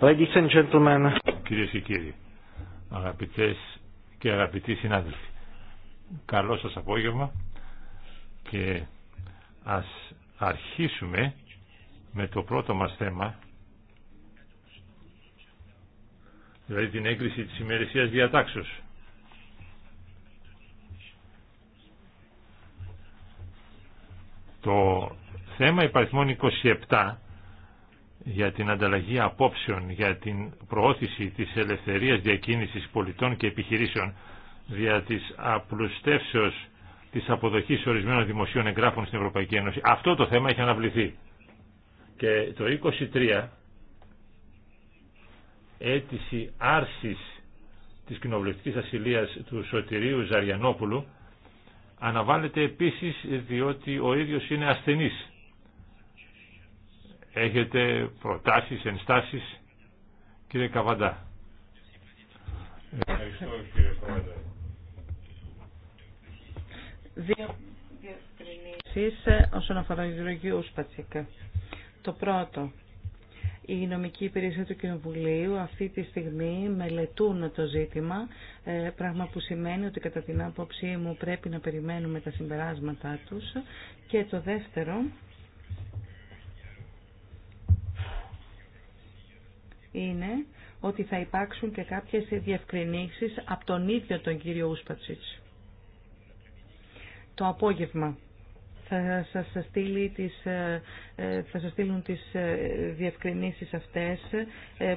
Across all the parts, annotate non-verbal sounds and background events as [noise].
Ladies and gentlemen. Κυρίες και κύριοι, αγαπητές και αγαπητοί συνάδελφοι, καλό σας απόγευμα και ας αρχίσουμε με το πρώτο μας θέμα, δηλαδή την έγκριση της ημερησίας διατάξεως. Το θέμα υπαριθμών 27 για την ανταλλαγή απόψεων, για την προώθηση της ελευθερίας διακίνησης πολιτών και επιχειρήσεων, δια της απλουστεύσεως της αποδοχής ορισμένων δημοσίων εγγράφων στην Ευρωπαϊκή Ένωση. Αυτό το θέμα έχει αναβληθεί. Και το 23 αίτηση άρσης της κοινοβουλευτικής ασυλίας του Σωτηρίου Ζαριανόπουλου αναβάλλεται επίσης διότι ο ίδιος είναι ασθενής έχετε προτάσεις, ενστάσεις. Κύριε Καβαντά. Ευχαριστώ κύριε Καβαντά. Δύο διευκρινήσεις όσον αφορά τους Ουσπατσίκα. Το πρώτο, η νομική υπηρεσία του Κοινοβουλίου αυτή τη στιγμή μελετούν το ζήτημα, ε, πράγμα που σημαίνει ότι κατά την άποψή μου πρέπει να περιμένουμε τα συμπεράσματά τους. Και το δεύτερο, είναι ότι θα υπάρξουν και κάποιες διευκρινήσεις από τον ίδιο τον κύριο Ούσπατσιτς. Το απόγευμα θα σας, στείλει τις, ε, ε, θα στείλουν τις ε, διευκρινήσεις αυτές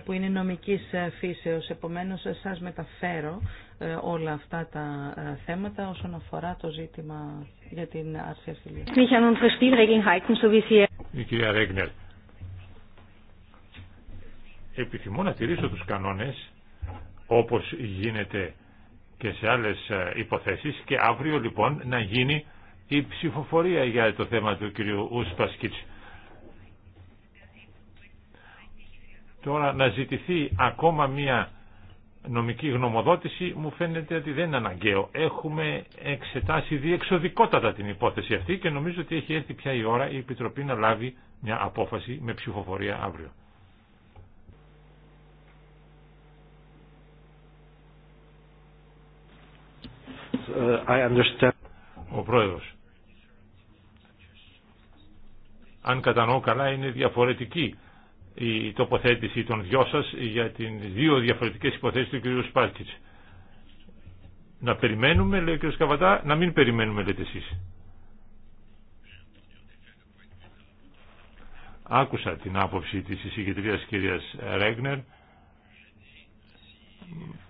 που είναι νομικής φύσεως. Επομένως, σας μεταφέρω όλα αυτά τα θέματα όσον αφορά το ζήτημα για την άρση Η κυρία επιθυμώ να τηρήσω τους κανόνες όπως γίνεται και σε άλλες ε, υποθέσεις και αύριο λοιπόν να γίνει η ψηφοφορία για το θέμα του κυρίου Ουσπασκίτς. Τώρα να ζητηθεί ακόμα μία νομική γνωμοδότηση μου φαίνεται ότι δεν είναι αναγκαίο. Έχουμε εξετάσει διεξοδικότατα την υπόθεση αυτή και νομίζω ότι έχει έρθει πια η ώρα η Επιτροπή να λάβει μια απόφαση με ψηφοφορία αύριο. Uh, ο πρόεδρος. Αν κατανοώ καλά είναι διαφορετική η τοποθέτηση των δυο σας για τις δύο διαφορετικές υποθέσεις του κ. Σπάρκητς. Να περιμένουμε, λέει ο κ. Καβατά, να μην περιμένουμε, λέτε εσείς. Άκουσα την άποψη της εισηγητρίας κ. Ρέγνερ.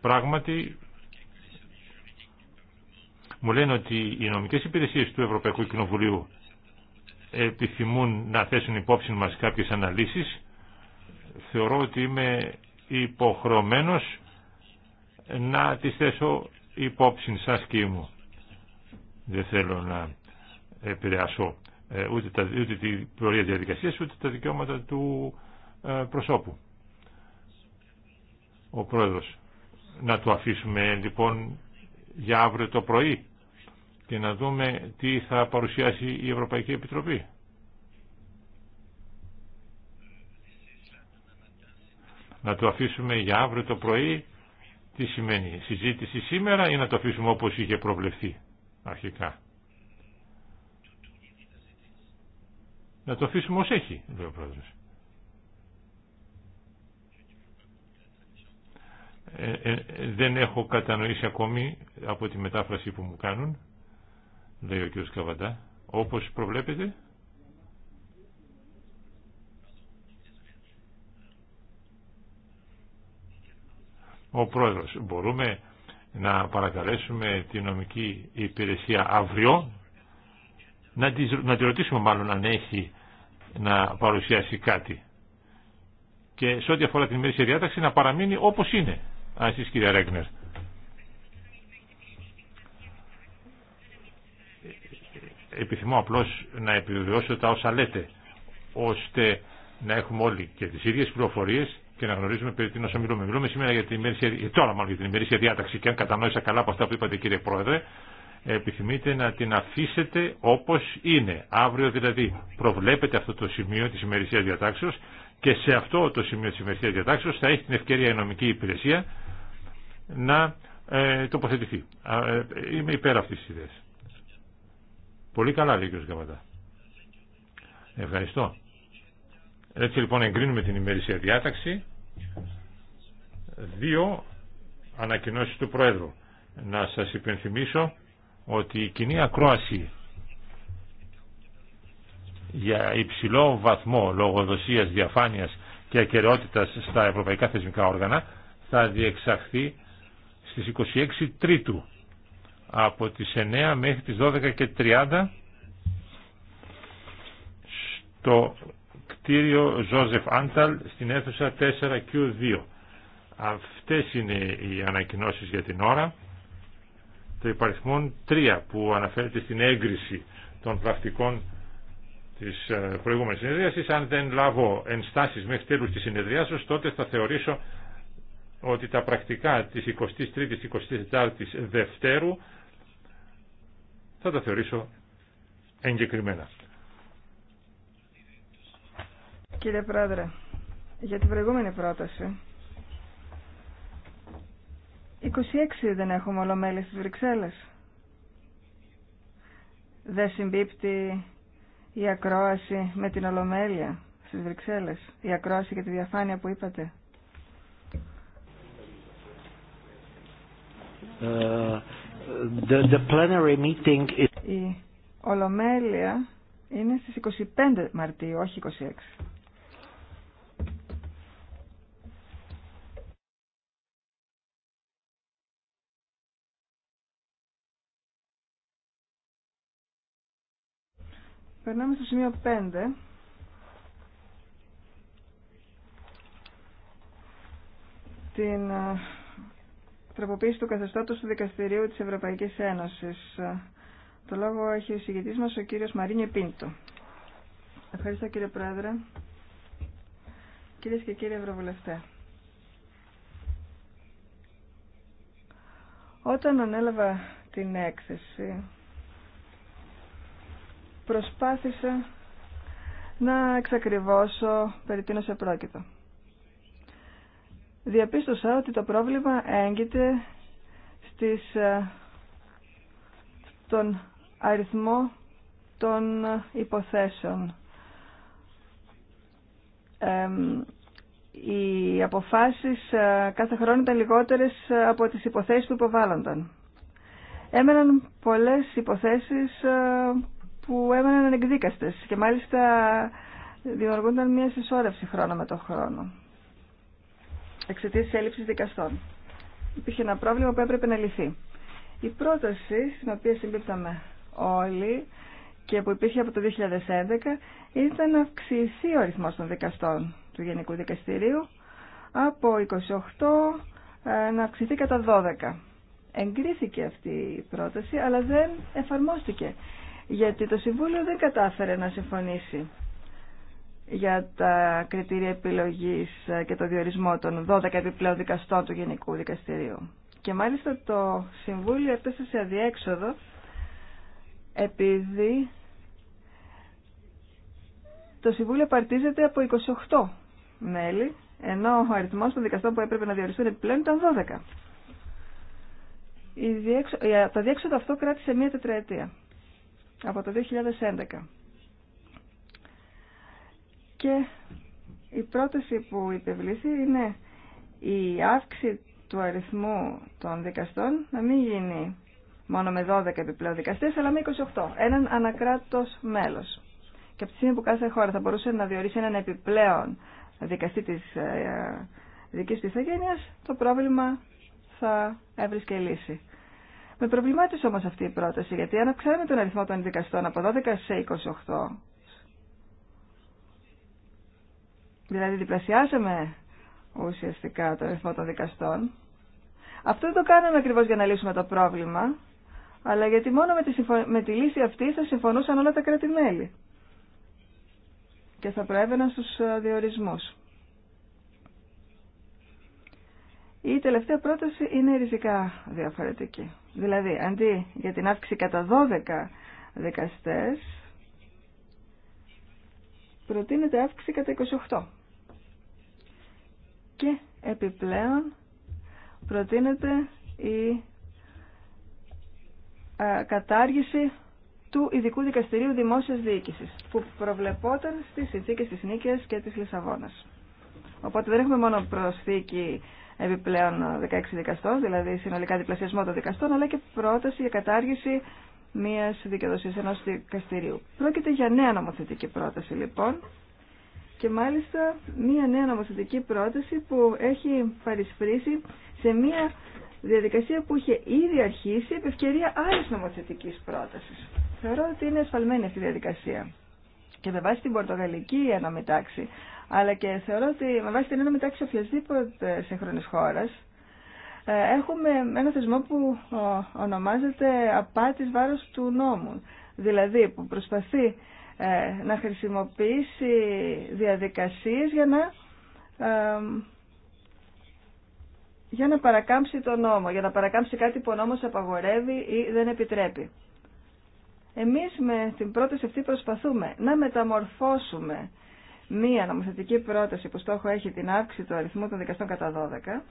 Πράγματι, μου λένε ότι οι νομικέ υπηρεσίες του Ευρωπαϊκού Κοινοβουλίου επιθυμούν να θέσουν υπόψη μας κάποιες αναλύσεις. Θεωρώ ότι είμαι υποχρεωμένος να τι θέσω υπόψη σας και μου. Δεν θέλω να επηρεάσω ε, ούτε, τα, ούτε την πορεία διαδικασία, ούτε τα δικαιώματα του ε, προσώπου. Ο πρόεδρος. Να το αφήσουμε λοιπόν για αύριο το πρωί και να δούμε τι θα παρουσιάσει η Ευρωπαϊκή Επιτροπή. Να το αφήσουμε για αύριο το πρωί. Τι σημαίνει συζήτηση σήμερα ή να το αφήσουμε όπως είχε προβλεφθεί αρχικά. Να το αφήσουμε ως έχει, λέει ο ε, ε, ε, δεν έχω κατανοήσει ακόμη από τη μετάφραση που μου κάνουν λέει ο κ. Καβαντά, όπως προβλέπετε. Ο πρόεδρος, μπορούμε να παρακαλέσουμε τη νομική υπηρεσία αύριο, να τη, να ρωτήσουμε μάλλον αν έχει να παρουσιάσει κάτι. Και σε ό,τι αφορά την ημερήσια διάταξη να παραμείνει όπως είναι. Αν εσείς κύριε Ρέγνερ. επιθυμώ απλώς να επιβεβαιώσω τα όσα λέτε, ώστε να έχουμε όλοι και τις ίδιες πληροφορίες και να γνωρίζουμε περί τίνο όσα Μιλούμε σήμερα για την ημερήσια, ε, τώρα μάλλον για την ημερήσια διάταξη και αν κατανόησα καλά από αυτά που είπατε κύριε Πρόεδρε, επιθυμείτε να την αφήσετε όπως είναι. Αύριο δηλαδή προβλέπετε αυτό το σημείο της ημερησίας διατάξεως και σε αυτό το σημείο της ημερησίας διατάξεως θα έχει την ευκαιρία η νομική υπηρεσία να ε, τοποθετηθεί. Ε, είμαι υπέρ αυτής της ιδέας. Πολύ καλά λέει ο κ. Ευχαριστώ. Έτσι λοιπόν εγκρίνουμε την ημερησία διάταξη. Δύο ανακοινώσεις του Πρόεδρου. Να σας υπενθυμίσω ότι η κοινή ακρόαση για υψηλό βαθμό λογοδοσίας, διαφάνειας και ακεραιότητας στα ευρωπαϊκά θεσμικά όργανα θα διεξαχθεί στις 26 Τρίτου από τις 9 μέχρι τις 12 και 30 στο κτίριο Ζόζεφ Άνταλ στην αίθουσα 4Q2. Αυτές είναι οι ανακοινώσεις για την ώρα. Το υπαριθμόν 3 που αναφέρεται στην έγκριση των πρακτικών της ε, προηγούμενης συνεδρίασης. Αν δεν λάβω ενστάσεις μέχρι τέλους της συνεδρίασης, τότε θα θεωρήσω ότι τα πρακτικά της 23ης-24ης Δευτέρου θα τα θεωρήσω εγκεκριμένα. Κύριε Πρόεδρε, για την προηγούμενη πρόταση, 26 δεν έχουμε ολομέλη στις Βρυξέλλες. Δεν συμπίπτει η ακρόαση με την ολομέλεια στις Βρυξέλλες, η ακρόαση και τη διαφάνεια που είπατε. Ε, η Ολομέλεια είναι στις 25 Μαρτίου, όχι 26. Περνάμε στο σημείο 5. Την ε, τροποποίηση του καθεστώτος του Δικαστηρίου της Ευρωπαϊκής Ένωσης. Το λόγο έχει ο συγγετής μας ο κύριος Μαρίνιο Πίντο. Ευχαριστώ κύριε Πρόεδρε. Κυρίες και κύριοι Ευρωβουλευτέ. Όταν ανέλαβα την έκθεση, προσπάθησα να εξακριβώσω περί τίνος επρόκειτο διαπίστωσα ότι το πρόβλημα έγκυται στις, ε, στον αριθμό των υποθέσεων. οι αποφάσεις ε, κάθε χρόνο ήταν λιγότερες ε, από τις υποθέσεις που υποβάλλονταν. Έμεναν πολλές υποθέσεις που έμεναν ανεκδίκαστες και μάλιστα δημιουργούνταν μια συσσόρευση χρόνο με το χρόνο εξαιτία τη έλλειψη δικαστών. Υπήρχε ένα πρόβλημα που έπρεπε να λυθεί. Η πρόταση στην οποία συμπίπταμε όλοι και που υπήρχε από το 2011 ήταν να αυξηθεί ο αριθμό των δικαστών του Γενικού Δικαστηρίου από 28 ε, να αυξηθεί κατά 12. Εγκρίθηκε αυτή η πρόταση αλλά δεν εφαρμόστηκε γιατί το Συμβούλιο δεν κατάφερε να συμφωνήσει για τα κριτήρια επιλογής και το διορισμό των 12 επιπλέον δικαστών του Γενικού Δικαστηρίου. Και μάλιστα το Συμβούλιο έπεσε σε αδιέξοδο επειδή το Συμβούλιο παρτίζεται από 28 μέλη, ενώ ο αριθμός των δικαστών που έπρεπε να διοριστούν επιπλέον ήταν 12. Το διέξοδο αυτό κράτησε μία τετραετία, από το 2011. Και η πρόταση που υπευλήθη είναι η αύξηση του αριθμού των δικαστών να μην γίνει μόνο με 12 επιπλέον δικαστές, αλλά με 28, έναν ανακράτος μέλος. Και από τη στιγμή που κάθε χώρα θα μπορούσε να διορίσει έναν επιπλέον δικαστή της ε, δικής της αγένειας, το πρόβλημα θα έβρισκε λύση. Με προβλημάτισε όμως αυτή η πρόταση, γιατί αν αυξάνουμε τον αριθμό των δικαστών από 12 σε 28, δηλαδή διπλασιάσαμε ουσιαστικά το αριθμό των δικαστών. Αυτό δεν το κάναμε ακριβώς για να λύσουμε το πρόβλημα, αλλά γιατί μόνο με τη, με τη λύση αυτή θα συμφωνούσαν όλα τα κράτη-μέλη και θα προέβαιναν στους ε, διορισμούς. Η τελευταία πρόταση είναι ριζικά διαφορετική. Δηλαδή, αντί για την αύξηση κατά 12 δικαστές, προτείνεται αύξηση κατά 28 και επιπλέον προτείνεται η κατάργηση του Ειδικού Δικαστηρίου Δημόσιας Διοίκησης που προβλεπόταν στις συνθήκες της Νίκαιας και της Λισαβόνας. Οπότε δεν έχουμε μόνο προσθήκη επιπλέον 16 δικαστών, δηλαδή συνολικά διπλασιασμό των δικαστών, αλλά και πρόταση για κατάργηση μιας δικαιοδοσίας ενός δικαστηρίου. Πρόκειται για νέα νομοθετική πρόταση λοιπόν, και μάλιστα μία νέα νομοθετική πρόταση που έχει παρισφρήσει σε μία διαδικασία που είχε ήδη αρχίσει επ' ευκαιρία άλλης νομοθετικής πρότασης. Θεωρώ ότι είναι ασφαλμένη αυτή η διαδικασία. Και με βάση την πορτογαλική ενόμη τάξη, αλλά και θεωρώ ότι με βάση την ενόμη τάξη οποιασδήποτε σύγχρονης χώρας, ε, έχουμε ένα θεσμό που ονομάζεται απάτης βάρος του νόμου. Δηλαδή που προσπαθεί ε, να χρησιμοποιήσει διαδικασίες για να, ε, για να παρακάμψει τον νόμο, για να παρακάμψει κάτι που ο νόμος απαγορεύει ή δεν επιτρέπει. Εμείς με την πρόταση αυτή προσπαθούμε να μεταμορφώσουμε μία νομοθετική πρόταση που στόχο έχει την αύξηση του αριθμού των δικαστών κατά 12,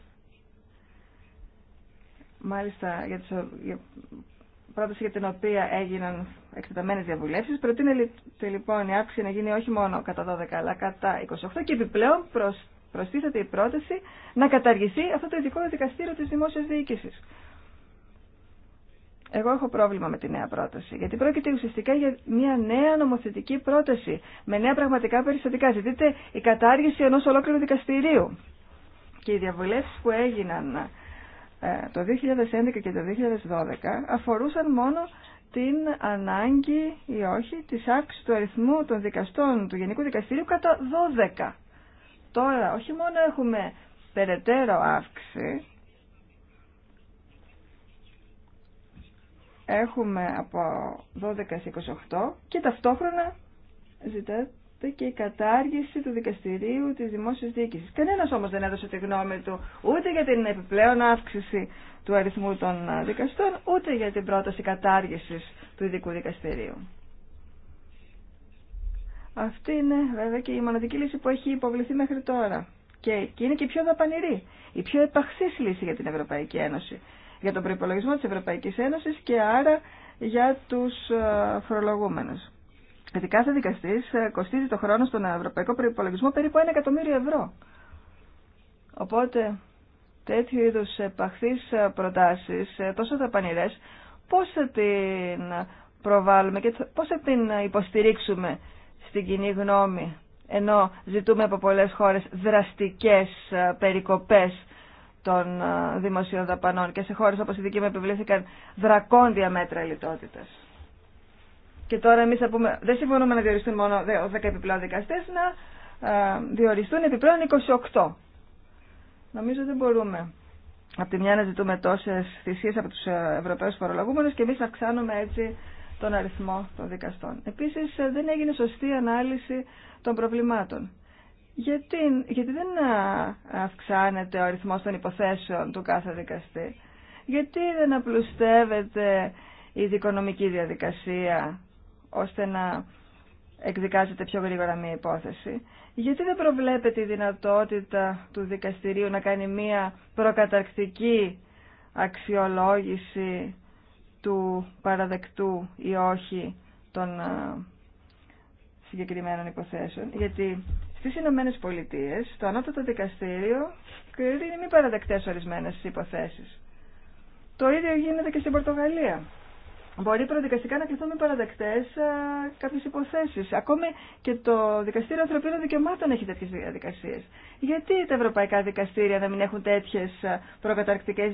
μάλιστα για πρόταση για την οποία έγιναν εκτεταμένες διαβουλεύσεις. Προτείνεται λοιπόν η αύξηση να γίνει όχι μόνο κατά 12 αλλά κατά 28 και επιπλέον προς, προστίθεται η πρόταση να καταργηθεί αυτό το ειδικό δικαστήριο της δημόσιας διοίκησης. Εγώ έχω πρόβλημα με τη νέα πρόταση, γιατί πρόκειται ουσιαστικά για μια νέα νομοθετική πρόταση, με νέα πραγματικά περιστατικά. Ζητείτε η κατάργηση ενός ολόκληρου δικαστηρίου. Και οι διαβουλεύσεις που έγιναν ε, το 2011 και το 2012 αφορούσαν μόνο την ανάγκη ή όχι της αύξησης του αριθμού των δικαστών του Γενικού Δικαστηρίου κατά 12. Τώρα όχι μόνο έχουμε περαιτέρω αύξηση, έχουμε από 12 σε 28 και ταυτόχρονα ζητάει και η κατάργηση του δικαστηρίου της δημόσιας διοίκησης. Κανένας όμως δεν έδωσε τη γνώμη του ούτε για την επιπλέον αύξηση του αριθμού των ε, δικαστών, ούτε για την πρόταση κατάργησης του ειδικού δικαστηρίου. Αυτή είναι βέβαια και η μοναδική λύση που έχει υποβληθεί μέχρι τώρα. Και, είναι και η πιο δαπανηρή, η πιο επαχθής λύση για την Ευρωπαϊκή Ένωση, για τον προπολογισμό της Ευρωπαϊκής Ένωσης και άρα για τους ε, φορολογούμενους. Γιατί κάθε δικαστή ε, κοστίζει το χρόνο στον ευρωπαϊκό προπολογισμό περίπου 1 εκατομμύριο ευρώ. Οπότε τέτοιου είδου επαχθεί ε, προτάσει, ε, τόσο δαπανηρέ, πώ θα την προβάλλουμε και πώ θα την υποστηρίξουμε στην κοινή γνώμη, ενώ ζητούμε από πολλέ χώρε δραστικέ περικοπέ των δημοσίων δαπανών και σε χώρε όπω η δική μου επιβλήθηκαν δρακόντια μέτρα λιτότητας. Και τώρα εμεί δεν συμφωνούμε να διοριστούν μόνο 10 επιπλέον δικαστέ, να διοριστούν επιπλέον 28. Νομίζω δεν μπορούμε. Από τη μια να ζητούμε τόσε θυσίε από του ε, Ευρωπαίου φορολογούμενου και εμεί αυξάνουμε έτσι τον αριθμό των δικαστών. Επίση, ε, δεν έγινε σωστή ανάλυση των προβλημάτων. Γιατί, γιατί δεν αυξάνεται ο αριθμό των υποθέσεων του κάθε δικαστή. Γιατί δεν απλουστεύεται η δικονομική διαδικασία ώστε να εκδικάζεται πιο γρήγορα μια υπόθεση. Γιατί δεν προβλέπεται η δυνατότητα του δικαστηρίου να κάνει μια προκαταρκτική αξιολόγηση του παραδεκτού ή όχι των ε, συγκεκριμένων υποθέσεων. Γιατί στις Ηνωμένε Πολιτείες το ανώτατο δικαστήριο κρίνει μη παραδεκτές ορισμένες υποθέσεις. Το ίδιο γίνεται και στην Πορτογαλία μπορεί προδικαστικά να κληθούν παραδεκτέ ε, κάποιε υποθέσει. Ακόμη και το Δικαστήριο Ανθρωπίνων Δικαιωμάτων έχει τέτοιε διαδικασίε. Γιατί τα ευρωπαϊκά δικαστήρια να μην έχουν τέτοιε προκαταρκτικέ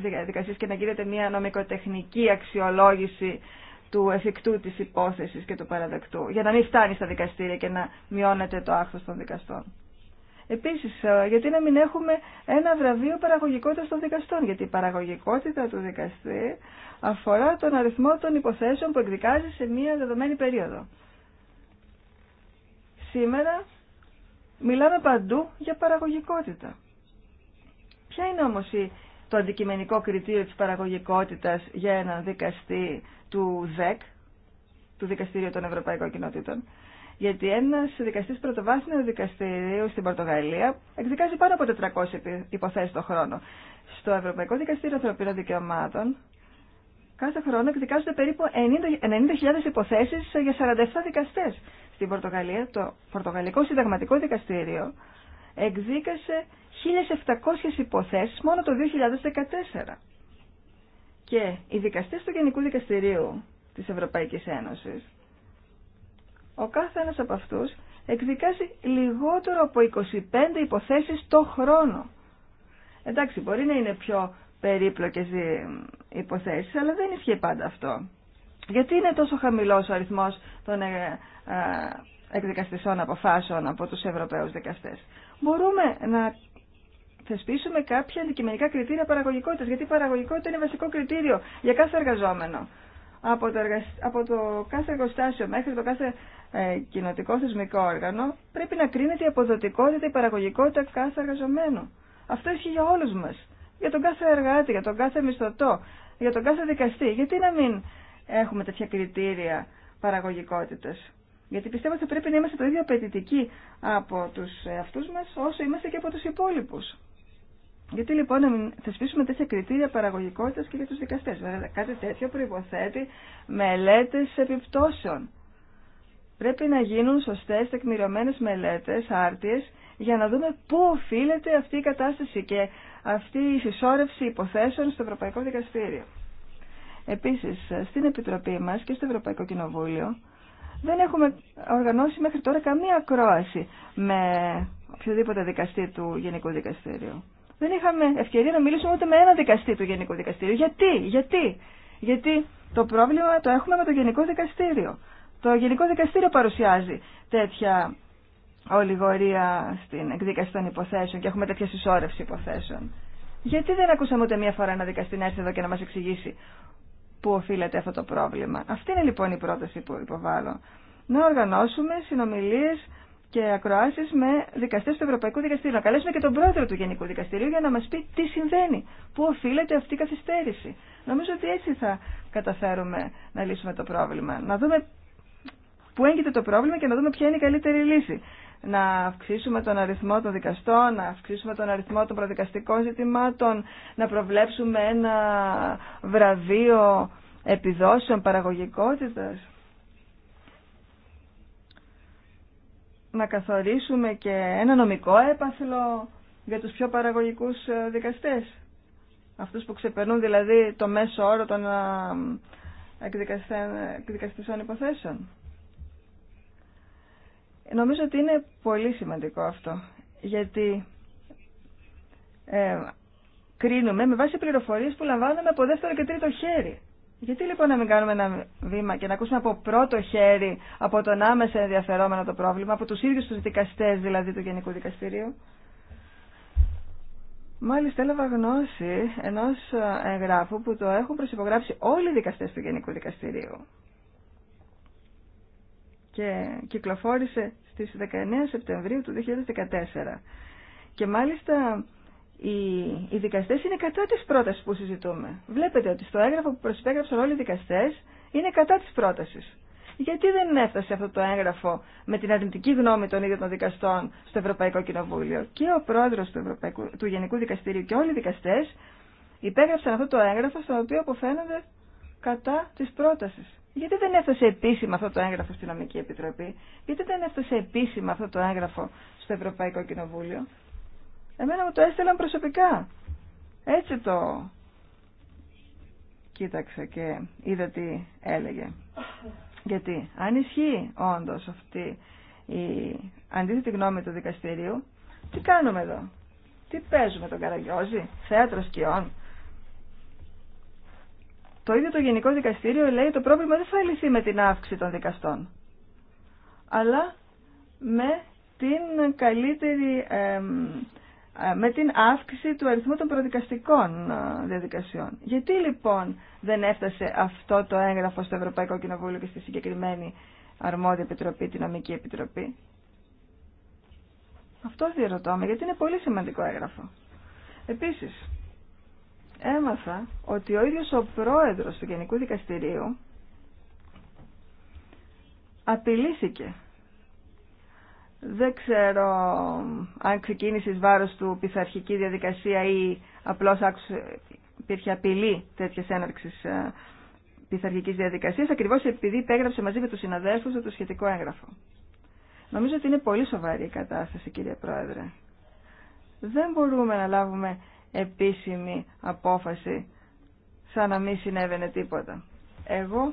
διαδικασίε και να γίνεται μια νομικοτεχνική αξιολόγηση του εφικτού τη υπόθεση και του παραδεκτού, για να μην φτάνει στα δικαστήρια και να μειώνεται το άχθο των δικαστών. Επίση, ε, γιατί να μην έχουμε ένα βραβείο παραγωγικότητα των δικαστών, γιατί η παραγωγικότητα του δικαστή αφορά τον αριθμό των υποθέσεων που εκδικάζει σε μία δεδομένη περίοδο. Σήμερα μιλάμε παντού για παραγωγικότητα. Ποια είναι όμως η, το αντικειμενικό κριτήριο της παραγωγικότητας για έναν δικαστή του ΔΕΚ, του Δικαστηρίου των Ευρωπαϊκών Κοινότητων, γιατί ένα δικαστή πρωτοβάθμιου δικαστηρίου στην Πορτογαλία εκδικάζει πάνω από 400 υποθέσει το χρόνο. Στο Ευρωπαϊκό Δικαστήριο Ανθρωπίνων Δικαιωμάτων κάθε χρόνο εκδικάζονται περίπου 90.000 υποθέσει υποθέσεις για 47 δικαστέ. Στην Πορτογαλία το Πορτογαλικό Συνταγματικό Δικαστήριο εκδίκασε 1.700 υποθέσεις μόνο το 2014. Και οι δικαστές του Γενικού Δικαστηρίου της Ευρωπαϊκής Ένωσης, ο κάθε ένας από αυτούς εκδικάζει λιγότερο από 25 υποθέσει το χρόνο. Εντάξει, μπορεί να είναι πιο περίπλοκες ε, υποθέσεις, αλλά δεν ισχύει πάντα αυτό. Γιατί είναι τόσο χαμηλός ο αριθμός των ε, ε, εκδικαστησών αποφάσεων από τους Ευρωπαίους δικαστές. Μπορούμε να θεσπίσουμε κάποια αντικειμενικά κριτήρια παραγωγικότητας, γιατί η παραγωγικότητα είναι βασικό κριτήριο για κάθε εργαζόμενο. Από το, από το κάθε εργοστάσιο μέχρι το κάθε ε, κοινοτικό θεσμικό όργανο πρέπει να κρίνεται η αποδοτικότητα, η παραγωγικότητα κάθε εργαζομένου. Αυτό ισχύει για όλους μας για τον κάθε εργάτη, για τον κάθε μισθωτό, για τον κάθε δικαστή. Γιατί να μην έχουμε τέτοια κριτήρια παραγωγικότητας. Γιατί πιστεύω ότι πρέπει να είμαστε το ίδιο απαιτητικοί από τους αυτούς μας όσο είμαστε και από τους υπόλοιπους. Γιατί λοιπόν να μην θεσπίσουμε τέτοια κριτήρια παραγωγικότητας και για τους δικαστές. Βέβαια κάτι τέτοιο προϋποθέτει μελέτες επιπτώσεων. Πρέπει να γίνουν σωστές τεκμηριωμένες μελέτες, άρτιες, για να δούμε πού οφείλεται αυτή η κατάσταση και αυτή η συσσόρευση υποθέσεων στο Ευρωπαϊκό Δικαστήριο. Επίσης, στην Επιτροπή μας και στο Ευρωπαϊκό Κοινοβούλιο δεν έχουμε οργανώσει μέχρι τώρα καμία ακρόαση με οποιοδήποτε δικαστή του Γενικού Δικαστήριου. Δεν είχαμε ευκαιρία να μιλήσουμε ούτε με ένα δικαστή του Γενικού Δικαστήριου. Γιατί, γιατί, γιατί το πρόβλημα το έχουμε με το Γενικό Δικαστήριο. Το Γενικό Δικαστήριο παρουσιάζει τέτοια ολιγορία στην εκδίκαση των υποθέσεων και έχουμε τέτοια συσσόρευση υποθέσεων. Γιατί δεν ακούσαμε ούτε μία φορά ένα δικαστή να έρθει εδώ και να μα εξηγήσει πού οφείλεται αυτό το πρόβλημα. Αυτή είναι λοιπόν η πρόταση που υποβάλλω. Να οργανώσουμε συνομιλίε και ακροάσει με δικαστέ του Ευρωπαϊκού Δικαστήριου. Να καλέσουμε και τον πρόεδρο του Γενικού Δικαστηρίου για να μα πει τι συμβαίνει, πού οφείλεται αυτή η καθυστέρηση. Νομίζω ότι έτσι θα καταφέρουμε να λύσουμε το πρόβλημα. Να δούμε πού έγκυται το πρόβλημα και να δούμε ποια είναι η καλύτερη λύση να αυξήσουμε τον αριθμό των δικαστών, να αυξήσουμε τον αριθμό των προδικαστικών ζητημάτων, να προβλέψουμε ένα βραβείο επιδόσεων παραγωγικότητας. Να καθορίσουμε και ένα νομικό έπαθλο για τους πιο παραγωγικούς ε, δικαστές. Αυτούς που ξεπερνούν δηλαδή το μέσο όρο των ε, εκδικαστικών υποθέσεων. Νομίζω ότι είναι πολύ σημαντικό αυτό, γιατί ε, κρίνουμε με βάση πληροφορίες που λαμβάνουμε από δεύτερο και τρίτο χέρι. Γιατί λοιπόν να μην κάνουμε ένα βήμα και να ακούσουμε από πρώτο χέρι, από τον άμεσα ενδιαφερόμενο το πρόβλημα, από τους ίδιους τους δικαστές δηλαδή του Γενικού Δικαστηρίου. Μάλιστα έλαβα γνώση ενός ε, εγγράφου που το έχουν προσυπογράψει όλοι οι δικαστές του Γενικού Δικαστηρίου και κυκλοφόρησε στις 19 Σεπτεμβρίου του 2014. Και μάλιστα οι, οι δικαστές είναι κατά της πρότασης που συζητούμε. Βλέπετε ότι στο έγγραφο που προσπέγραψαν όλοι οι δικαστές είναι κατά της πρότασης. Γιατί δεν έφτασε αυτό το έγγραφο με την αρνητική γνώμη των ίδιων των δικαστών στο Ευρωπαϊκό Κοινοβούλιο. Και ο πρόεδρος του, Ευρωπαϊκού, του Γενικού Δικαστηρίου και όλοι οι δικαστές υπέγραψαν αυτό το έγγραφο στο οποίο αποφαίνονται κατά της πρότασης. Γιατί δεν έφτασε επίσημα αυτό το έγγραφο στην Νομική Επιτροπή, γιατί δεν έφτασε επίσημα αυτό το έγγραφο στο Ευρωπαϊκό Κοινοβούλιο. Εμένα μου το έστειλαν προσωπικά. Έτσι το κοίταξα και είδα τι έλεγε. Γιατί αν ισχύει όντω αυτή η αντίθετη γνώμη του δικαστηρίου, τι κάνουμε εδώ. Τι παίζουμε τον Καραγκιόζη, θέατρο σκιών. Το ίδιο το Γενικό Δικαστήριο λέει το πρόβλημα δεν θα λυθεί με την αύξηση των δικαστών, αλλά με την καλύτερη, ε, με την αύξηση του αριθμού των προδικαστικών ε, διαδικασιών. Γιατί λοιπόν δεν έφτασε αυτό το έγγραφο στο Ευρωπαϊκό Κοινοβούλιο και στη συγκεκριμένη αρμόδια επιτροπή, την νομική επιτροπή. Αυτό διερωτώ γιατί είναι πολύ σημαντικό έγγραφο. Επίσης, έμαθα ότι ο ίδιος ο πρόεδρος του Γενικού Δικαστηρίου απειλήθηκε. Δεν ξέρω αν ξεκίνησε εις βάρος του πειθαρχική διαδικασία ή απλώς άκουσε, υπήρχε απειλή τέτοιας έναρξης ε, πειθαρχικής διαδικασίας ακριβώς επειδή υπέγραψε μαζί με τους συναδέλφους του το σχετικό έγγραφο. Νομίζω ότι είναι πολύ σοβαρή η κατάσταση κύριε Πρόεδρε. Δεν μπορούμε να λάβουμε επίσημη απόφαση σαν να μην συνέβαινε τίποτα. Εγώ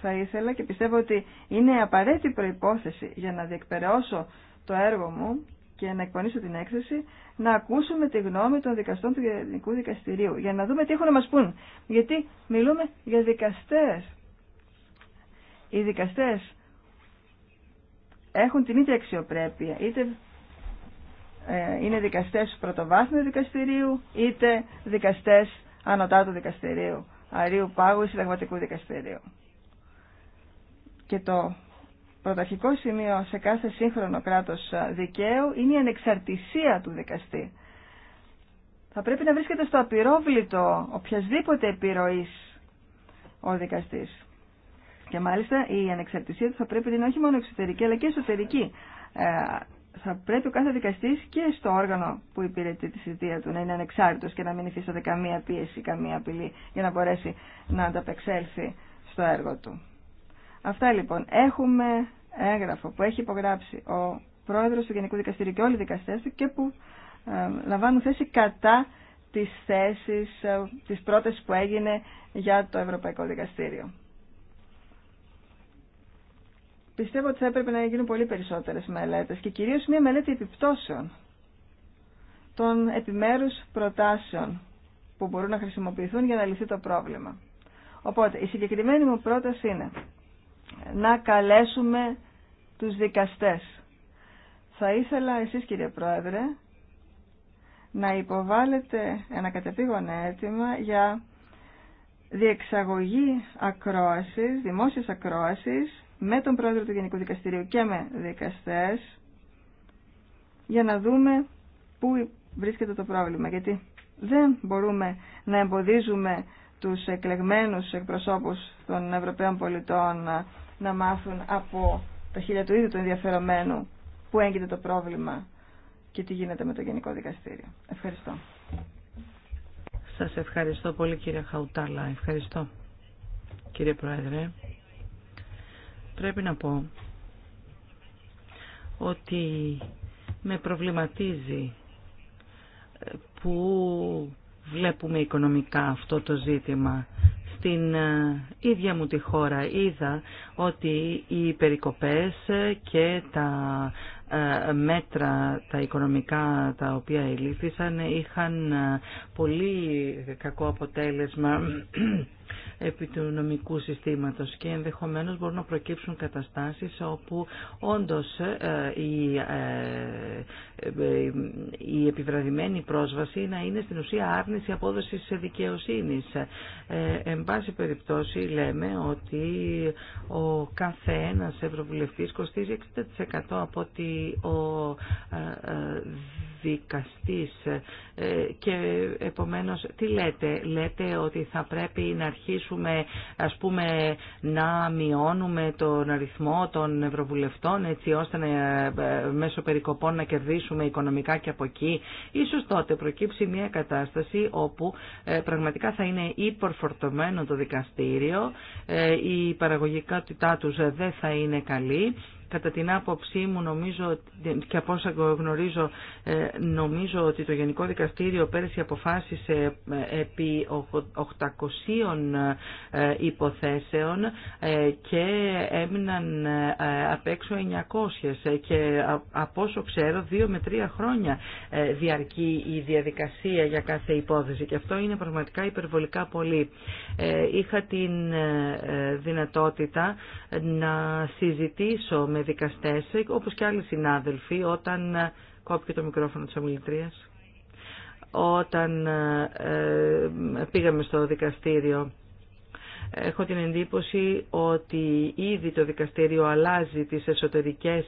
θα ήθελα και πιστεύω ότι είναι απαραίτητη προϋπόθεση για να διεκπαιρεώσω το έργο μου και να εκπονήσω την έκθεση, να ακούσουμε τη γνώμη των δικαστών του Γενικού Δικαστηρίου για να δούμε τι έχουν να μας πούν. Γιατί μιλούμε για δικαστές. Οι δικαστές έχουν την ίδια αξιοπρέπεια, είτε ε, είναι δικαστές πρωτοβάθμιου δικαστηρίου είτε δικαστές ανωτάτου δικαστηρίου, αρίου πάγου ή συνταγματικού δικαστηρίου. Και το πρωταρχικό σημείο σε κάθε σύγχρονο κράτος δικαίου είναι η ανεξαρτησία του δικαστή. Θα πρέπει να βρίσκεται στο απειρόβλητο οποιασδήποτε επιρροής ο δικαστής. Και μάλιστα η ανεξαρτησία του θα πρέπει να είναι όχι μόνο εξωτερική αλλά και εσωτερική ε, θα πρέπει ο κάθε δικαστή και στο όργανο που υπηρετεί τη θητεία του να είναι ανεξάρτητο και να μην υφίσταται καμία πίεση, καμία απειλή για να μπορέσει να ανταπεξέλθει στο έργο του. Αυτά λοιπόν. Έχουμε έγγραφο που έχει υπογράψει ο πρόεδρος του Γενικού Δικαστηρίου και όλοι οι δικαστές του και που ε, λαμβάνουν θέση κατά τις θέσεις, ε, τις πρώτες που έγινε για το Ευρωπαϊκό Δικαστήριο πιστεύω ότι θα έπρεπε να γίνουν πολύ περισσότερες μελέτες και κυρίως μια μελέτη επιπτώσεων των επιμέρους προτάσεων που μπορούν να χρησιμοποιηθούν για να λυθεί το πρόβλημα. Οπότε, η συγκεκριμένη μου πρόταση είναι να καλέσουμε τους δικαστές. Θα ήθελα εσείς κύριε Πρόεδρε να υποβάλλετε ένα κατεπήγον αίτημα για διεξαγωγή ακρόασης, δημόσιας ακρόασης με τον πρόεδρο του Γενικού Δικαστηρίου και με δικαστές για να δούμε πού βρίσκεται το πρόβλημα. Γιατί δεν μπορούμε να εμποδίζουμε τους εκλεγμένους εκπροσώπους των Ευρωπαίων πολιτών να μάθουν από τα χίλια του ίδιου του ενδιαφερομένου που έγκυται το πρόβλημα και τι γίνεται με το Γενικό Δικαστήριο. Ευχαριστώ. Σας ευχαριστώ πολύ κύριε Χαουτάλα. Ευχαριστώ κύριε Πρόεδρε πρέπει να πω ότι με προβληματίζει ε, που βλέπουμε οικονομικά αυτό το ζήτημα. Στην ε, ίδια μου τη χώρα είδα ότι οι περικοπές και τα ε, μέτρα τα οικονομικά τα οποία ελήφθησαν είχαν πολύ κακό αποτέλεσμα επί του νομικού συστήματος και ενδεχομένως μπορούν να προκύψουν καταστάσεις όπου όντως ε, η, ε, ε, η επιβραδυμένη πρόσβαση να είναι στην ουσία άρνηση απόδοσης σε δικαιοσύνης. Εν πάση περιπτώσει λέμε ότι ο κάθε ένας ευρωβουλευτής κοστίζει 60% από ότι ο δικαστής ε, και επομένως τι λέτε, λέτε ότι θα πρέπει να αρχίσουμε ας πούμε να μειώνουμε τον αριθμό των ευρωβουλευτών έτσι ώστε να, ε, μέσω περικοπών να κερδίσουμε οικονομικά και από εκεί. Ίσως τότε προκύψει μια κατάσταση όπου ε, πραγματικά θα είναι υπορφορτωμένο το δικαστήριο, η παραγωγικότητά τους δεν θα είναι καλή Κατά την άποψή μου νομίζω και από όσα γνωρίζω ε, νομίζω ότι το Γενικό Δικαστήριο πέρυσι αποφάσισε ε, επί 800 ε, υποθέσεων και έμειναν απ' έξω 900 και από όσο ξέρω 2 με 3 χρόνια διαρκεί η διαδικασία για κάθε υπόθεση και αυτό είναι πραγματικά υπερβολικά πολύ. Είχα την δυνατότητα να συζητήσω με δικαστές, όπως και άλλοι συνάδελφοι, όταν ε, κόπηκε το μικρόφωνο της ομιλητρίας, όταν ε, ε, πήγαμε στο δικαστήριο. Έχω την εντύπωση ότι ήδη το δικαστήριο αλλάζει τις εσωτερικές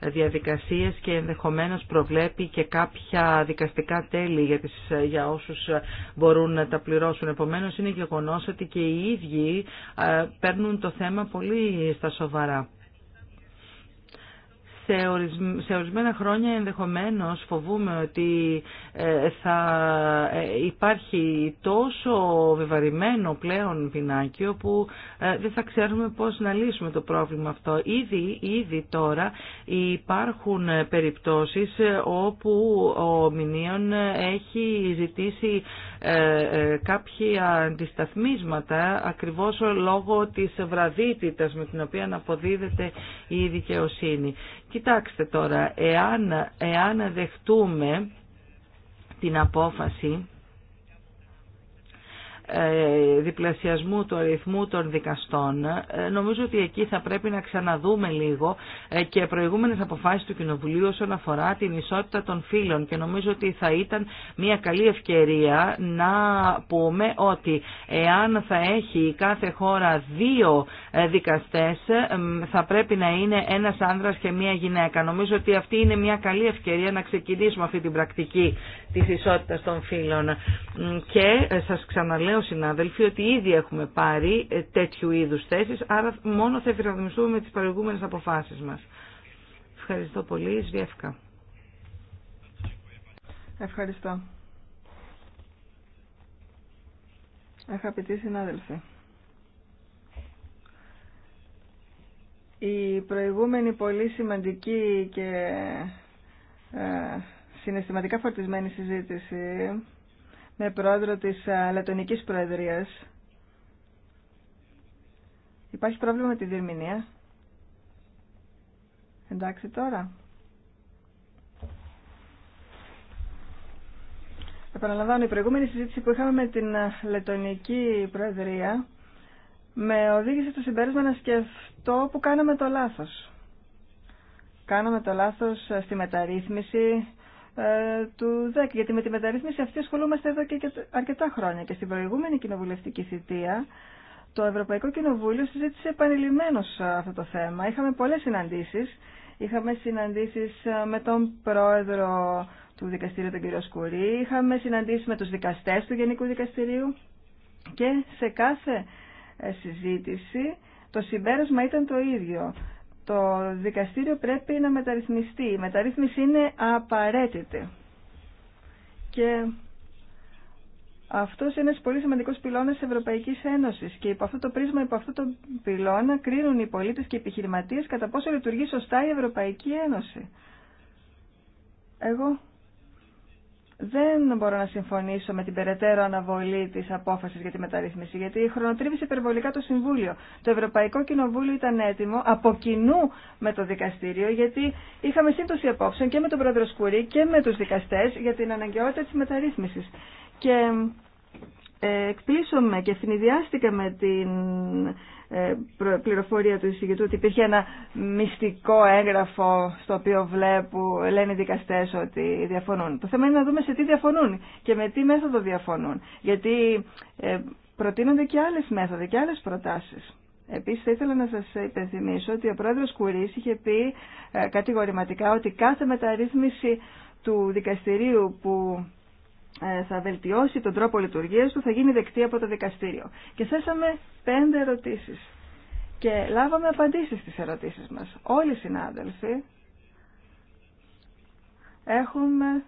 διαδικασίες και ενδεχομένως προβλέπει και κάποια δικαστικά τέλη για, τις, για όσους μπορούν να τα πληρώσουν. Επομένως είναι γεγονός ότι και οι ίδιοι παίρνουν το θέμα πολύ στα σοβαρά σε ορισμένα χρόνια ενδεχομένως φοβούμε ότι ε, θα ε, υπάρχει τόσο βεβαρημένο πλέον πινάκιο που ε, δεν θα ξέρουμε πώς να λύσουμε το πρόβλημα αυτό. Ήδη, ήδη τώρα υπάρχουν περιπτώσεις όπου ο Μηνίων έχει ζητήσει κάποια αντισταθμίσματα ακριβώς λόγω της βραδύτητας με την οποία αποδίδεται η δικαιοσύνη. Κοιτάξτε τώρα, εάν, εάν δεχτούμε την απόφαση ε, διπλασιασμού του αριθμού των δικαστών, ε, νομίζω ότι εκεί θα πρέπει να ξαναδούμε λίγο ε, και προηγούμενες αποφάσεις του Κοινοβουλίου όσον αφορά την ισότητα των φύλων και νομίζω ότι θα ήταν μια καλή ευκαιρία να πούμε ότι εάν θα έχει κάθε χώρα δύο δικαστές θα πρέπει να είναι ένας άνδρας και μια γυναίκα. Νομίζω ότι αυτή είναι μια καλή ευκαιρία να ξεκινήσουμε αυτή την πρακτική της ισότητας των φύλων και σας ξαναλέω λέω συνάδελφοι ότι ήδη έχουμε πάρει ε, τέτοιου είδου θέσει. άρα μόνο θα ευθυγραμμιστούμε με τις προηγούμενες αποφάσεις μας. Ευχαριστώ πολύ. Σβιεύκα. Ευχαριστώ. Αγαπητοί συνάδελφοι. Η προηγούμενη πολύ σημαντική και ε, συναισθηματικά φορτισμένη συζήτηση με πρόεδρο της ε, Λατωνικής Προεδρίας. Υπάρχει πρόβλημα με τη διερμηνία. Εντάξει τώρα. Επαναλαμβάνω, η προηγούμενη συζήτηση που είχαμε με την ε, Λετωνική Προεδρία με οδήγησε στο συμπέρασμα να σκεφτώ που κάναμε το λάθος. Κάναμε το λάθος ε, στη μεταρρύθμιση ε, του ΔΕΚ. Γιατί με τη μεταρρύθμιση αυτή ασχολούμαστε εδώ και αρκετά χρόνια. Και στην προηγούμενη κοινοβουλευτική θητεία το Ευρωπαϊκό Κοινοβούλιο συζήτησε σε αυτό το θέμα. Είχαμε πολλές συναντήσεις. Είχαμε συναντήσεις ε, με τον πρόεδρο του δικαστήριου, τον κύριο Σκουρή. Είχαμε συναντήσει με του δικαστέ του Γενικού Δικαστηρίου. Και σε κάθε ε, συζήτηση το συμπέρασμα ήταν το ίδιο το δικαστήριο πρέπει να μεταρρυθμιστεί. Η μεταρρύθμιση είναι απαραίτητη. Και αυτό είναι ένα πολύ σημαντικό πυλώνα τη Ευρωπαϊκή Ένωση. Και υπό αυτό το πρίσμα, υπό αυτό το πυλώνα, κρίνουν οι πολίτε και οι επιχειρηματίε κατά πόσο λειτουργεί σωστά η Ευρωπαϊκή Ένωση. Εγώ δεν μπορώ να συμφωνήσω με την περαιτέρω αναβολή τη απόφαση για τη μεταρρύθμιση, γιατί χρονοτρίβησε υπερβολικά το Συμβούλιο. Το Ευρωπαϊκό Κοινοβούλιο ήταν έτοιμο από κοινού με το δικαστήριο, γιατί είχαμε σύντοση απόψεων και με τον πρόεδρο Σκουρή και με του δικαστέ για την αναγκαιότητα τη μεταρρύθμιση. Και ε, εκπλήσωμε και με την ε, πληροφορία του εισηγητού ότι υπήρχε ένα μυστικό έγγραφο στο οποίο βλέπουν, λένε οι δικαστές ότι διαφωνούν. Το θέμα είναι να δούμε σε τι διαφωνούν και με τι μέθοδο διαφωνούν. Γιατί ε, προτείνονται και άλλες μέθοδοι και άλλες προτάσεις. Επίσης θα ήθελα να σας υπενθυμίσω ότι ο πρόεδρος Κουρίς είχε πει ε, κατηγορηματικά ότι κάθε μεταρρύθμιση του δικαστηρίου που ε, θα βελτιώσει τον τρόπο λειτουργίας του θα γίνει δεκτή από το δικαστήριο. Και θέσαμε πέντε ερωτήσεις και λάβαμε απαντήσεις στις ερωτήσεις μας. Όλοι οι συνάδελφοι έχουμε,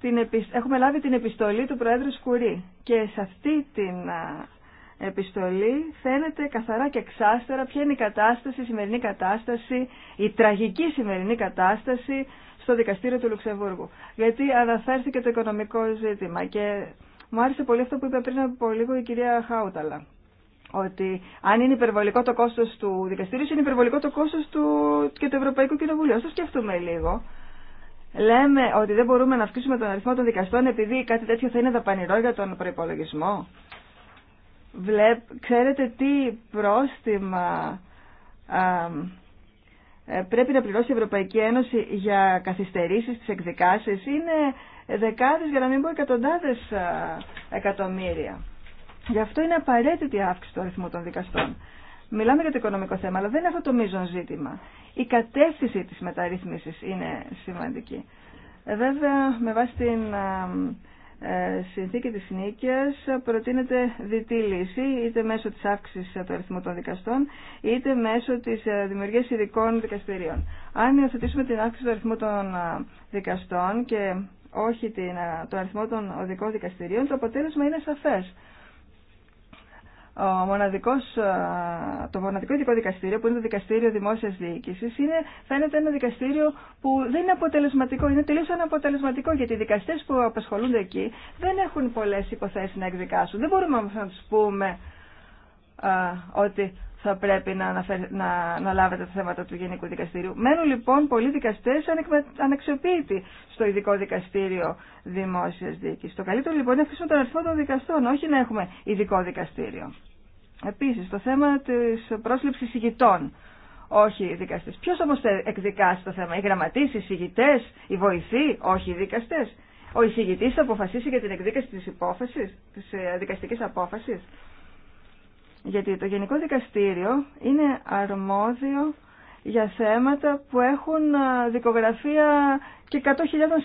την, έχουμε λάβει την επιστολή του Προέδρου Σκουρί και σε αυτή την επιστολή φαίνεται καθαρά και εξάστερα ποια είναι η κατάσταση, η σημερινή κατάσταση, η τραγική σημερινή κατάσταση στο δικαστήριο του Λουξεμβούργου. Γιατί αναφέρθηκε το οικονομικό ζήτημα και μου άρεσε πολύ αυτό που είπε πριν από λίγο η κυρία Χάουταλα. Ότι αν είναι υπερβολικό το κόστο του δικαστηρίου, είναι υπερβολικό το κόστο του και του Ευρωπαϊκού Κοινοβουλίου. Α το σκεφτούμε λίγο. Λέμε ότι δεν μπορούμε να αυξήσουμε τον αριθμό των δικαστών επειδή κάτι τέτοιο θα είναι δαπανηρό για τον προπολογισμό. Ξέρετε τι πρόστιμα ε, πρέπει να πληρώσει η Ευρωπαϊκή Ένωση για καθυστερήσεις της εκδικάσεις είναι δεκάδες για να μην πω εκατοντάδες ε, εκατομμύρια. Γι' αυτό είναι απαραίτητη η αύξηση του αριθμού των δικαστών. Μιλάμε για το οικονομικό θέμα, αλλά δεν είναι αυτό το μείζον ζήτημα. Η κατεύθυνση της μεταρρύθμισης είναι σημαντική. Ε, βέβαια, με βάση την ε, συνθήκη της νίκης προτείνεται διτή λύση είτε μέσω της αύξησης του αριθμού των δικαστών είτε μέσω της ε, δημιουργίας ειδικών δικαστηρίων. Αν υιοθετήσουμε την αύξηση του αριθμού των ε, δικαστών και όχι την, αριθμό των οδικών δικαστηρίων, το αποτέλεσμα είναι σαφές ο μοναδικός, το μοναδικό ειδικό δικαστήριο που είναι το δικαστήριο Δημόσια Διοίκηση είναι, φαίνεται ένα δικαστήριο που δεν είναι αποτελεσματικό, είναι τελείως αναποτελεσματικό γιατί οι δικαστέ που απασχολούνται εκεί δεν έχουν πολλέ υποθέσει να εκδικάσουν. Δεν μπορούμε όμω να του πούμε α, ότι θα πρέπει να, αναφέρ, να, να λάβετε τα θέματα του Γενικού Δικαστηρίου. Μένουν λοιπόν πολλοί δικαστέ αναξιοποιητοί στο ειδικό δικαστήριο δημόσια Διοίκηση. Το καλύτερο λοιπόν είναι να αφήσουμε τον αριθμό των δικαστών, όχι να έχουμε ειδικό δικαστήριο. Επίσης, το θέμα της πρόσληψης ηγητών, όχι οι δικαστές. Ποιος όμως θα εκδικάσει το θέμα, οι γραμματεί, οι συγητές, οι βοηθοί, όχι οι δικαστές. Ο εισηγητής θα αποφασίσει για την εκδίκαση της υπόφασης, της ε, δικαστικής απόφασης. Γιατί το Γενικό Δικαστήριο είναι αρμόδιο για θέματα που έχουν ε, δικογραφία και 100.000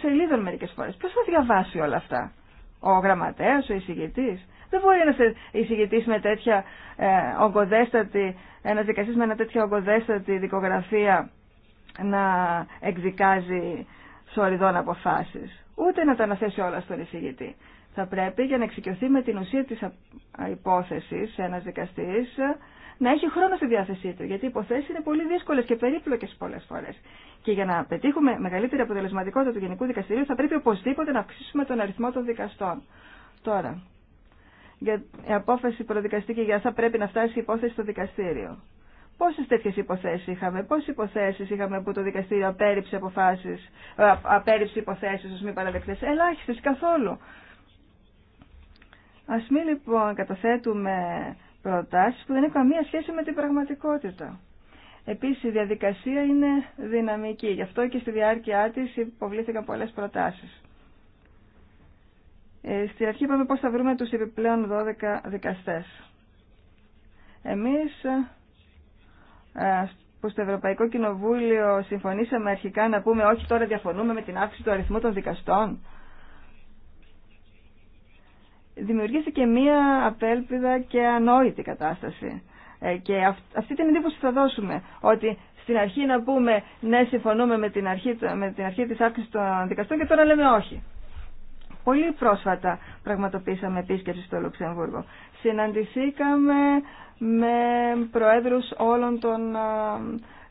σελίδων μερικές φορές. Ποιο θα διαβάσει όλα αυτά, ο γραμματέας, ο εισηγητής. Δεν μπορεί ένα εισηγητή με τέτοια ε, ογκοδέστατη, ένα δικαστή με ένα τέτοια ογκοδέστατη δικογραφία να εκδικάζει σοριδών αποφάσει. Ούτε να τα αναθέσει όλα στον εισηγητή. Θα πρέπει για να εξοικειωθεί με την ουσία τη υπόθεση ένα δικαστή ε, να έχει χρόνο στη διάθεσή του. Γιατί οι υποθέσει είναι πολύ δύσκολε και περίπλοκε πολλέ φορέ. Και για να πετύχουμε μεγαλύτερη αποτελεσματικότητα του Γενικού Δικαστηρίου, θα πρέπει οπωσδήποτε να αυξήσουμε τον αριθμό των δικαστών. Τώρα, για απόφαση προδικαστική για θα πρέπει να φτάσει η υπόθεση στο δικαστήριο. Πόσε τέτοιε υποθέσει είχαμε, πόσε υποθέσει είχαμε που το δικαστήριο απέρριψε αποφάσει, ε, απέρριψε υποθέσει α μη παραδεκτέ. Ελάχιστε καθόλου. Α μην λοιπόν καταθέτουμε προτάσει που δεν έχουν καμία σχέση με την πραγματικότητα. Επίση, η διαδικασία είναι δυναμική. Γι' αυτό και στη διάρκεια τη υποβλήθηκαν πολλέ προτάσει. Ε, στην αρχή είπαμε πώς θα βρούμε τους επιπλέον 12 δικαστές. Εμείς ε, που στο Ευρωπαϊκό Κοινοβούλιο συμφωνήσαμε αρχικά να πούμε όχι τώρα διαφωνούμε με την αύξηση του αριθμού των δικαστών. Δημιουργήθηκε μία απέλπιδα και ανόητη κατάσταση. Ε, και αυτή την εντύπωση θα δώσουμε, ότι στην αρχή να πούμε ναι συμφωνούμε με την αρχή, με την αρχή της αύξησης των δικαστών και τώρα λέμε όχι. Πολύ πρόσφατα πραγματοποίησαμε επίσκεψη στο Λουξεμβούργο. Συναντηθήκαμε με προέδρους όλων των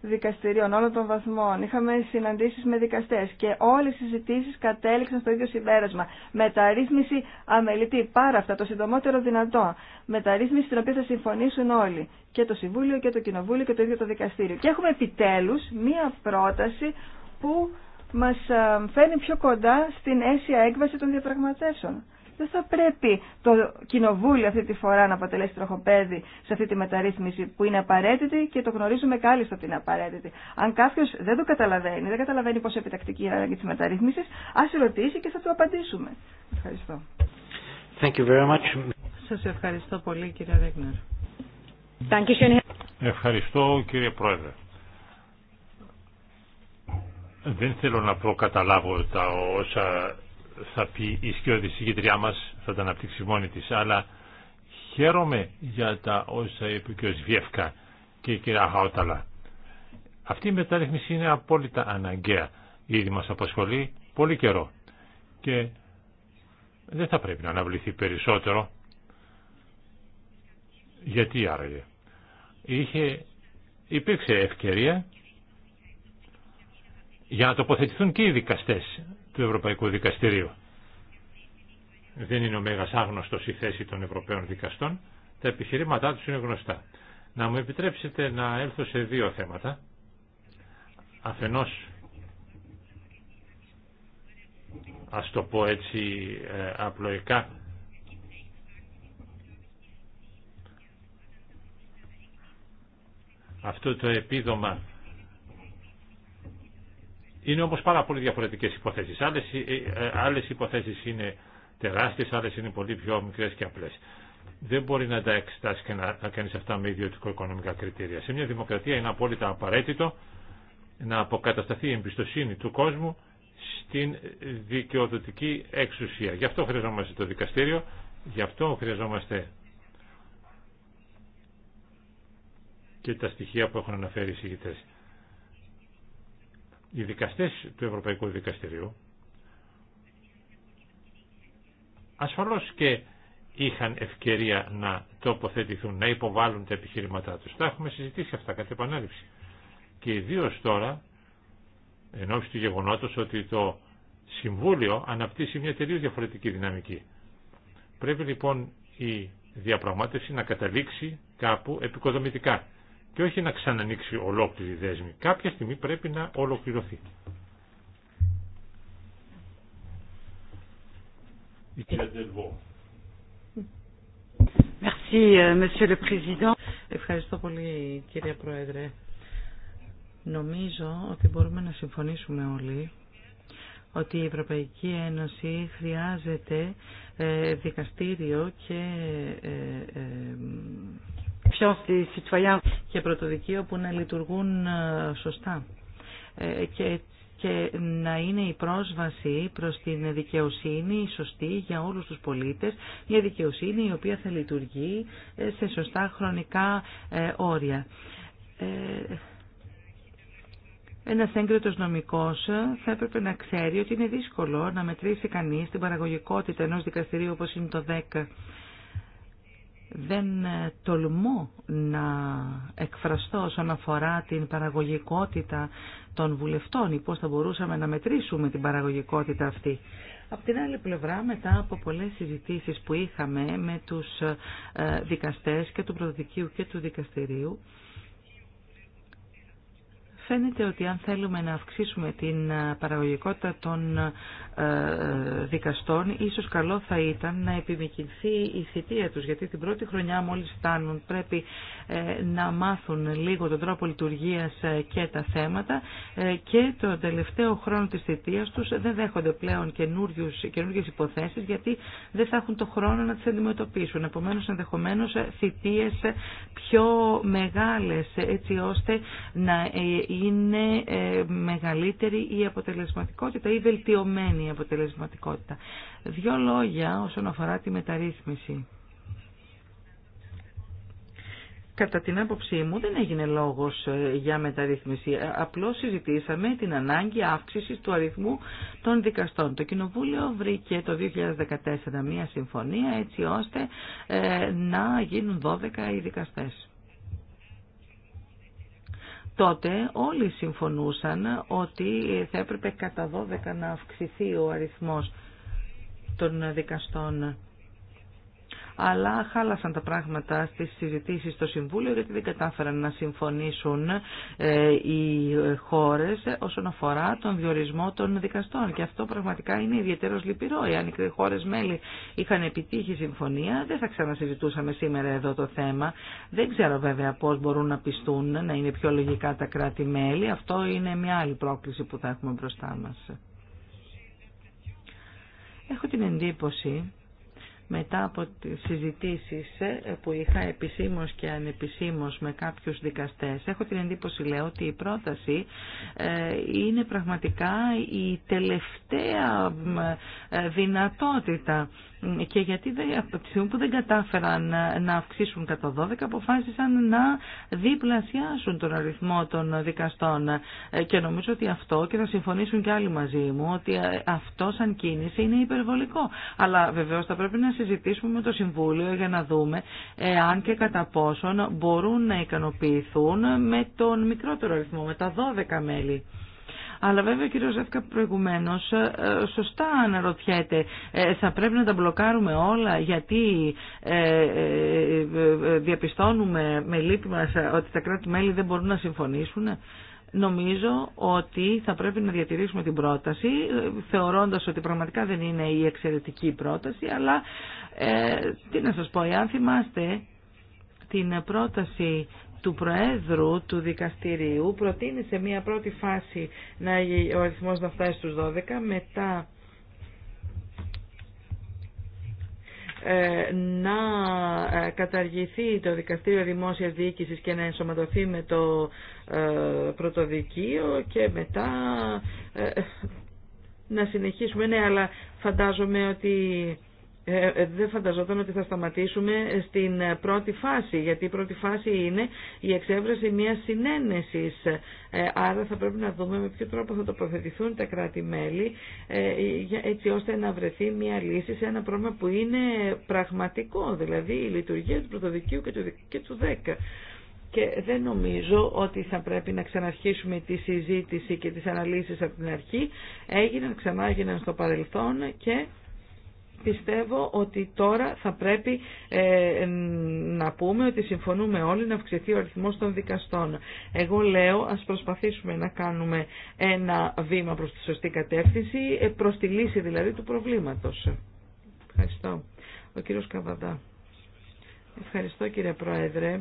δικαστηρίων, όλων των βαθμών. Είχαμε συναντήσεις με δικαστές και όλες οι συζητήσεις κατέληξαν στο ίδιο συμπέρασμα. Μεταρρύθμιση αμελητή, πάρα αυτά, το συντομότερο δυνατό. Μεταρρύθμιση στην οποία θα συμφωνήσουν όλοι. Και το Συμβούλιο και το Κοινοβούλιο και το ίδιο το Δικαστήριο. Και έχουμε επιτέλους μία πρόταση που μας ε, φέρνει πιο κοντά στην αίσια έκβαση των διαπραγματεύσεων. Δεν θα πρέπει το κοινοβούλιο αυτή τη φορά να αποτελέσει τροχοπέδι σε αυτή τη μεταρρύθμιση που είναι απαραίτητη και το γνωρίζουμε κάλλιστα ότι είναι απαραίτητη. Αν κάποιο δεν το καταλαβαίνει, δεν καταλαβαίνει πόσο επιτακτική είναι η ανάγκη τη μεταρρύθμιση, α ρωτήσει και θα του απαντήσουμε. Ευχαριστώ. Σα Σας ευχαριστώ πολύ κύριε Ρέγνερ. Ευχαριστώ κύριε Πρόεδρε. Δεν θέλω να προκαταλάβω τα όσα θα πει η σκιώδη συγκεντριά μας, θα τα αναπτύξει μόνη της, αλλά χαίρομαι για τα όσα είπε και ο Σβιεύκα και η κυρία Χαόταλα. Αυτή η μεταρρύθμιση είναι απόλυτα αναγκαία. Ήδη μας απασχολεί πολύ καιρό και δεν θα πρέπει να αναβληθεί περισσότερο. Γιατί άραγε. Είχε, υπήρξε ευκαιρία για να τοποθετηθούν και οι δικαστές του Ευρωπαϊκού Δικαστηρίου. Δεν είναι ο μέγας άγνωστος η θέση των Ευρωπαίων δικαστών, τα επιχειρήματά τους είναι γνωστά. Να μου επιτρέψετε να έλθω σε δύο θέματα. Αφενός, ας το πω έτσι ε, απλοϊκά, αυτό το επίδομα είναι όμως πάρα πολύ διαφορετικές υποθέσεις. Άλλες, ε, ε, άλλες υποθέσεις είναι τεράστιες, άλλες είναι πολύ πιο μικρές και απλές. Δεν μπορεί να τα εξετάσει και να, να αυτά με ιδιωτικο-οικονομικά κριτήρια. Σε μια δημοκρατία είναι απόλυτα απαραίτητο να αποκατασταθεί η εμπιστοσύνη του κόσμου στην δικαιοδοτική εξουσία. Γι' αυτό χρειαζόμαστε το δικαστήριο, γι' αυτό χρειαζόμαστε και τα στοιχεία που έχουν αναφέρει οι συγητές οι δικαστές του Ευρωπαϊκού Δικαστηρίου ασφαλώς και είχαν ευκαιρία να τοποθετηθούν, να υποβάλουν τα επιχειρήματά τους. Τα έχουμε συζητήσει αυτά κατά επανάληψη. Και ιδίω τώρα, ενώ του γεγονότος ότι το Συμβούλιο αναπτύσσει μια τελείω διαφορετική δυναμική. Πρέπει λοιπόν η διαπραγμάτευση να καταλήξει κάπου επικοδομητικά και όχι να ξανανοίξει ολόκληρη δέσμη. Κάποια στιγμή πρέπει να ολοκληρωθεί. Euh, le Ευχαριστώ πολύ κύριε Πρόεδρε. Νομίζω ότι μπορούμε να συμφωνήσουμε όλοι ότι η Ευρωπαϊκή Ένωση χρειάζεται ε, δικαστήριο και ε, ε, και πρωτοδικείο που να λειτουργούν ε, σωστά ε, και, και να είναι η πρόσβαση προς την δικαιοσύνη σωστή για όλους τους πολίτες, μια δικαιοσύνη η οποία θα λειτουργεί ε, σε σωστά χρονικά όρια. Ένα έγκριτο νομικό θα έπρεπε να ξέρει ότι είναι δύσκολο να μετρήσει κανεί την παραγωγικότητα ενό δικαστηρίου όπω είναι το 10 δεν ε, τολμώ να εκφραστώ όσον αφορά την παραγωγικότητα των βουλευτών ή πώς θα μπορούσαμε να μετρήσουμε την παραγωγικότητα αυτή. Απ' την άλλη πλευρά, μετά από πολλές συζητήσεις που είχαμε με τους ε, δικαστές και του Πρωτοδικείου και του Δικαστηρίου, Φαίνεται ότι αν θέλουμε να αυξήσουμε την ε, παραγωγικότητα των ε, ε, δικαστών, ίσως καλό θα ήταν να επιμηκυνθεί η θητεία τους, γιατί την πρώτη χρονιά μόλις φτάνουν πρέπει να μάθουν λίγο τον τρόπο λειτουργίας και τα θέματα και το τελευταίο χρόνο της θητείας τους δεν δέχονται πλέον καινούργιες υποθέσεις, γιατί δεν θα έχουν το χρόνο να τις αντιμετωπίσουν. Επομένως, ενδεχομένως θητείες πιο μεγάλες, έτσι ώστε να είναι ε, μεγαλύτερη η αποτελεσματικότητα ή βελτιωμένη η αποτελεσματικότητα. Δύο λόγια όσον αφορά τη μεταρρύθμιση. Κατά την άποψή μου δεν έγινε λόγος ε, για μεταρρύθμιση. Ε, απλώς συζητήσαμε την ανάγκη αύξησης του αριθμού των δικαστών. Το Κοινοβούλιο βρήκε το 2014 μία συμφωνία έτσι ώστε να γίνουν 12 οι δικαστές τότε όλοι συμφωνούσαν ότι θα έπρεπε κατά 12 να αυξηθεί ο αριθμός των δικαστών αλλά χάλασαν τα πράγματα στις συζητήσεις στο Συμβούλιο γιατί δεν κατάφεραν να συμφωνήσουν ε, οι χώρες όσον αφορά τον διορισμό των δικαστών. Και αυτό πραγματικά είναι ιδιαίτερο λυπηρό. Εάν οι χώρε μέλη είχαν επιτύχει συμφωνία, δεν θα ξανασυζητούσαμε σήμερα εδώ το θέμα. Δεν ξέρω βέβαια πώ μπορούν να πιστούν να είναι πιο λογικά τα κράτη-μέλη. Αυτό είναι μια άλλη πρόκληση που θα έχουμε μπροστά μα. Έχω την εντύπωση μετά από τις συζητήσεις ε, που είχα επισήμως και ανεπισήμως με κάποιους δικαστές, έχω την εντύπωση, λέω, ότι η πρόταση ε, είναι πραγματικά η τελευταία ε, δυνατότητα και γιατί από τη στιγμή που δεν κατάφεραν να αυξήσουν κατά 12 αποφάσισαν να διπλασιάσουν τον αριθμό των δικαστών ε, και νομίζω ότι αυτό και θα συμφωνήσουν και άλλοι μαζί μου ότι ε, αυτό σαν κίνηση είναι υπερβολικό αλλά βεβαίως θα πρέπει να συζητήσουμε με το Συμβούλιο για να δούμε αν και κατά πόσον μπορούν να ικανοποιηθούν με τον μικρότερο αριθμό, με τα 12 μέλη. Αλλά βέβαια ο κύριος Ζεύκα προηγουμένως ε, σωστά αναρωτιέται ε, θα πρέπει να τα μπλοκάρουμε όλα γιατί ε, διαπιστώνουμε με λύπη μας ότι τα κράτη-μέλη δεν μπορούν να συμφωνήσουν. Νομίζω ότι θα πρέπει να διατηρήσουμε την πρόταση, θεωρώντας ότι πραγματικά δεν είναι η εξαιρετική πρόταση, αλλά ε, τι να σας πω, εάν θυμάστε την πρόταση του Προέδρου του Δικαστηρίου προτείνει σε μία πρώτη φάση να, ο αριθμός να φτάσει στους 12, μετά ε, να ε, καταργηθεί το Δικαστήριο Δημόσιας Διοίκησης και να ενσωματωθεί με το ε, Πρωτοδικείο και μετά να συνεχίσουμε. Ναι, αλλά φαντάζομαι ότι ε, ε, δεν φανταζόταν ότι θα σταματήσουμε στην πρώτη φάση, γιατί η πρώτη φάση είναι η εξέβρεση μιας συνένεσης. Ε, άρα θα πρέπει να δούμε με ποιο τρόπο θα τοποθετηθούν τα κράτη-μέλη, έτσι ώστε να βρεθεί μια λύση σε ένα πρόβλημα που είναι πραγματικό, δηλαδή η λειτουργία του πρωτοδικίου και του 10 και δεν νομίζω ότι θα πρέπει να ξαναρχίσουμε τη συζήτηση και τις αναλύσεις από την αρχή. Έγιναν, ξανά έγιναν στο παρελθόν και Πιστεύω ότι τώρα θα πρέπει ε, να πούμε ότι συμφωνούμε όλοι να αυξηθεί ο αριθμός των δικαστών. Εγώ λέω ας προσπαθήσουμε να κάνουμε ένα βήμα προς τη σωστή κατεύθυνση, ε, προς τη λύση δηλαδή του προβλήματος. Ευχαριστώ. Ο κύριος Καβαντά. Ευχαριστώ κύριε Πρόεδρε.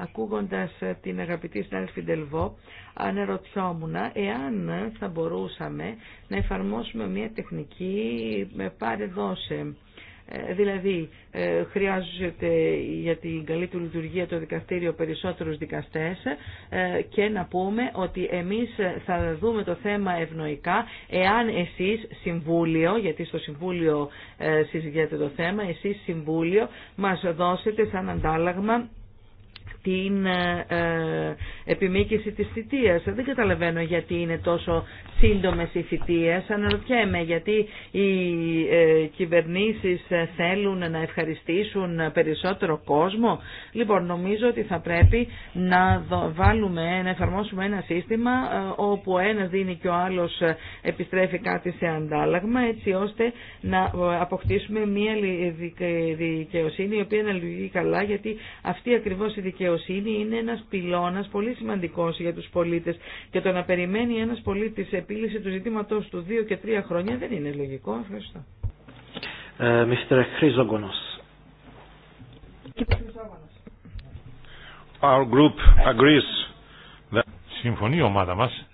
Ακούγοντας ε, την αγαπητή συνάδελφη Ντελβό, ανερωτιόμουν εάν θα μπορούσαμε να εφαρμόσουμε μια τεχνική με πάρε ε, Δηλαδή, ε, χρειάζεται για την καλή του λειτουργία το δικαστήριο περισσότερους δικαστές και να πούμε ότι εμείς θα δούμε το θέμα ευνοϊκά εάν εσείς Συμβούλιο, γιατί στο Συμβούλιο συζητιέται το θέμα, εσείς Συμβούλιο μας δώσετε σαν αντάλλαγμα την ε, ε, επιμήκυση της θητείας. Δεν καταλαβαίνω γιατί είναι τόσο σύντομες οι θητείες. Αναρωτιέμαι γιατί οι ε, κυβερνήσεις θέλουν να ευχαριστήσουν περισσότερο κόσμο. Λοιπόν, νομίζω ότι θα πρέπει να, βάλουμε, να εφαρμόσουμε ένα σύστημα όπου ο ένας δίνει και ο άλλος επιστρέφει κάτι σε αντάλλαγμα έτσι ώστε να αποκτήσουμε μια δικαιοσύνη η οποία να λειτουργεί καλά γιατί αυτή ακριβώς η δικαιοσύνη είναι ένας πυλώνας πολύ σημαντικός για τους πολίτες και το να περιμένει ένας πολίτης επίλυση του ζητήματος του δύο και τρία χρόνια δεν είναι λογικό. Ευχαριστώ. Ε, Συμφωνεί η ομάδα μας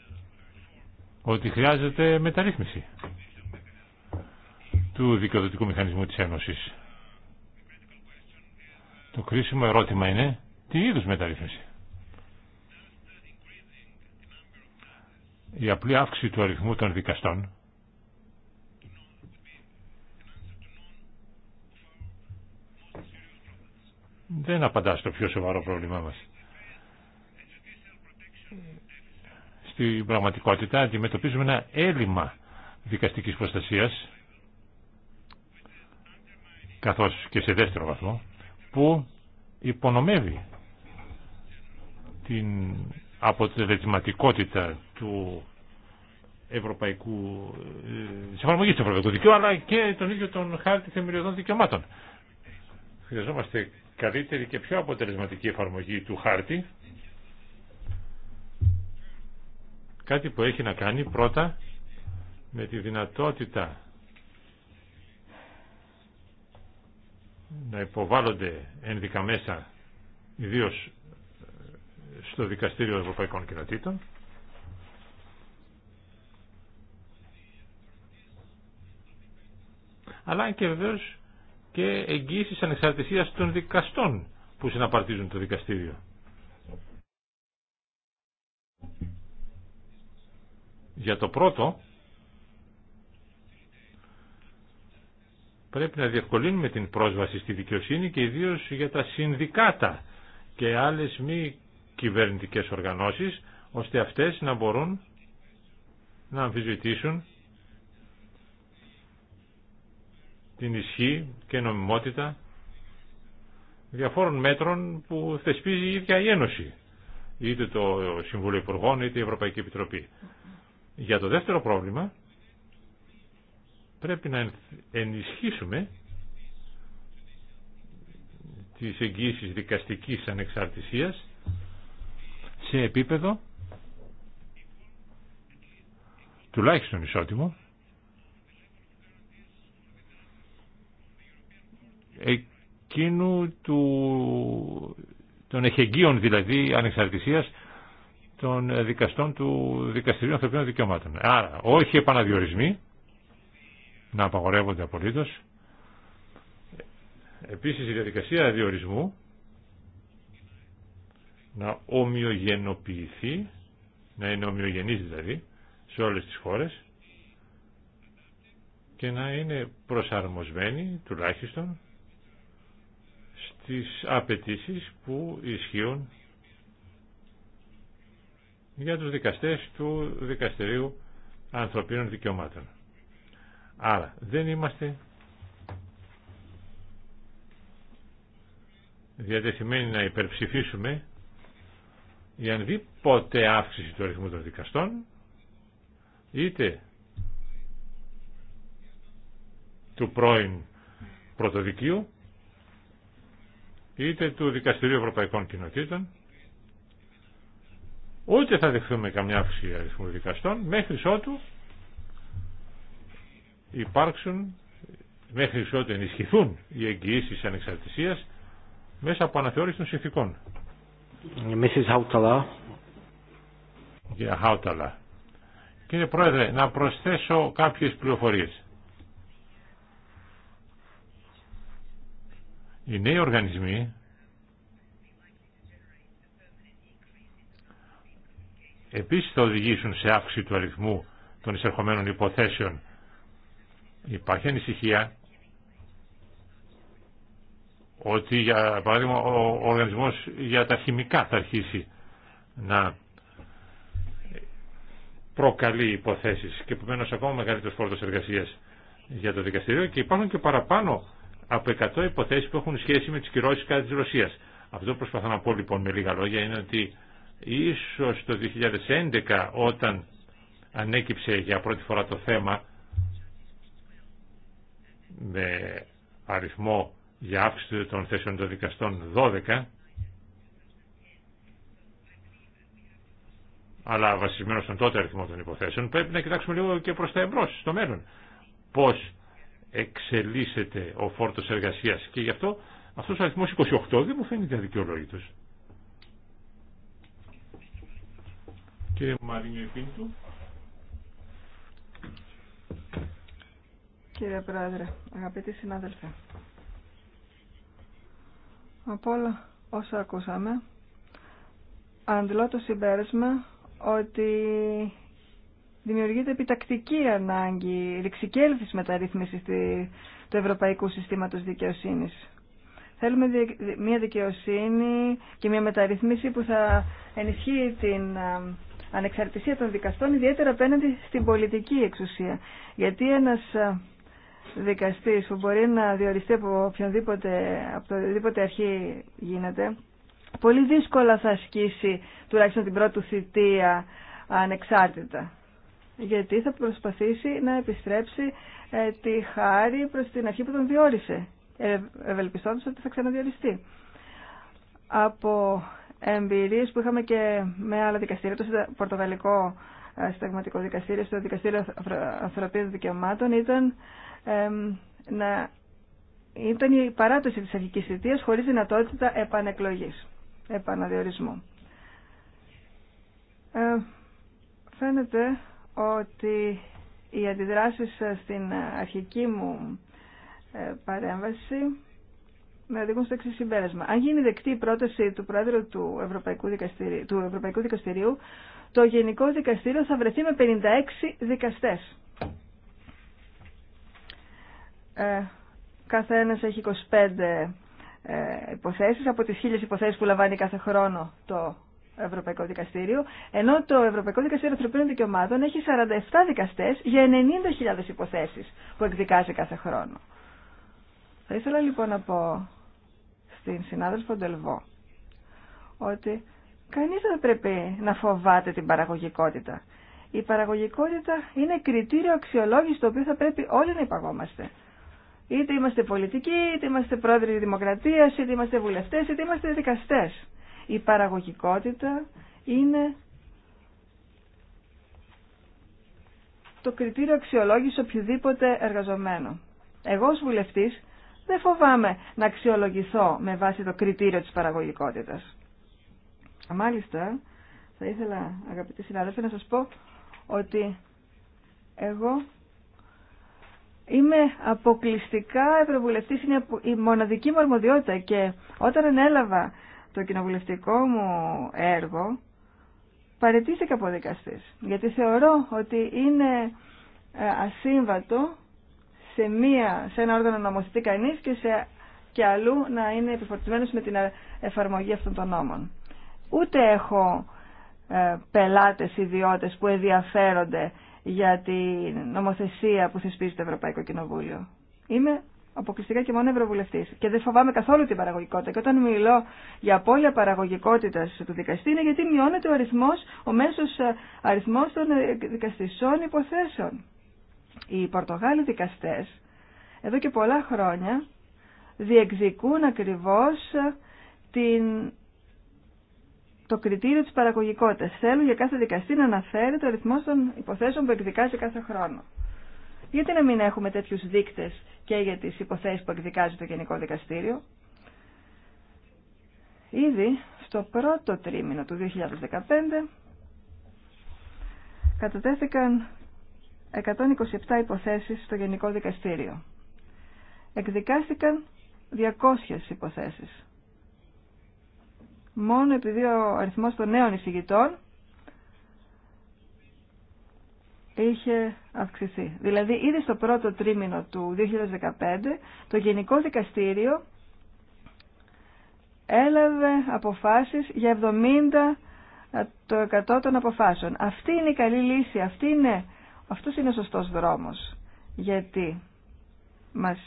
ότι χρειάζεται μεταρρύθμιση του δικαιοδοτικού μηχανισμού της Ένωσης. Το κρίσιμο ερώτημα είναι τι είδους μεταρρύθμιση. Η απλή αύξηση του αριθμού των δικαστών δεν απαντά στο πιο σοβαρό πρόβλημά μας. Στην πραγματικότητα αντιμετωπίζουμε ένα έλλειμμα δικαστικής προστασίας καθώς και σε δεύτερο βαθμό που υπονομεύει την αποτελεσματικότητα του ευρωπαϊκού, ε, της εφαρμογής του ευρωπαϊκού δικαίου, αλλά και τον ίδιο τον χάρτη θεμελιωδών δικαιωμάτων. Χρειαζόμαστε καλύτερη και πιο αποτελεσματική εφαρμογή του χάρτη, κάτι που έχει να κάνει πρώτα με τη δυνατότητα να υποβάλλονται ένδικα μέσα, ιδίως στο Δικαστήριο Ευρωπαϊκών Κοινοτήτων αλλά και βεβαίω και εγγύησης ανεξαρτησίας των δικαστών που συναπαρτίζουν το δικαστήριο. Για το πρώτο, πρέπει να διευκολύνουμε την πρόσβαση στη δικαιοσύνη και ιδίως για τα συνδικάτα και άλλες μη κυβερνητικές οργανώσεις, ώστε αυτές να μπορούν να αμφισβητήσουν την ισχύ και νομιμότητα διαφόρων μέτρων που θεσπίζει η ίδια η Ένωση, είτε το Συμβούλιο Υπουργών, είτε η Ευρωπαϊκή Επιτροπή. Για το δεύτερο πρόβλημα, πρέπει να ενισχύσουμε τις εγγύησεις δικαστικής ανεξαρτησίας σε επίπεδο τουλάχιστον ισότιμο εκείνου του, των εχεγγύων δηλαδή ανεξαρτησίας των δικαστών του Δικαστηρίου Ανθρωπίνων Δικαιωμάτων. Άρα, όχι επαναδιορισμοί, να απαγορεύονται απολύτως. Επίσης, η διαδικασία διορισμού να ομοιογενοποιηθεί, να είναι ομοιογενής δηλαδή, σε όλες τις χώρες και να είναι προσαρμοσμένη τουλάχιστον στις απαιτήσει που ισχύουν για τους δικαστές του Δικαστηρίου Ανθρωπίνων Δικαιωμάτων. Άρα δεν είμαστε διατεθειμένοι να υπερψηφίσουμε η ποτέ αύξηση του αριθμού των δικαστών είτε του πρώην πρωτοδικειου είτε του Δικαστηρίου Ευρωπαϊκών Κοινοτήτων ούτε θα δεχθούμε καμιά αύξηση αριθμού δικαστών μέχρι ότου υπάρξουν μέχρι ότου ενισχυθούν οι εγγυήσεις ανεξαρτησίας μέσα από αναθεώρηση των συνθηκών. Mrs. Hautala. Κύριε Χάουταλα. Κύριε Πρόεδρε, να προσθέσω κάποιες πληροφορίες. Οι νέοι οργανισμοί επίσης θα οδηγήσουν σε αύξηση του αριθμού των εισερχομένων υποθέσεων. Υπάρχει ανησυχία ότι για παράδειγμα ο οργανισμός για τα χημικά θα αρχίσει να προκαλεί υποθέσεις και επομένως ακόμα μεγαλύτερος φόρτος εργασίας για το δικαστήριο και υπάρχουν και παραπάνω από 100 υποθέσεις που έχουν σχέση με τις κυρώσεις κατά της Ρωσίας. Αυτό που προσπαθώ να πω λοιπόν με λίγα λόγια είναι ότι ίσως το 2011 όταν ανέκυψε για πρώτη φορά το θέμα με αριθμό για αύξηση των θέσεων των δικαστών 12 αλλά βασισμένο στον τότε αριθμό των υποθέσεων πρέπει να κοιτάξουμε λίγο και προς τα εμπρός στο μέλλον πώς εξελίσσεται ο φόρτος εργασίας και γι' αυτό αυτός ο αριθμός 28 δεν μου φαίνεται αδικαιολόγητος. Κύριε Μαρίνιο Επίντου. Κύριε Πρόεδρε, αγαπητοί συνάδελφοι, από όλα όσα ακούσαμε, αντλώ το συμπέρασμα ότι δημιουργείται επιτακτική ανάγκη ρηξικέλθης μεταρρύθμισης του Ευρωπαϊκού Συστήματος Δικαιοσύνης. Θέλουμε μια δικαιοσύνη και μια μεταρρυθμίση που θα ενισχύει την ανεξαρτησία των δικαστών, ιδιαίτερα απέναντι στην πολιτική εξουσία. Γιατί ένας δικαστής που μπορεί να διοριστεί από οποιονδήποτε, από αρχή γίνεται, πολύ δύσκολα θα ασκήσει τουλάχιστον την πρώτη θητεία ανεξάρτητα. Γιατί θα προσπαθήσει να επιστρέψει ε, τη χάρη προς την αρχή που τον διόρισε, ε, ευελπιστώντας ότι θα ξαναδιοριστεί. Από εμπειρίες που είχαμε και με άλλα δικαστήρια, το Πορτογαλικό ε, Συνταγματικό Δικαστήριο, στο Δικαστήριο Ανθρωπίνων Δικαιωμάτων, ήταν να ήταν η παράταση της αρχικής θητείας χωρίς δυνατότητα επανεκλογής, επαναδιορισμού. Ε, φαίνεται ότι οι αντιδράσεις στην αρχική μου ε, παρέμβαση με οδηγούν στο εξή συμπέρασμα. Αν γίνει δεκτή η πρόταση του Πρόεδρου του Ευρωπαϊκού, του Ευρωπαϊκού Δικαστηρίου, το Γενικό Δικαστήριο θα βρεθεί με 56 δικαστές ε, κάθε έχει 25 ε, υποθέσεις από τις χίλιες υποθέσεις που λαμβάνει κάθε χρόνο το Ευρωπαϊκό Δικαστήριο, ενώ το Ευρωπαϊκό Δικαστήριο Ανθρωπίνων Δικαιωμάτων έχει 47 δικαστές για 90.000 υποθέσεις που εκδικάζει κάθε χρόνο. Θα ήθελα λοιπόν να πω στην συνάδελφο Ντελβό ότι κανείς δεν πρέπει να φοβάται την παραγωγικότητα. Η παραγωγικότητα είναι κριτήριο αξιολόγηση το οποίο θα πρέπει όλοι να υπαγόμαστε. Είτε είμαστε πολιτικοί, είτε είμαστε πρόεδροι δημοκρατίας, είτε είμαστε βουλευτές, είτε είμαστε δικαστές. Η παραγωγικότητα είναι το κριτήριο αξιολόγηση οποιοδήποτε εργαζομένου. Εγώ ως βουλευτής δεν φοβάμαι να αξιολογηθώ με βάση το κριτήριο της παραγωγικότητας. Μάλιστα, θα ήθελα αγαπητοί συνάδελφοι να σας πω ότι εγώ Είμαι αποκλειστικά ευρωβουλευτής, είναι η μοναδική μου αρμοδιότητα και όταν ανέλαβα το κοινοβουλευτικό μου έργο παραιτήθηκα από δικαστής γιατί θεωρώ ότι είναι ε, ασύμβατο σε, μία, σε ένα όργανο να νομοθετεί κανείς και, σε, και αλλού να είναι επιφορτισμένος με την εφαρμογή αυτών των νόμων. Ούτε έχω ε, πελάτες ιδιώτες που ενδιαφέρονται για την νομοθεσία που θεσπίζει το Ευρωπαϊκό Κοινοβούλιο. Είμαι αποκλειστικά και μόνο Ευρωβουλευτή. Και δεν φοβάμαι καθόλου την παραγωγικότητα. Και όταν μιλώ για απώλεια παραγωγικότητα του δικαστή, είναι γιατί μειώνεται ο αριθμό, ο μέσο ε, αριθμό των ε, δικαστησών υποθέσεων. Οι Πορτογάλοι δικαστέ εδώ και πολλά χρόνια διεκδικούν ακριβώ ε, την το κριτήριο τη παραγωγικότητας. Θέλω για κάθε δικαστή να αναφέρει το αριθμό των υποθέσεων που εκδικάζει κάθε χρόνο. Γιατί να μην έχουμε τέτοιου δείκτες και για τι υποθέσεις που εκδικάζει το Γενικό Δικαστήριο. Ήδη στο πρώτο τρίμηνο του 2015 κατατέθηκαν 127 υποθέσεις στο Γενικό Δικαστήριο. Εκδικάστηκαν 200 υποθέσεις μόνο επειδή ο αριθμός των νέων εισηγητών είχε αυξηθεί. Δηλαδή, ήδη στο πρώτο τρίμηνο του 2015, το Γενικό Δικαστήριο έλαβε αποφάσεις για 70% το 100 των αποφάσεων. Αυτή είναι η καλή λύση, αυτή είναι, αυτός είναι ο σωστός δρόμος. Γιατί μας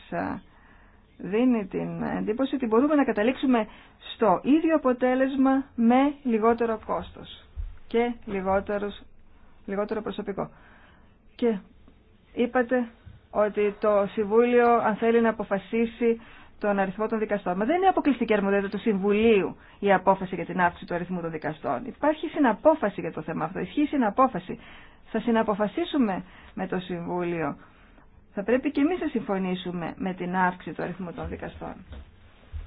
δίνει την εντύπωση ότι μπορούμε να καταλήξουμε στο ίδιο αποτέλεσμα με λιγότερο κόστος και λιγότερος, λιγότερο προσωπικό. Και είπατε ότι το Συμβούλιο αν θέλει να αποφασίσει τον αριθμό των δικαστών. Μα δεν είναι αποκλειστική αρμοδιότητα του Συμβουλίου η απόφαση για την αύξηση του αριθμού των δικαστών. Υπάρχει συναπόφαση για το θέμα αυτό. Ισχύει συναπόφαση. Θα συναποφασίσουμε με το Συμβούλιο θα πρέπει και εμείς να συμφωνήσουμε με την αύξηση του αριθμού των δικαστών.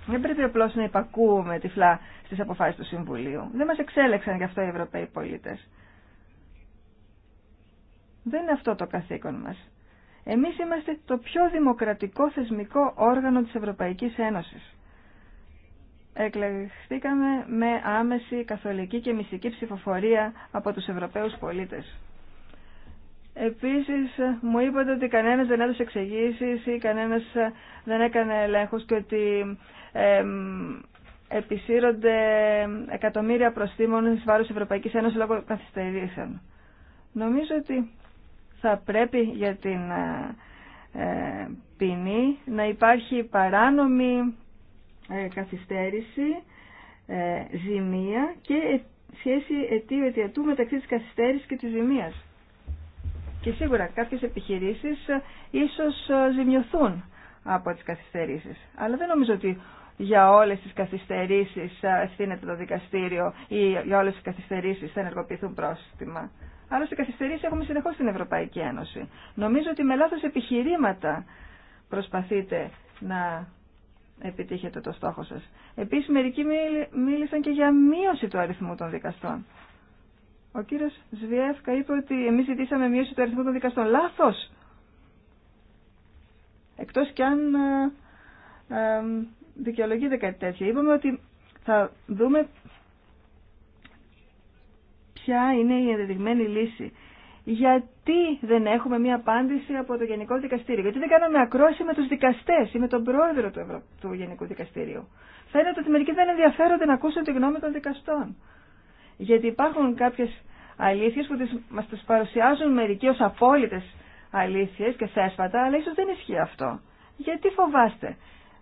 Δεν πρέπει απλώ να υπακούμε τυφλά στι αποφάσει του Συμβουλίου. Δεν μα εξέλεξαν γι' αυτό οι Ευρωπαίοι πολίτε. Δεν είναι αυτό το καθήκον μα. Εμεί είμαστε το πιο δημοκρατικό θεσμικό όργανο τη Ευρωπαϊκή Ένωση. Εκλεγχθήκαμε με άμεση καθολική και μυστική ψηφοφορία από του Ευρωπαίου πολίτε. Επίσης μου είπατε ότι κανένας δεν έδωσε εξηγήσει ή κανένας δεν έκανε ελέγχους και ότι ε, επισύρονται εκατομμύρια προστήμων στις της Ευρωπαϊκής Ένωσης λόγω καθυστερήσεων. Νομίζω ότι θα πρέπει για την ε, ε ποινή να υπάρχει παράνομη ε, καθυστέρηση, ε, ζημία και σχέση αιτίου-αιτιατού μεταξύ της καθυστέρησης και της ζημίας. Και σίγουρα κάποιες επιχειρήσεις ε, ίσως ε, ζημιωθούν από τις καθυστερήσεις. Αλλά δεν νομίζω ότι για όλες τις καθυστερήσεις ευθύνεται το δικαστήριο ή για όλες τις καθυστερήσεις θα ενεργοποιηθούν πρόστιμα. Άλλωστε καθυστερήσεις έχουμε συνεχώς στην Ευρωπαϊκή Ένωση. Νομίζω ότι με λάθος επιχειρήματα προσπαθείτε να επιτύχετε το στόχο σας. Επίσης μερικοί μίλησαν και για μείωση του αριθμού των δικαστών. Ο κύριο Σβιέφκα είπε ότι εμεί ζητήσαμε μείωση του αριθμού των δικαστών. Λάθο. Εκτό κι αν ε, ε, δικαιολογείται κάτι τέτοιο. Είπαμε ότι θα δούμε ποια είναι η ενδεδειγμένη λύση. Γιατί δεν έχουμε μία απάντηση από το Γενικό Δικαστήριο. Γιατί δεν κάναμε ακρόαση με τους δικαστές ή με τον πρόεδρο του, Ευρω... του Γενικού Δικαστηρίου. Φαίνεται ότι μερικοί δεν ενδιαφέρονται να ακούσουν τη γνώμη των δικαστών γιατί υπάρχουν κάποιες αλήθειες που τις, μας τις παρουσιάζουν μερικοί ως απόλυτες αλήθειες και θέσφατα, αλλά ίσως δεν ισχύει αυτό. Γιατί φοβάστε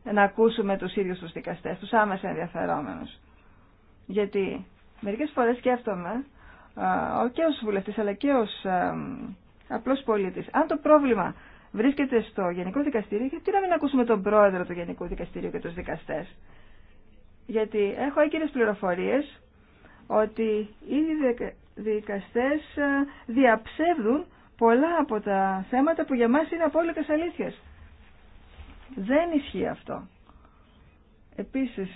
να ακούσουμε τους ίδιους τους δικαστές, τους άμεσα ενδιαφερόμενους. Γιατί μερικές φορές σκέφτομαι, και ως βουλευτής αλλά και ως απλός πολίτης, αν το πρόβλημα βρίσκεται στο Γενικό Δικαστήριο, γιατί να μην ακούσουμε τον πρόεδρο του Γενικού Δικαστηρίου και τους δικαστές. Γιατί έχω έγκυρες πληροφορίες ότι οι δικαστές ε, διαψεύδουν πολλά από τα θέματα που για μας είναι απόλυτες αλήθειες. Δεν ισχύει αυτό. Επίσης,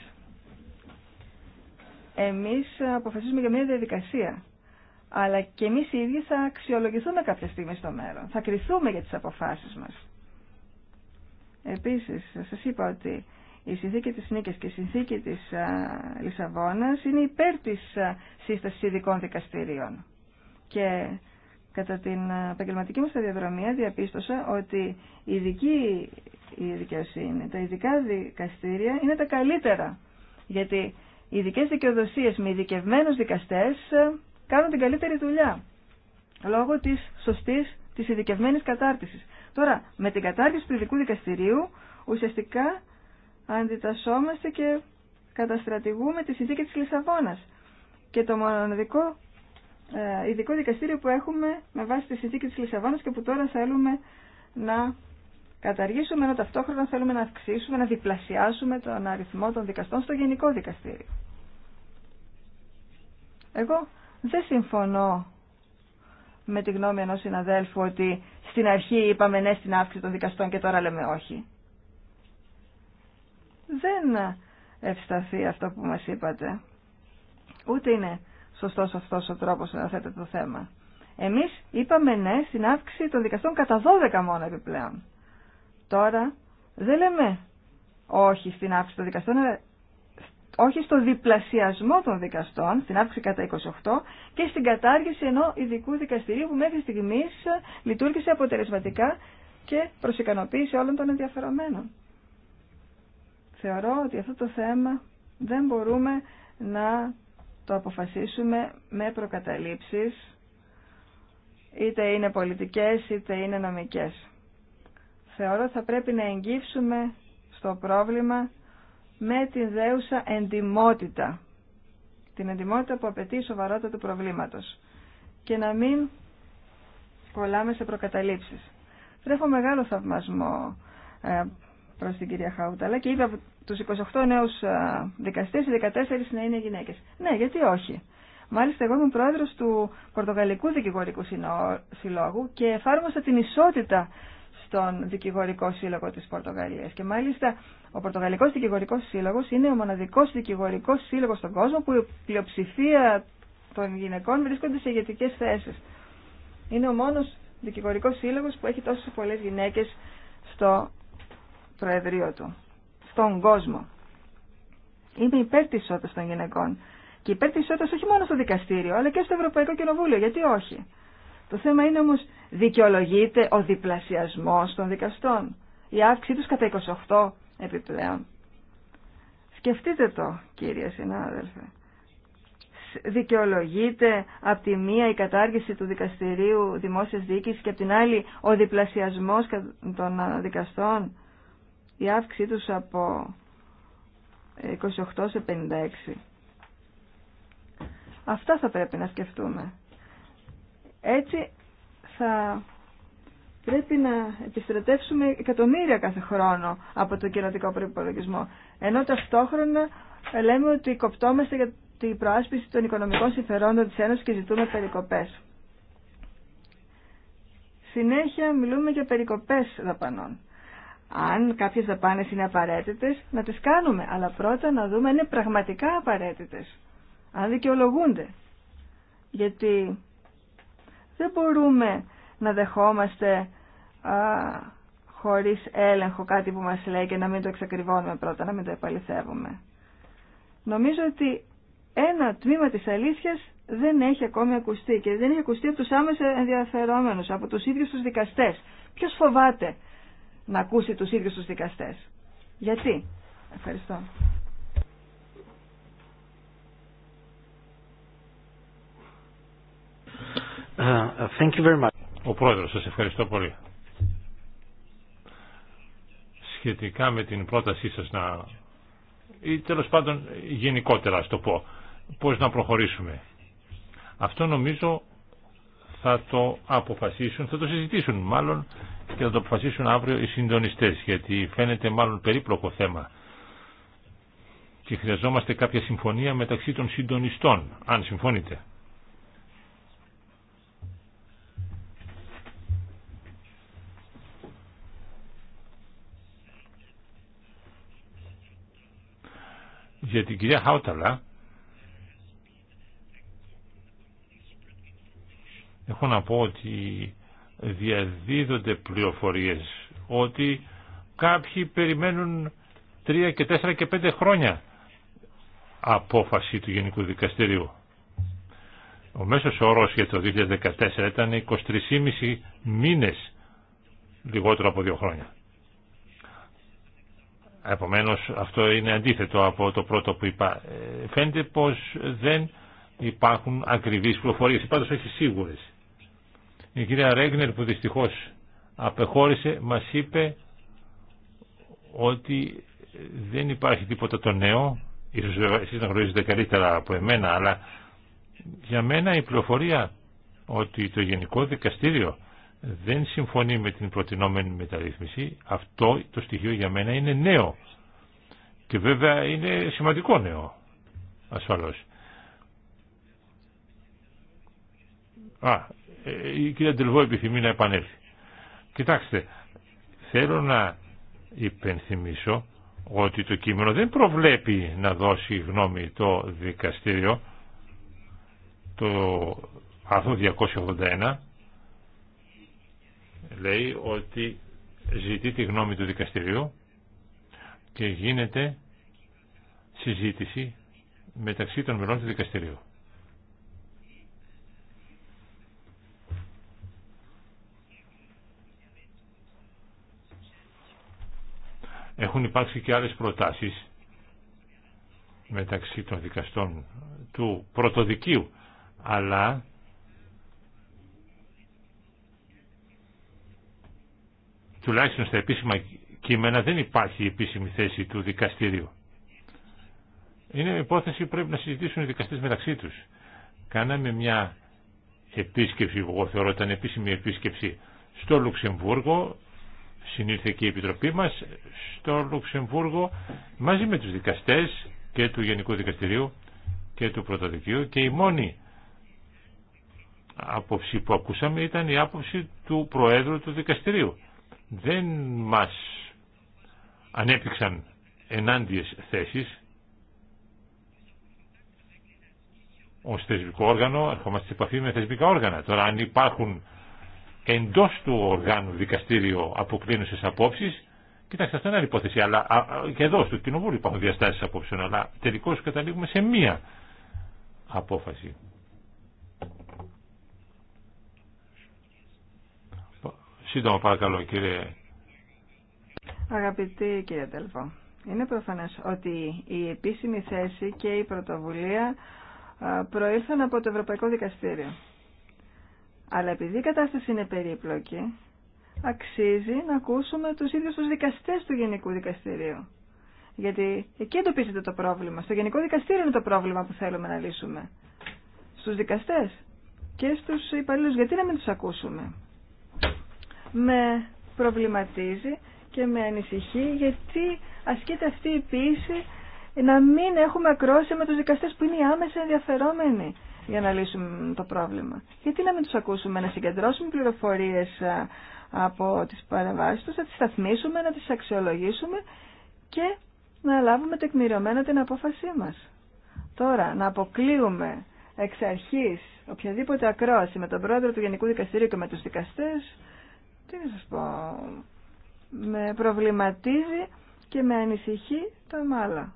εμείς αποφασίζουμε για μια διαδικασία. Αλλά και εμείς οι ίδιοι θα αξιολογηθούμε κάποια στιγμή στο μέλλον. Θα κριθούμε για τις αποφάσεις μας. Επίσης, σας είπα ότι η συνθήκη της Νίκης και η συνθήκη της α, Λισαβόνας είναι υπέρ της α, σύστασης ειδικών δικαστηρίων. Και κατά την επαγγελματική μου σταδιοδρομία διαπίστωσα ότι η ειδική η δικαιοσύνη, τα ειδικά δικαστήρια είναι τα καλύτερα. Γιατί οι ειδικέ δικαιοδοσίες με ειδικευμένους δικαστές κάνουν την καλύτερη δουλειά. Λόγω της σωστής, της ειδικευμένης κατάρτισης. Τώρα, με την κατάρτιση του ειδικού δικαστηρίου, ουσιαστικά αντιτασσόμαστε και καταστρατηγούμε τη συνθήκη της Λισαβόνας. Και το μοναδικό ε, ειδικό δικαστήριο που έχουμε με βάση τη συνθήκη της Λισαβόνας και που τώρα θέλουμε να καταργήσουμε, ενώ ταυτόχρονα θέλουμε να αυξήσουμε, να διπλασιάσουμε τον αριθμό των δικαστών στο γενικό δικαστήριο. Εγώ δεν συμφωνώ με τη γνώμη ενός συναδέλφου ότι στην αρχή είπαμε ναι στην αύξηση των δικαστών και τώρα λέμε όχι δεν ευσταθεί αυτό που μας είπατε. Ούτε είναι σωστός αυτός ο τρόπος να θέτε το θέμα. Εμείς είπαμε ναι στην αύξηση των δικαστών κατά 12 μόνο επιπλέον. Τώρα δεν λέμε όχι στην αύξηση των δικαστών, ε, όχι στο διπλασιασμό των δικαστών, στην αύξηση κατά 28 και στην κατάργηση ενό ειδικού δικαστηρίου που μέχρι στιγμής λειτουργήσε αποτελεσματικά και προς όλων των ενδιαφερομένων. Θεωρώ ότι αυτό το θέμα δεν μπορούμε να το αποφασίσουμε με προκαταλήψεις, είτε είναι πολιτικές είτε είναι νομικές. Θεωρώ θα πρέπει να εγγύψουμε στο πρόβλημα με την δέουσα εντιμότητα. Την εντιμότητα που απαιτεί η σοβαρότητα του προβλήματος. Και να μην κολλάμε σε προκαταλήψεις. Τρέφω μεγάλο θαυμασμό ε, προ την κυρία Χάουταλα και είπε από του 28 νέου δικαστέ οι 14 να είναι γυναίκε. Ναι, γιατί όχι. Μάλιστα, εγώ ήμουν πρόεδρο του Πορτογαλικού Δικηγορικού Συλλόγου και εφάρμοσα την ισότητα στον Δικηγορικό Σύλλογο τη Πορτογαλία. Και μάλιστα, ο Πορτογαλικό Δικηγορικό σύλλογο είναι ο μοναδικό δικηγόρικό σύλλογο στον κόσμο που η πλειοψηφία των γυναικών βρίσκονται σε ηγετικέ θέσει. Είναι ο μόνο δικηγορικό σύλλογο που έχει τόσες πολλέ γυναίκε στο προεδρείο του, στον κόσμο. Είμαι υπέρ τη ισότητα των γυναικών. Και υπέρ τη ισότητα όχι μόνο στο δικαστήριο, αλλά και στο Ευρωπαϊκό Κοινοβούλιο. Γιατί όχι. Το θέμα είναι όμω, δικαιολογείται ο διπλασιασμό των δικαστών. Η αύξηση του κατά 28 επιπλέον. Σκεφτείτε το, κύριε συνάδελφε. Δικαιολογείται από τη μία η κατάργηση του δικαστηρίου δημόσιας διοίκηση και από την άλλη ο διπλασιασμό των δικαστών η αύξησή τους από 28 σε 56. Αυτά θα πρέπει να σκεφτούμε. Έτσι θα πρέπει να επιστρατεύσουμε εκατομμύρια κάθε χρόνο από το κοινοτικό προϋπολογισμό. Ενώ ταυτόχρονα λέμε ότι κοπτόμαστε για την προάσπιση των οικονομικών συμφερόντων της Ένωσης και ζητούμε περικοπές. Συνέχεια μιλούμε για περικοπές δαπανών αν κάποιες δαπάνες είναι απαραίτητες, να τις κάνουμε. Αλλά πρώτα να δούμε αν είναι πραγματικά απαραίτητες. Αν δικαιολογούνται. Γιατί δεν μπορούμε να δεχόμαστε α, χωρίς έλεγχο κάτι που μας λέει και να μην το εξακριβώνουμε πρώτα, να μην το επαληθεύουμε. Νομίζω ότι ένα τμήμα της αλήθειας δεν έχει ακόμη ακουστεί και δεν έχει ακουστεί από τους άμεσα ενδιαφερόμενους, από τους ίδιους τους δικαστές. Ποιος φοβάται να ακούσει τους ίδιους τους δικαστές. Γιατί. Ευχαριστώ. Ε, thank you very much. Ο Πρόεδρος, σας ευχαριστώ πολύ. Σχετικά με την πρότασή σας να... ή τέλος πάντων γενικότερα, το πω, πώς να προχωρήσουμε. Αυτό νομίζω θα το αποφασίσουν, θα το συζητήσουν μάλλον και θα το αποφασίσουν αύριο οι συντονιστές γιατί φαίνεται μάλλον περίπλοκο θέμα και χρειαζόμαστε κάποια συμφωνία μεταξύ των συντονιστών αν συμφωνείτε. Για την κυρία Χάουταλα έχω να πω ότι διαδίδονται πληροφορίες ότι κάποιοι περιμένουν τρία και τέσσερα και πέντε χρόνια απόφαση του Γενικού Δικαστηρίου. Ο μέσος όρος για το 2014 ήταν 23,5 μήνες λιγότερο από δύο χρόνια. Επομένως αυτό είναι αντίθετο από το πρώτο που είπα. Ε, φαίνεται πως δεν υπάρχουν ακριβείς πληροφορίες, πάντως όχι σίγουρες. Η κυρία Ρέγνερ που δυστυχώς απεχώρησε μας είπε ότι δεν υπάρχει τίποτα το νέο ίσως εσείς να γνωρίζετε καλύτερα από εμένα αλλά για μένα η πληροφορία ότι το Γενικό Δικαστήριο δεν συμφωνεί με την προτινόμενη μεταρρύθμιση αυτό το στοιχείο για μένα είναι νέο και βέβαια είναι σημαντικό νέο ασφαλώς Α, ε, η κυρία Ντελβό επιθυμεί να επανέλθει. Κοιτάξτε, θέλω να υπενθυμίσω ότι το κείμενο δεν προβλέπει να δώσει γνώμη το δικαστήριο το άρθρο 281 λέει ότι ζητεί τη γνώμη του δικαστηρίου και γίνεται συζήτηση μεταξύ των μελών του δικαστηρίου. Έχουν υπάρξει και άλλες προτάσεις μεταξύ των δικαστών του πρωτοδικίου, αλλά τουλάχιστον στα επίσημα κείμενα δεν υπάρχει η επίσημη θέση του δικαστηρίου. Είναι υπόθεση που πρέπει να συζητήσουν οι δικαστές μεταξύ τους. Κάναμε μια επίσκεψη που εγώ θεωρώ ήταν επίσημη επίσκεψη στο Λουξεμβούργο συνήλθε και η Επιτροπή μας στο Λουξεμβούργο μαζί με τους δικαστές και του Γενικού Δικαστηρίου και του Πρωτοδικείου και η μόνη άποψη που ακούσαμε ήταν η άποψη του Προέδρου του Δικαστηρίου. Δεν μας ανέπτυξαν ενάντιες θέσεις ως θεσμικό όργανο, ερχόμαστε σε επαφή με θεσμικά όργανα. Τώρα αν υπάρχουν εντός του οργάνου δικαστήριο αποκλίνουσες απόψεις, κοιτάξτε αυτό είναι άλλη υπόθεση, αλλά και εδώ στο κοινοβούλιο υπάρχουν διαστάσεις απόψεων, αλλά τελικώς καταλήγουμε σε μία απόφαση. Σύντομα παρακαλώ κύριε. Αγαπητή κύριε Τελφό, είναι προφανές ότι η επίσημη θέση και η πρωτοβουλία προήλθαν από το Ευρωπαϊκό Δικαστήριο. Αλλά επειδή η κατάσταση είναι περίπλοκη, αξίζει να ακούσουμε τους ίδιους τους δικαστές του Γενικού Δικαστηρίου. Γιατί εκεί εντοπίζεται το πρόβλημα. Στο Γενικό Δικαστήριο είναι το πρόβλημα που θέλουμε να λύσουμε. Στους δικαστές και στους υπαλλήλους. Γιατί να μην τους ακούσουμε. Με προβληματίζει και με ανησυχεί γιατί ασκείται αυτή η πίεση να μην έχουμε ακρόση με τους δικαστές που είναι άμεσα ενδιαφερόμενοι για να λύσουμε το πρόβλημα. Γιατί να μην τους ακούσουμε, να συγκεντρώσουμε πληροφορίες από τις παρεμβάσεις τους, να τις σταθμίσουμε, να τις αξιολογήσουμε και να λάβουμε τεκμηριωμένα την απόφασή μας. Τώρα, να αποκλείουμε εξ αρχής οποιαδήποτε ακρόαση με τον πρόεδρο του Γενικού Δικαστηρίου και με τους δικαστές, τι να σας πω, με προβληματίζει και με ανησυχεί το μάλα.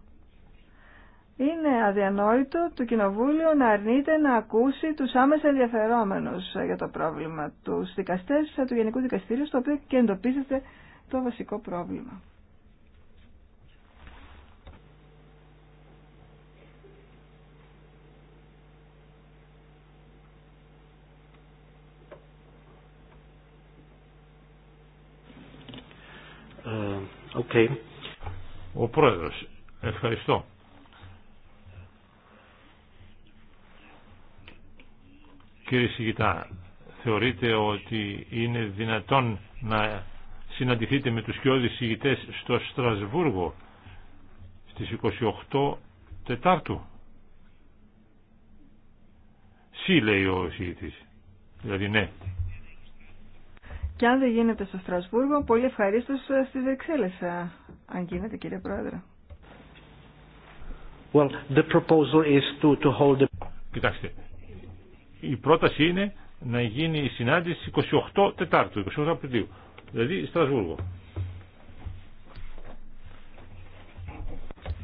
Είναι αδιανόητο το Κοινοβούλιο να αρνείται να ακούσει τους άμεσα ενδιαφερόμενους για το πρόβλημα, του δικαστές του Γενικού Δικαστήριου, στο οποίο και εντοπίζεται το βασικό πρόβλημα. Ε, okay. Ο Πρόεδρος, ευχαριστώ. Κύριε Σιγητά, θεωρείτε ότι είναι δυνατόν να συναντηθείτε με τους κοιόδης συγητές στο Στρασβούργο στις 28 Τετάρτου. Σι λέει ο συγητής. Δηλαδή ναι. Και αν δεν γίνεται στο Στρασβούργο, πολύ ευχαρίστω στις Βρυξέλλες, ε, αν γίνεται κύριε Πρόεδρε. Well, the proposal is to, to hold the... Κοιτάξτε, η πρόταση είναι να γίνει η συνάντηση 28 Τετάρτου, 28 Απριλίου, δηλαδή Στρασβούργο.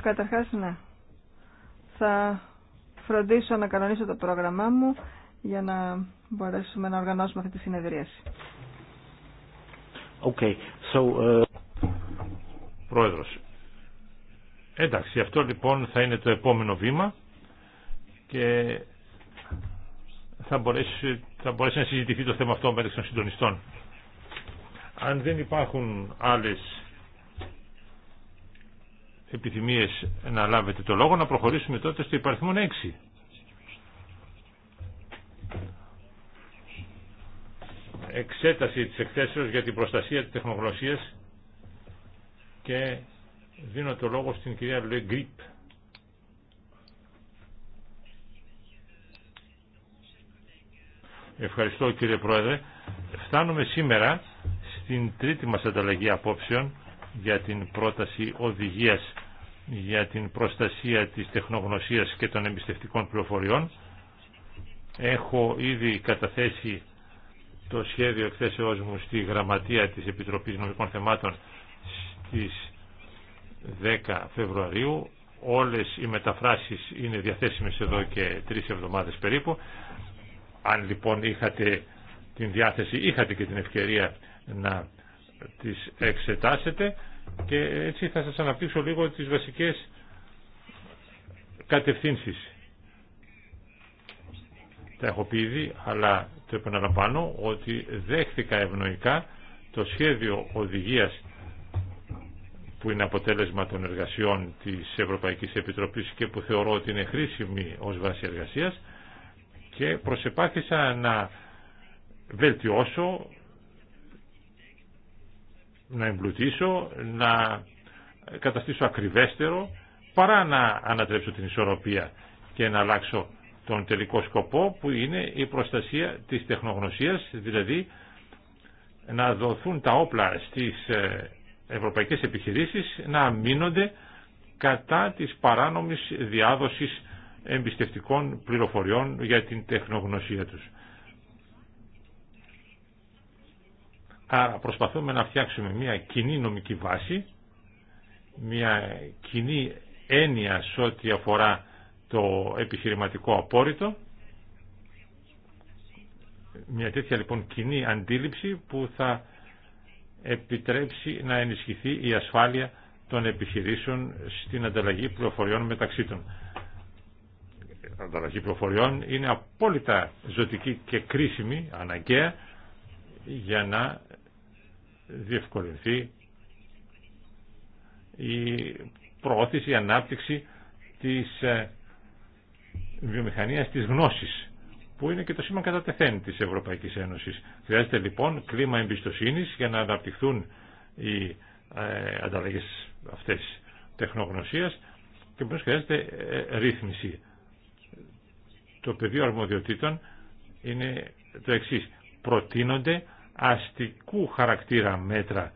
Καταρχάς, ναι. Θα φροντίσω να κανονίσω το πρόγραμμά μου για να μπορέσουμε να οργανώσουμε αυτή τη συνεδρίαση. Okay. So, ε, Πρόεδρος. Εντάξει, αυτό λοιπόν θα είναι το επόμενο βήμα και θα μπορέσει, θα μπορέσει να συζητηθεί το θέμα αυτό μεταξύ των συντονιστών. Αν δεν υπάρχουν άλλες επιθυμίες να λάβετε το λόγο, να προχωρήσουμε τότε στο υπαριθμό 6. Εξέταση της εκθέσεως για την προστασία της τεχνογνωσίας και δίνω το λόγο στην κυρία Λεγκρίπ. Ευχαριστώ κύριε Πρόεδρε. Φτάνουμε σήμερα στην τρίτη μας ανταλλαγή απόψεων για την πρόταση οδηγίας για την προστασία της τεχνογνωσίας και των εμπιστευτικών πληροφοριών. Έχω ήδη καταθέσει το σχέδιο εκθέσεώς μου στη Γραμματεία της Επιτροπής Νομικών Θεμάτων στις 10 Φεβρουαρίου. Όλες οι μεταφράσεις είναι διαθέσιμες εδώ και τρεις εβδομάδες περίπου. Αν λοιπόν είχατε την διάθεση, είχατε και την ευκαιρία να τις εξετάσετε και έτσι θα σας αναπτύξω λίγο τις βασικές κατευθύνσεις. Τα έχω πει ήδη, αλλά το επαναλαμβάνω ότι δέχθηκα ευνοϊκά το σχέδιο οδηγίας που είναι αποτέλεσμα των εργασιών της Ευρωπαϊκής Επιτροπής και που θεωρώ ότι είναι χρήσιμη ως βάση εργασίας και προσεπάθησα να βελτιώσω, να εμπλουτίσω, να καταστήσω ακριβέστερο, παρά να ανατρέψω την ισορροπία και να αλλάξω τον τελικό σκοπό που είναι η προστασία της τεχνογνωσίας, δηλαδή να δοθούν τα όπλα στις ε, ευρωπαϊκές επιχειρήσεις να αμήνονται κατά της παράνομης διάδοσης εμπιστευτικών πληροφοριών για την τεχνογνωσία τους. Άρα προσπαθούμε να φτιάξουμε μια κοινή νομική βάση, μια κοινή έννοια σε ό,τι αφορά το επιχειρηματικό απόρριτο, μια τέτοια λοιπόν κοινή αντίληψη που θα επιτρέψει να ενισχυθεί η ασφάλεια των επιχειρήσεων στην ανταλλαγή πληροφοριών μεταξύ των η ανταλλαγή προφοριών είναι απόλυτα ζωτική και κρίσιμη, αναγκαία, για να διευκολυνθεί η προώθηση, η ανάπτυξη της ε, βιομηχανίας της γνώσης, που είναι και το σήμα κατά τεθέν της Ευρωπαϊκής Ένωσης. Χρειάζεται λοιπόν κλίμα εμπιστοσύνης για να αναπτυχθούν οι ε, ανταλλαγές αυτές τεχνογνωσίας και που χρειάζεται ε, ρύθμιση το πεδίο αρμοδιοτήτων είναι το εξής. Προτείνονται αστικού χαρακτήρα μέτρα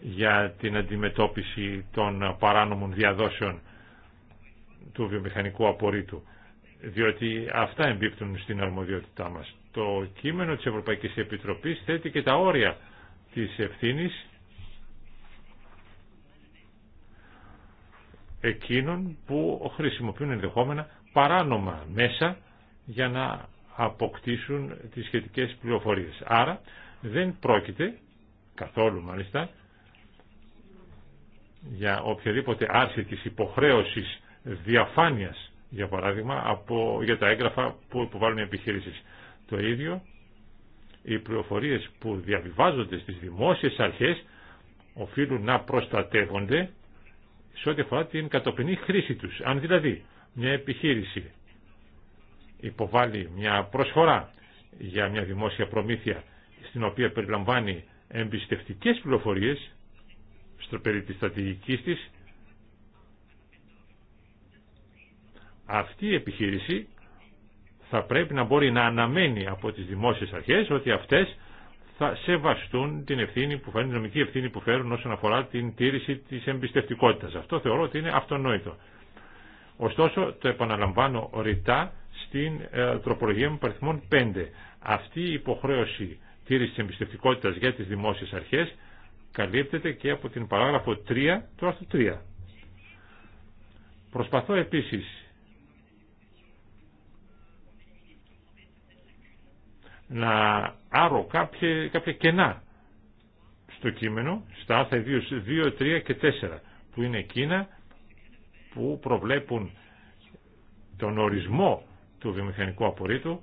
για την αντιμετώπιση των παράνομων διαδόσεων του βιομηχανικού απορρίτου, διότι αυτά εμπίπτουν στην αρμοδιότητά μας. Το κείμενο της Ευρωπαϊκής Επιτροπής θέτει και τα όρια της ευθύνης εκείνων που χρησιμοποιούν ενδεχόμενα παράνομα μέσα για να αποκτήσουν τις σχετικές πληροφορίες. Άρα δεν πρόκειται, καθόλου μάλιστα, για οποιαδήποτε άρση της υποχρέωσης διαφάνειας, για παράδειγμα, από, για τα έγγραφα που υποβάλλουν οι επιχειρήσεις. Το ίδιο, οι πληροφορίες που διαβιβάζονται στις δημόσιες αρχές οφείλουν να προστατεύονται σε ό,τι αφορά την κατοπινή χρήση τους. Αν δηλαδή μια επιχείρηση υποβάλει μια προσφορά για μια δημόσια προμήθεια στην οποία περιλαμβάνει εμπιστευτικές πληροφορίες στο περί της στρατηγικής της αυτή η επιχείρηση θα πρέπει να μπορεί να αναμένει από τις δημόσιες αρχές ότι αυτές θα σεβαστούν την ευθύνη που φέρουν, την νομική ευθύνη που φέρουν όσον αφορά την τήρηση της εμπιστευτικότητας. Αυτό θεωρώ ότι είναι αυτονόητο. Ωστόσο, το επαναλαμβάνω ρητά, στην ε, τροπολογία μου παριθμών 5. Αυτή η υποχρέωση τήρηση τη εμπιστευτικότητας για τι δημόσιε αρχέ καλύπτεται και από την παράγραφο 3 του άρθρου 3. Προσπαθώ επίση να άρω κάποια, κάποια κενά στο κείμενο, στα άρθρα 2, 3 και 4, που είναι εκείνα που προβλέπουν τον ορισμό του βιομηχανικού απορρίτου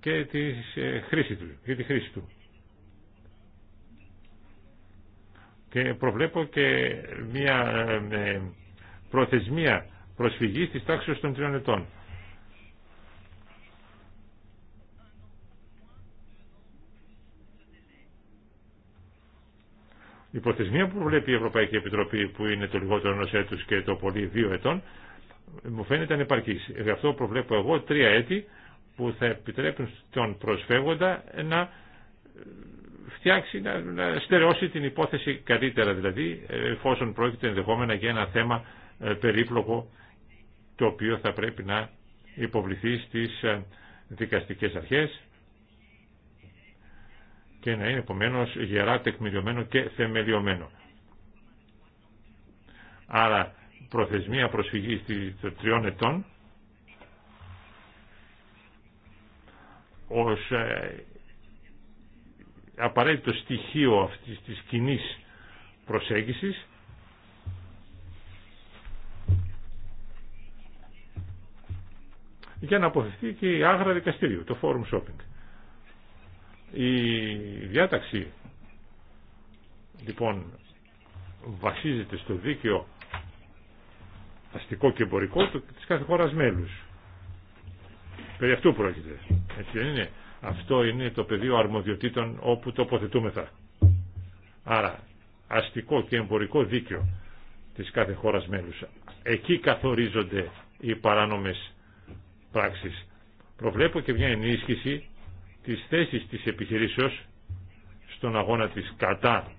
και τη ε, χρήση του, για τη χρήση του. Και προβλέπω και μια ε, προθεσμία προσφυγής της τάξης των τριών ετών. Η προθεσμία που βλέπει η Ευρωπαϊκή Επιτροπή που είναι το λιγότερο ενός έτους και το πολύ δύο ετών μου φαίνεται ανεπαρκή. Γι' αυτό προβλέπω εγώ τρία έτη που θα επιτρέπουν στον προσφεύγοντα να ε, φτιάξει, να, στερεώσει την υπόθεση καλύτερα δηλαδή, εφόσον πρόκειται ενδεχόμενα για ένα θέμα ε, περίπλοκο το οποίο θα πρέπει να υποβληθεί στις ε, δικαστικές αρχές και να είναι επομένω γερά τεκμηριωμένο και θεμελιωμένο. Άρα προθεσμία προσφυγή των τριών ετών ως ε, απαραίτητο στοιχείο αυτής της κοινή προσέγγισης για να αποφευθεί και η άγρα δικαστήριο, το forum shopping. Η διάταξη λοιπόν βασίζεται στο δίκαιο αστικό και εμπορικό της κάθε χώρας μέλους. Περί αυτού πρόκειται. είναι. Αυτό είναι το πεδίο αρμοδιοτήτων όπου τοποθετούμεθα. Άρα αστικό και εμπορικό δίκαιο της κάθε χώρας μέλους. Εκεί καθορίζονται οι παράνομες πράξεις. Προβλέπω και μια ενίσχυση της θέσης της επιχειρήσεως στον αγώνα της κατά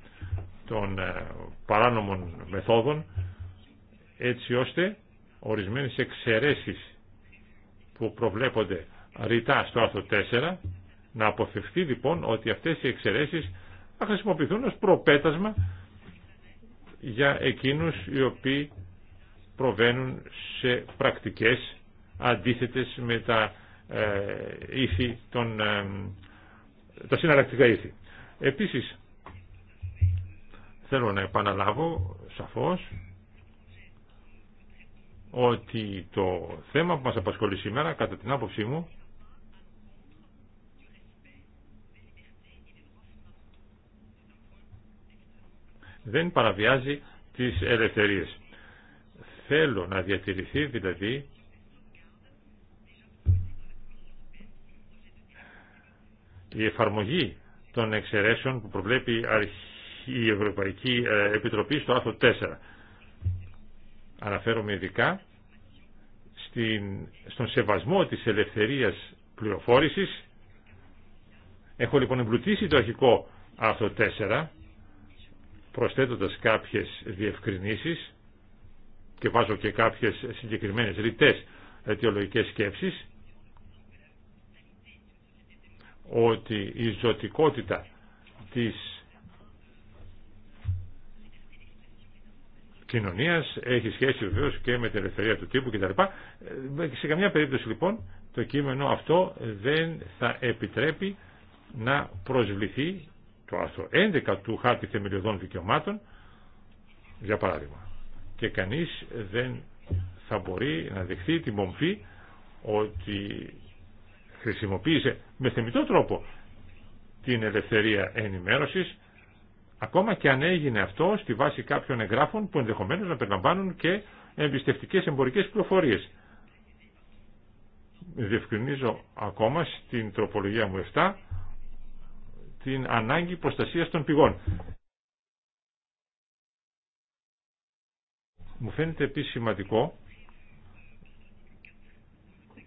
των ε, παράνομων μεθόδων έτσι ώστε ορισμένες εξαιρέσεις που προβλέπονται ρητά στο άρθρο 4 να αποφευθεί λοιπόν ότι αυτές οι εξαιρέσεις θα χρησιμοποιηθούν ως προπέτασμα για εκείνους οι οποίοι προβαίνουν σε πρακτικές αντίθετες με τα ε, ήθη των, ε, τα συναλλακτικά ήθη. Επίσης, θέλω να επαναλάβω σαφώς ότι το θέμα που μας απασχολεί σήμερα, κατά την άποψή μου, δεν παραβιάζει τις ελευθερίες. Θέλω να διατηρηθεί δηλαδή η εφαρμογή των εξαιρέσεων που προβλέπει η Ευρωπαϊκή ε, Επιτροπή στο άρθρο 4. Αναφέρομαι ειδικά στην, στον σεβασμό της ελευθερίας πληροφόρησης. Έχω λοιπόν εμπλουτίσει το αρχικό άρθρο 4, προσθέτοντας κάποιες διευκρινήσεις και βάζω και κάποιες συγκεκριμένες ρητές αιτιολογικές σκέψεις ότι η ζωτικότητα της κοινωνίας, έχει σχέση βεβαίω και με την ελευθερία του τύπου κτλ. Ε, σε καμιά περίπτωση λοιπόν το κείμενο αυτό δεν θα επιτρέπει να προσβληθεί το άρθρο 11 του Χάρτη Θεμελιωδών Δικαιωμάτων, για παράδειγμα. Και κανείς δεν θα μπορεί να δεχθεί την μομφή ότι χρησιμοποίησε με θεμητό τρόπο την ελευθερία ενημέρωσης Ακόμα και αν έγινε αυτό στη βάση κάποιων εγγράφων που ενδεχομένως να περιλαμβάνουν και εμπιστευτικές εμπορικές πληροφορίες. Διευκρινίζω ακόμα στην τροπολογία μου 7 την ανάγκη προστασίας των πηγών. Μου φαίνεται επίσης σημαντικό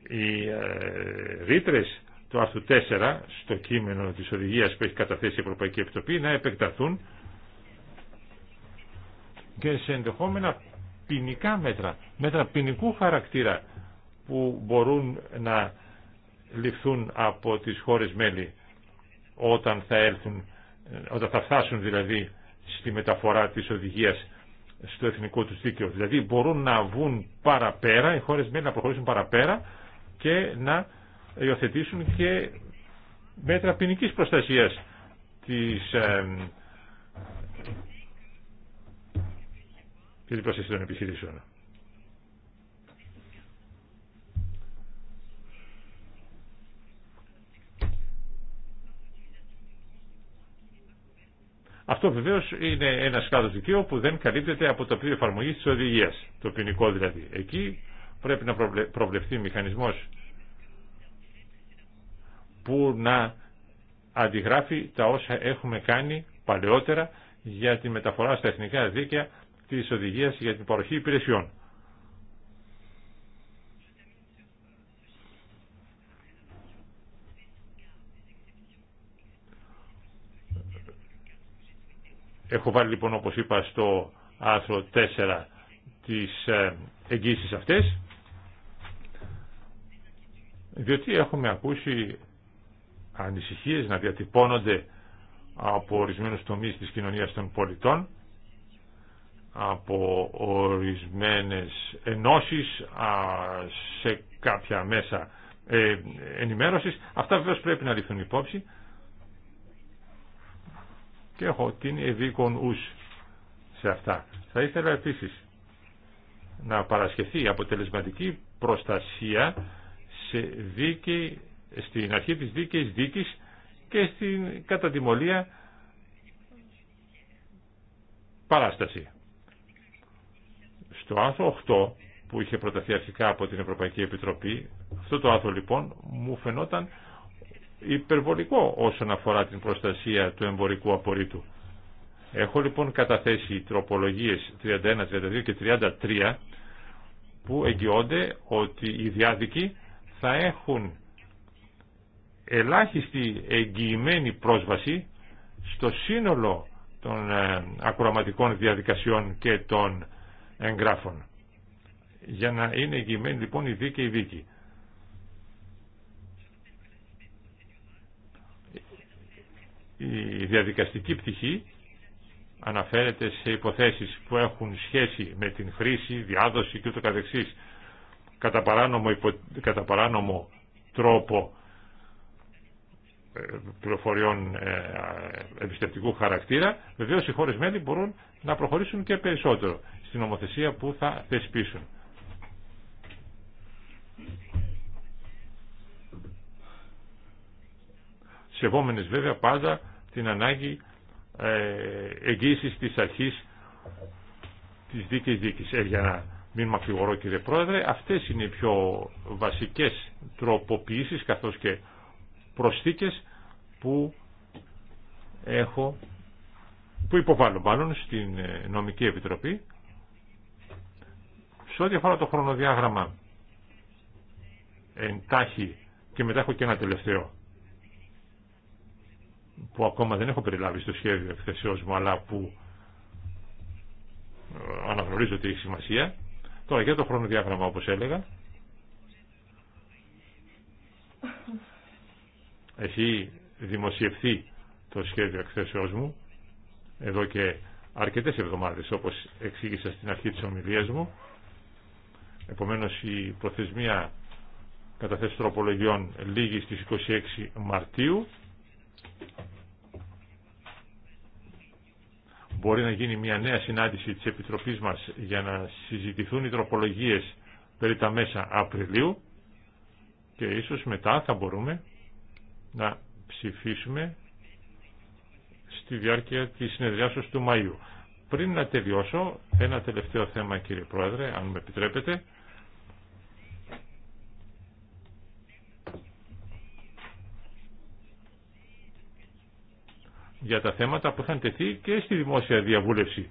οι ε, ρήτρες του άρθρου 4 στο κείμενο της οδηγίας που έχει καταθέσει η Ευρωπαϊκή Επιτροπή να επεκταθούν και σε ενδεχόμενα ποινικά μέτρα, μέτρα ποινικού χαρακτήρα που μπορούν να ληφθούν από τις χώρες μέλη όταν θα έρθουν όταν θα φτάσουν δηλαδή στη μεταφορά της οδηγίας στο εθνικό τους δίκαιο. Δηλαδή μπορούν να βγουν παραπέρα, οι χώρες μέλη να προχωρήσουν παραπέρα και να υιοθετήσουν και μέτρα ποινική προστασία της ε, προστασία των επιχειρήσεων. Αυτό βεβαίω είναι ένα κάτω δικαίου που δεν καλύπτεται από το πεδίο εφαρμογή τη οδηγία, το ποινικό δηλαδή. Εκεί πρέπει να προβλεφθεί μηχανισμό που να αντιγράφει τα όσα έχουμε κάνει παλαιότερα για τη μεταφορά στα εθνικά δίκαια της οδηγίας για την παροχή υπηρεσιών. Έχω βάλει λοιπόν όπως είπα στο άρθρο 4 τις ε, εγγύσεις αυτές διότι έχουμε ακούσει ανησυχίες να διατυπώνονται από ορισμένους τομείς της κοινωνίας των πολιτών, από ορισμένες ενώσεις σε κάποια μέσα ε, ενημέρωσης. Αυτά βεβαίως πρέπει να ληφθούν υπόψη. Και έχω την ευήκον ους σε αυτά. Θα ήθελα επίσης να παρασχεθεί αποτελεσματική προστασία σε δίκαιη στην αρχή της δίκαιης δίκης και στην κατατιμωλία παράσταση. Στο άρθρο 8 που είχε προταθεί αρχικά από την Ευρωπαϊκή Επιτροπή, αυτό το άθρο λοιπόν μου φαινόταν υπερβολικό όσον αφορά την προστασία του εμπορικού απορρίτου. Έχω λοιπόν καταθέσει τροπολογίες 31, 32 και 33 που εγγυώνται ότι οι διάδικοι θα έχουν ελάχιστη εγγυημένη πρόσβαση στο σύνολο των ε, ακροαματικών διαδικασιών και των εγγράφων. Για να είναι εγγυημένη λοιπόν η δίκαιη δίκη. Η διαδικαστική πτυχή αναφέρεται σε υποθέσεις που έχουν σχέση με την χρήση, διάδοση και ούτω καθεξής κατά παράνομο, κατά παράνομο τρόπο πληροφοριών ε, εμπιστευτικού χαρακτήρα, Βεβαίω οι χώρε μέλη μπορούν να προχωρήσουν και περισσότερο στην νομοθεσία που θα θεσπίσουν. Σεβόμενες βέβαια πάντα την ανάγκη ε, εγγύησης της αρχής της δίκης δίκης. Ε, για να μην μακρηγορώ κύριε Πρόεδρε, αυτές είναι οι πιο βασικές τροποποιήσεις καθώς και προσθήκες που έχω που υποβάλλω μάλλον στην ε, νομική επιτροπή σε ό,τι αφορά το χρονοδιάγραμμα εντάχει και μετά έχω και ένα τελευταίο που ακόμα δεν έχω περιλάβει στο σχέδιο εκθεσεώς μου αλλά που ε, αναγνωρίζω ότι έχει σημασία τώρα για το χρονοδιάγραμμα όπως έλεγα Έχει δημοσιευθεί το σχέδιο εκθέσεώς μου εδώ και αρκετές εβδομάδες όπως εξήγησα στην αρχή της ομιλίας μου. Επομένως η προθεσμία καταθέσεις τροπολογιών λίγη στις 26 Μαρτίου. Μπορεί να γίνει μια νέα συνάντηση της Επιτροπής μας για να συζητηθούν οι τροπολογίες περί τα μέσα Απριλίου και ίσως μετά θα μπορούμε να ψηφίσουμε στη διάρκεια της συνεδριάσεως του Μαΐου. Πριν να τελειώσω, ένα τελευταίο θέμα κύριε Πρόεδρε, αν με επιτρέπετε. για τα θέματα που είχαν τεθεί και στη δημόσια διαβούλευση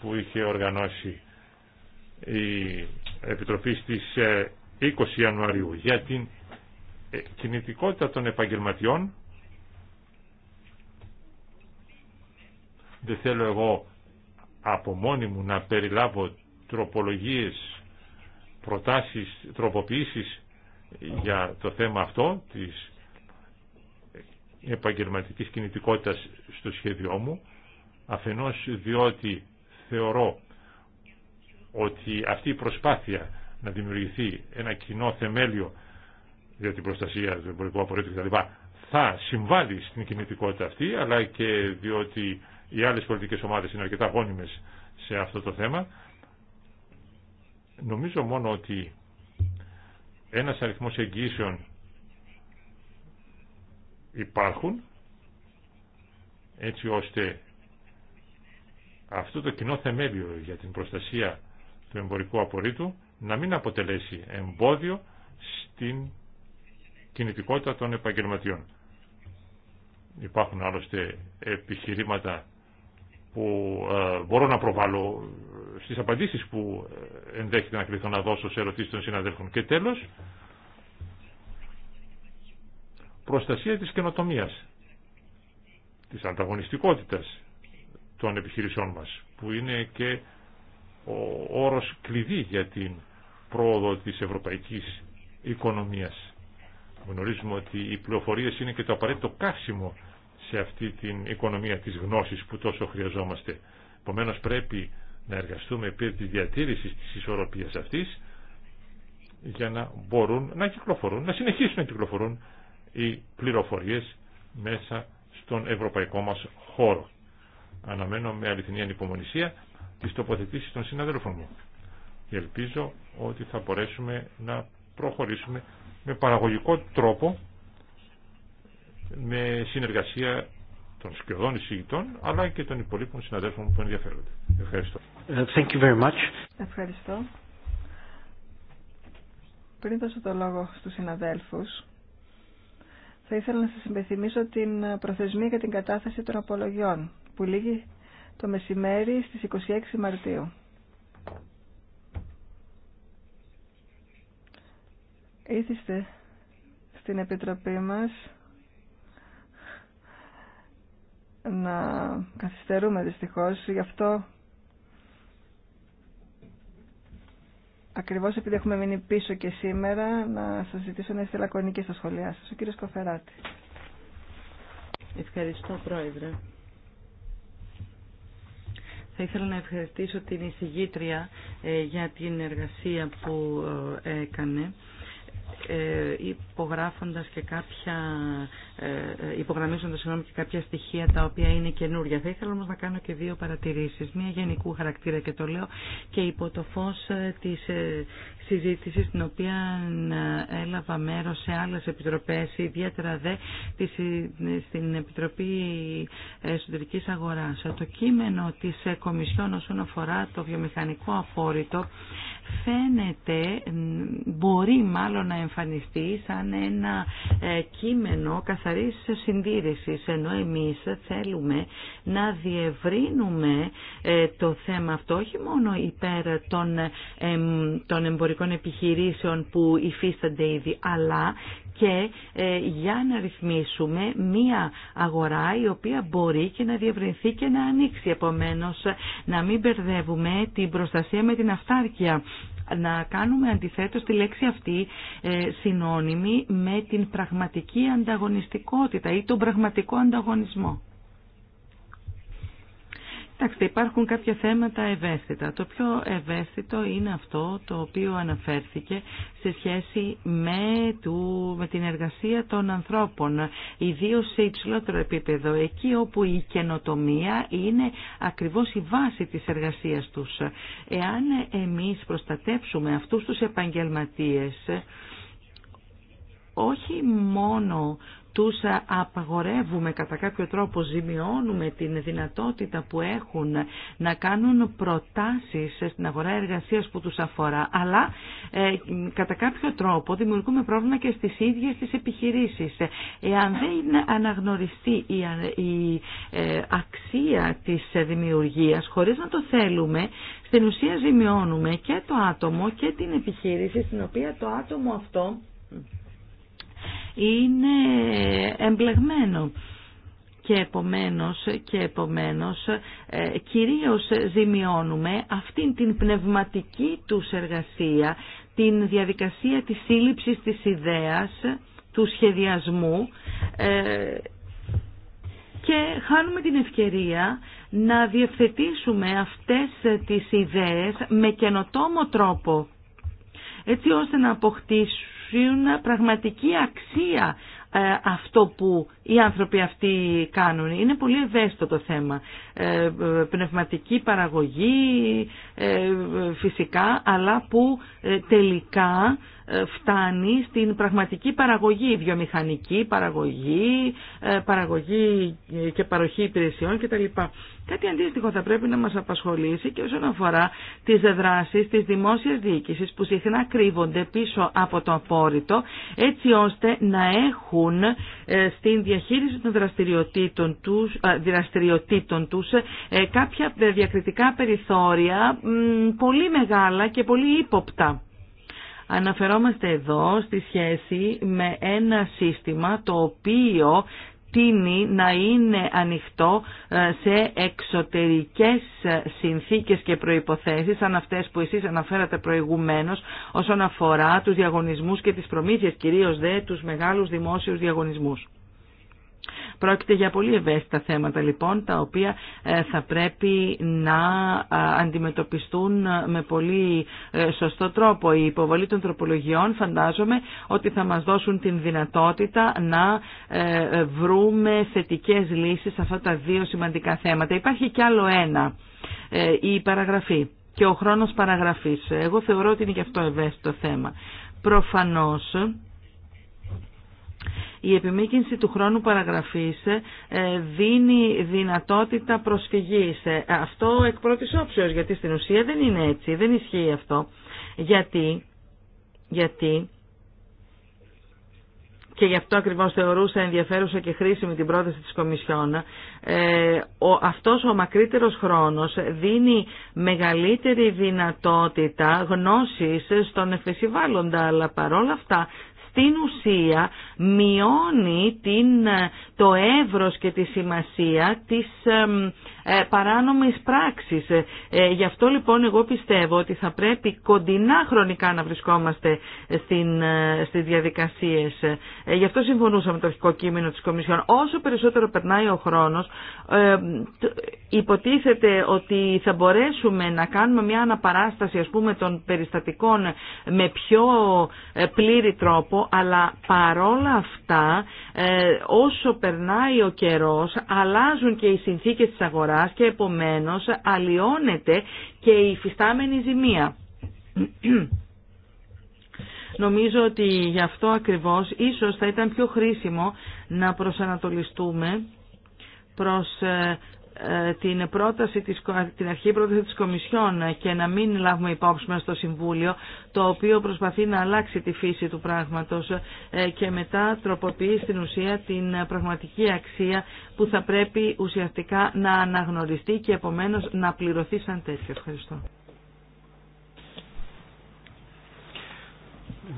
που είχε οργανώσει η Επιτροπή στις 20 ε, Ιανουαρίου για την ε, κινητικότητα των επαγγελματιών δεν θέλω εγώ από μόνη μου να περιλάβω τροπολογίες, προτάσεις, τροποποιήσεις για το θέμα αυτό της επαγγελματικής κινητικότητας στο σχέδιό μου αφενός διότι θεωρώ ότι αυτή η προσπάθεια να δημιουργηθεί ένα κοινό θεμέλιο για την προστασία του εμπορικού απορρίτου κτλ. θα συμβάλλει στην κινητικότητα αυτή, αλλά και διότι οι άλλες πολιτικές ομάδες είναι αρκετά γόνιμες σε αυτό το θέμα. Νομίζω μόνο ότι ένας αριθμός εγγύσεων υπάρχουν έτσι ώστε αυτό το κοινό θεμέλιο για την προστασία του εμπορικού απορρίτου να μην αποτελέσει εμπόδιο στην κινητικότητα των επαγγελματιών. Υπάρχουν άλλωστε επιχειρήματα που ε, μπορώ να προβάλλω ε, στις απαντήσεις που ε, ενδέχεται να κληθώ να δώσω σε ερωτήσεις των συναδέλφων. Και τέλος, προστασία της καινοτομίας, της ανταγωνιστικότητας των επιχειρήσεών μας, που είναι και ο όρος κλειδί για την πρόοδο της ευρωπαϊκής οικονομίας. Γνωρίζουμε ότι οι πληροφορίες είναι και το απαραίτητο καύσιμο σε αυτή την οικονομία της γνώσης που τόσο χρειαζόμαστε. Επομένως πρέπει να εργαστούμε επί τη διατήρηση της ισορροπίας αυτής για να μπορούν να κυκλοφορούν, να συνεχίσουν να κυκλοφορούν οι πληροφορίες μέσα στον ευρωπαϊκό μας χώρο. Αναμένω με αληθινή ανυπομονησία τις τοποθετήσεις των συναδέλφων μου. ελπίζω ότι θα μπορέσουμε να προχωρήσουμε με παραγωγικό τρόπο με συνεργασία των σκιωδών εισηγητών αλλά και των υπολείπων συναδέλφων που ενδιαφέρονται. Ευχαριστώ. Ε, thank you very much. Ευχαριστώ. Πριν δώσω το λόγο στους συναδέλφους, θα ήθελα να σας υπενθυμίσω την προθεσμία για την κατάθεση των απολογιών που λήγει το μεσημέρι στις 26 Μαρτίου. ήθιστε στην Επιτροπή μας να καθυστερούμε δυστυχώς. Γι' αυτό ακριβώς επειδή έχουμε μείνει πίσω και σήμερα να σας ζητήσω να είστε λακωνικοί στα σχολεία σας. Ο κύριος Κοφεράτη. Ευχαριστώ Πρόεδρε. Θα ήθελα να ευχαριστήσω την εισηγήτρια ε, για την εργασία που ε, έκανε ε, υπογράφοντας και κάποια, ε, ε, υπογραμμίζοντας και κάποια στοιχεία τα οποία είναι καινούρια. Θα ήθελα όμως να κάνω και δύο παρατηρήσεις. Μία γενικού χαρακτήρα και το λέω και υπό το φως της συζήτηση στην οποία έλαβα μέρος σε άλλες επιτροπές, ιδιαίτερα δε στην Επιτροπή Εσωτερικής Αγοράς. Το κείμενο της Κομισιόν όσον αφορά το βιομηχανικό αφόρητο φαίνεται, μπορεί μάλλον να εμφανιστεί σαν ένα ε, κείμενο καθαρής συντήρησης, ενώ εμείς θέλουμε να διευρύνουμε ε, το θέμα αυτό όχι μόνο υπέρ των επιχειρήσεων που υφίστανται ήδη, αλλά και ε, για να ρυθμίσουμε μία αγορά η οποία μπορεί και να διευρυνθεί και να ανοίξει. Επομένως, να μην μπερδεύουμε την προστασία με την αυτάρκεια να κάνουμε αντιθέτως τη λέξη αυτή ε, συνώνυμη με την πραγματική ανταγωνιστικότητα ή τον πραγματικό ανταγωνισμό. Εντάξει, υπάρχουν κάποια θέματα ευαίσθητα. Το πιο ευαίσθητο είναι αυτό το οποίο αναφέρθηκε σε σχέση με, του, με την εργασία των ανθρώπων, ιδίω σε υψηλότερο επίπεδο, εκεί όπου η καινοτομία είναι ακριβώς η βάση της εργασίας τους. Εάν εμείς προστατέψουμε αυτούς τους επαγγελματίες, όχι μόνο τους απαγορεύουμε κατά κάποιο τρόπο, ζημιώνουμε την δυνατότητα που έχουν να κάνουν προτάσεις στην αγορά εργασίας που τους αφορά, αλλά ε, κατά κάποιο τρόπο δημιουργούμε πρόβλημα και στις ίδιες τις επιχειρήσεις. Εάν δεν αναγνωριστεί η, ε, αξία της δημιουργίας, χωρίς να το θέλουμε, στην ουσία ζημιώνουμε και το άτομο και την επιχείρηση στην οποία το άτομο αυτό είναι εμπλεγμένο και επομένως, και επομένως ε, κυρίως ζημιώνουμε αυτήν την πνευματική τους εργασία, την διαδικασία της σύλληψης της ιδέας, του σχεδιασμού ε, και χάνουμε την ευκαιρία να διευθετήσουμε αυτές τις ιδέες με καινοτόμο τρόπο έτσι ώστε να αποκτήσουμε να πραγματική αξία ε, αυτό που οι άνθρωποι αυτοί κάνουν. Είναι πολύ ευαίσθητο το θέμα. Ε, ε, πνευματική παραγωγή φυσικά αλλά που τελικά φτάνει στην πραγματική παραγωγή, βιομηχανική παραγωγή, ε, παραγωγή και παροχή υπηρεσιών κτλ. Κάτι αντίστοιχο θα πρέπει να μας απασχολήσει και όσον αφορά τις δράσεις της δημόσιας διοίκησης που συχνά κρύβονται πίσω από το απόρριτο έτσι ώστε να έχουν ε, στην διαχείριση των δραστηριοτήτων τους, ε, δραστηριοτήτων τους κάποια διακριτικά περιθώρια πολύ μεγάλα και πολύ ύποπτα. Αναφερόμαστε εδώ στη σχέση με ένα σύστημα το οποίο τίνει να είναι ανοιχτό ε, σε εξωτερικές συνθήκες και προϋποθέσεις σαν αυτές που εσείς αναφέρατε προηγουμένως όσον αφορά τους διαγωνισμούς και τις προμήθειες, κυρίως δε τους μεγάλους δημόσιους διαγωνισμούς. Πρόκειται για πολύ ευαίσθητα θέματα λοιπόν, τα οποία ε, θα πρέπει να ε, αντιμετωπιστούν ε, με πολύ σωστό τρόπο. Η υποβολή των τροπολογιών φαντάζομαι ότι θα μας δώσουν την δυνατότητα να βρούμε θετικές λύσεις σε αυτά τα δύο σημαντικά θέματα. Υπάρχει κι άλλο ένα, η παραγραφή και ο χρόνος παραγραφής. Εγώ θεωρώ ότι είναι και αυτό ευαίσθητο θέμα. Προφανώς η επιμήκυνση του χρόνου παραγραφής ε, δίνει δυνατότητα προσφυγής. Ε, αυτό εκ πρώτης όψεως, γιατί στην ουσία δεν είναι έτσι, δεν ισχύει αυτό. Γιατί, γιατί και γι' αυτό ακριβώς θεωρούσα ενδιαφέρουσα και χρήσιμη την πρόταση της Κομισιόνα, ε, ο, αυτός ο μακρύτερος χρόνος δίνει μεγαλύτερη δυνατότητα γνώσης στον εφεσιβάλλοντα, αλλά παρόλα αυτά στην ουσία μειώνει την, ε, το έβρος και τη σημασία της ε, παράνομης πράξης. Ε, ε, γι' αυτό λοιπόν εγώ πιστεύω ότι θα πρέπει κοντινά χρονικά να βρισκόμαστε στην, στις διαδικασίες. Γι' αυτό συμφωνούσαμε με το αρχικό κείμενο της Κομισιόν. Όσο περισσότερο περνάει ο χρόνος, υποτίθεται ότι θα μπορέσουμε να κάνουμε μια αναπαράσταση ας πούμε των περιστατικών με πιο πλήρη τρόπο, αλλά παρόλα αυτά όσο περνάει ο καιρός αλλάζουν και οι συνθήκες της αγοράς αγοράς και επομένως αλλοιώνεται και η φυστάμενη ζημία. Νομίζω ότι γι' αυτό ακριβώς ίσως θα ήταν πιο χρήσιμο να προσανατολιστούμε προς ε, την, πρόταση της, την αρχή πρόταση της Κομισιόν και να μην λάβουμε υπόψη μας στο Συμβούλιο το οποίο προσπαθεί να αλλάξει τη φύση του πράγματος ε, και μετά τροποποιεί στην ουσία την πραγματική αξία που θα πρέπει ουσιαστικά να αναγνωριστεί και επομένως να πληρωθεί σαν τέτοιο. Ευχαριστώ.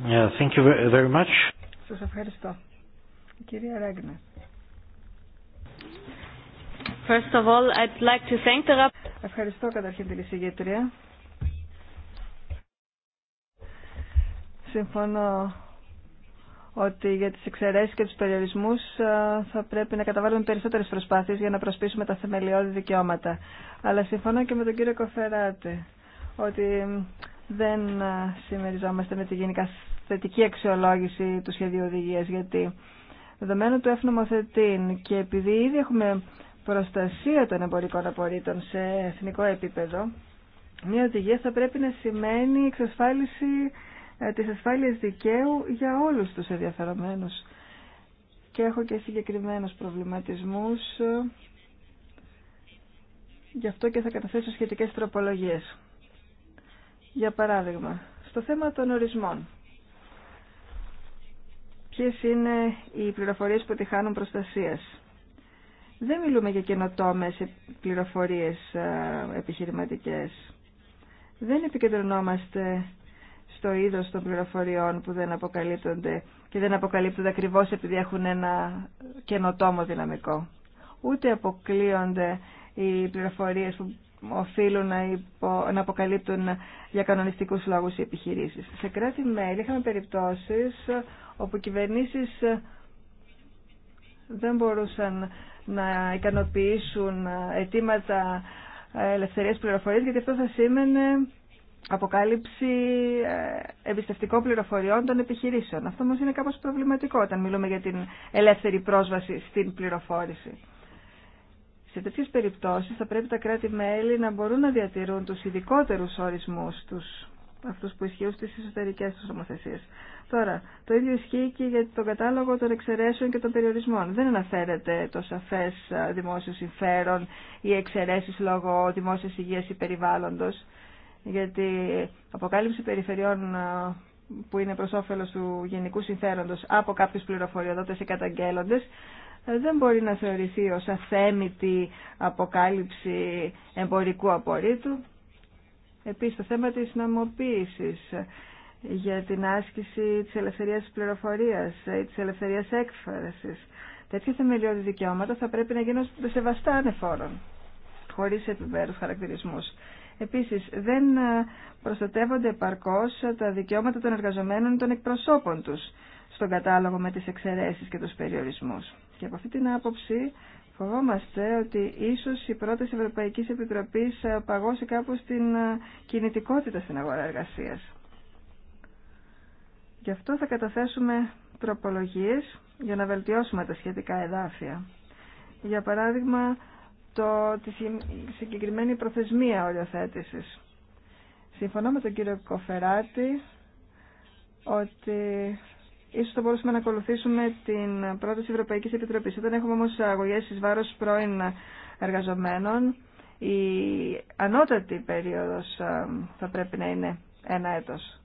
Yeah, very much. Σας ευχαριστώ. Κυρία Ρέγνερ. First of all, I'd like to thank the... Ευχαριστώ καταρχήν την εισηγήτρια. Συμφωνώ ότι για τις εξαιρέσεις και τους περιορισμούς θα πρέπει να καταβάλουμε περισσότερες προσπάθειες για να προσπίσουμε τα θεμελιώδη δικαιώματα. Αλλά συμφωνώ και με τον κύριο Κοφεράτη ότι δεν συμμεριζόμαστε με τη γενικά θετική αξιολόγηση του σχεδίου οδηγίας γιατί δεδομένου του εφνομοθετήν και επειδή ήδη έχουμε προστασία των εμπορικών απορρίτων σε εθνικό επίπεδο, μια οδηγία θα πρέπει να σημαίνει εξασφάλιση ε, της ασφάλειας δικαίου για όλους τους ενδιαφερομένους. Και έχω και συγκεκριμένου προβληματισμούς, ε, γι' αυτό και θα καταθέσω σχετικές τροπολογίες. Για παράδειγμα, στο θέμα των ορισμών. Ποιες είναι οι πληροφορίες που τη χάνουν προστασίας δεν μιλούμε για καινοτόμε πληροφορίες ε, επιχειρηματικές. Δεν επικεντρωνόμαστε στο είδο των πληροφοριών που δεν αποκαλύπτονται και δεν αποκαλύπτονται ακριβώς επειδή έχουν ένα καινοτόμο δυναμικό. Ούτε αποκλείονται οι πληροφορίες που οφείλουν να, να αποκαλύπτουν για κανονιστικούς λόγους οι επιχειρήσεις. Σε κράτη-μέλη είχαμε περιπτώσει όπου κυβερνήσει δεν μπορούσαν να ικανοποιήσουν αιτήματα ελευθερίας πληροφορίας γιατί αυτό θα σήμαινε αποκάλυψη ε, εμπιστευτικών πληροφοριών των επιχειρήσεων. Αυτό όμως είναι κάπως προβληματικό όταν μιλούμε για την ελεύθερη πρόσβαση στην πληροφόρηση. Σε τέτοιες περιπτώσεις θα πρέπει τα κράτη-μέλη να μπορούν να διατηρούν τους ειδικότερους ορισμούς τους αυτού που ισχύουν στι εσωτερικέ του νομοθεσίε. Τώρα, το ίδιο ισχύει και για τον κατάλογο των εξαιρέσεων και των περιορισμών. Δεν αναφέρεται το σαφέ δημόσιο συμφέρον ή εξαιρέσει λόγω δημόσια υγείας ή περιβάλλοντο. γιατί αποκάλυψη περιφερειών που είναι προ όφελο του γενικού συμφέροντο από κάποιου πληροφοριοδότε ή καταγγέλλοντε, ε, δεν μπορεί να θεωρηθεί ως αθέμητη αποκάλυψη εμπορικού απορρίτου Επίσης, το θέμα της νομοποίησης για την άσκηση της ελευθερίας της πληροφορίας ή της ελευθερίας έκφρασης. Τέτοια θεμελιώδη δικαιώματα θα πρέπει να γίνονται σεβαστά ανεφόρων, χωρίς επιβέρους χαρακτηρισμούς. Επίσης, δεν προστατεύονται επαρκώς τα δικαιώματα των εργαζομένων ή των εκπροσώπων τους στον κατάλογο με τις εξαιρέσεις και τους περιορισμούς. Και από αυτή την άποψη Φοβόμαστε ότι ίσως η πρόταση Ευρωπαϊκή Επιτροπής παγώσει κάπως την ε, κινητικότητα στην αγορά εργασίας. Γι' αυτό θα καταθέσουμε τροπολογίες για να βελτιώσουμε τα σχετικά εδάφια. Για παράδειγμα, το, τη συγκεκριμένη προθεσμία οριοθέτηση. Συμφωνώ με τον κύριο Κοφεράτη ότι σω θα μπορούσαμε να ακολουθήσουμε την πρόταση Ευρωπαϊκή Επιτροπή. Όταν έχουμε όμω αγωγέ ει βάρο πρώην εργαζομένων, η ανώτατη περίοδο ε, θα πρέπει να είναι ένα έτος.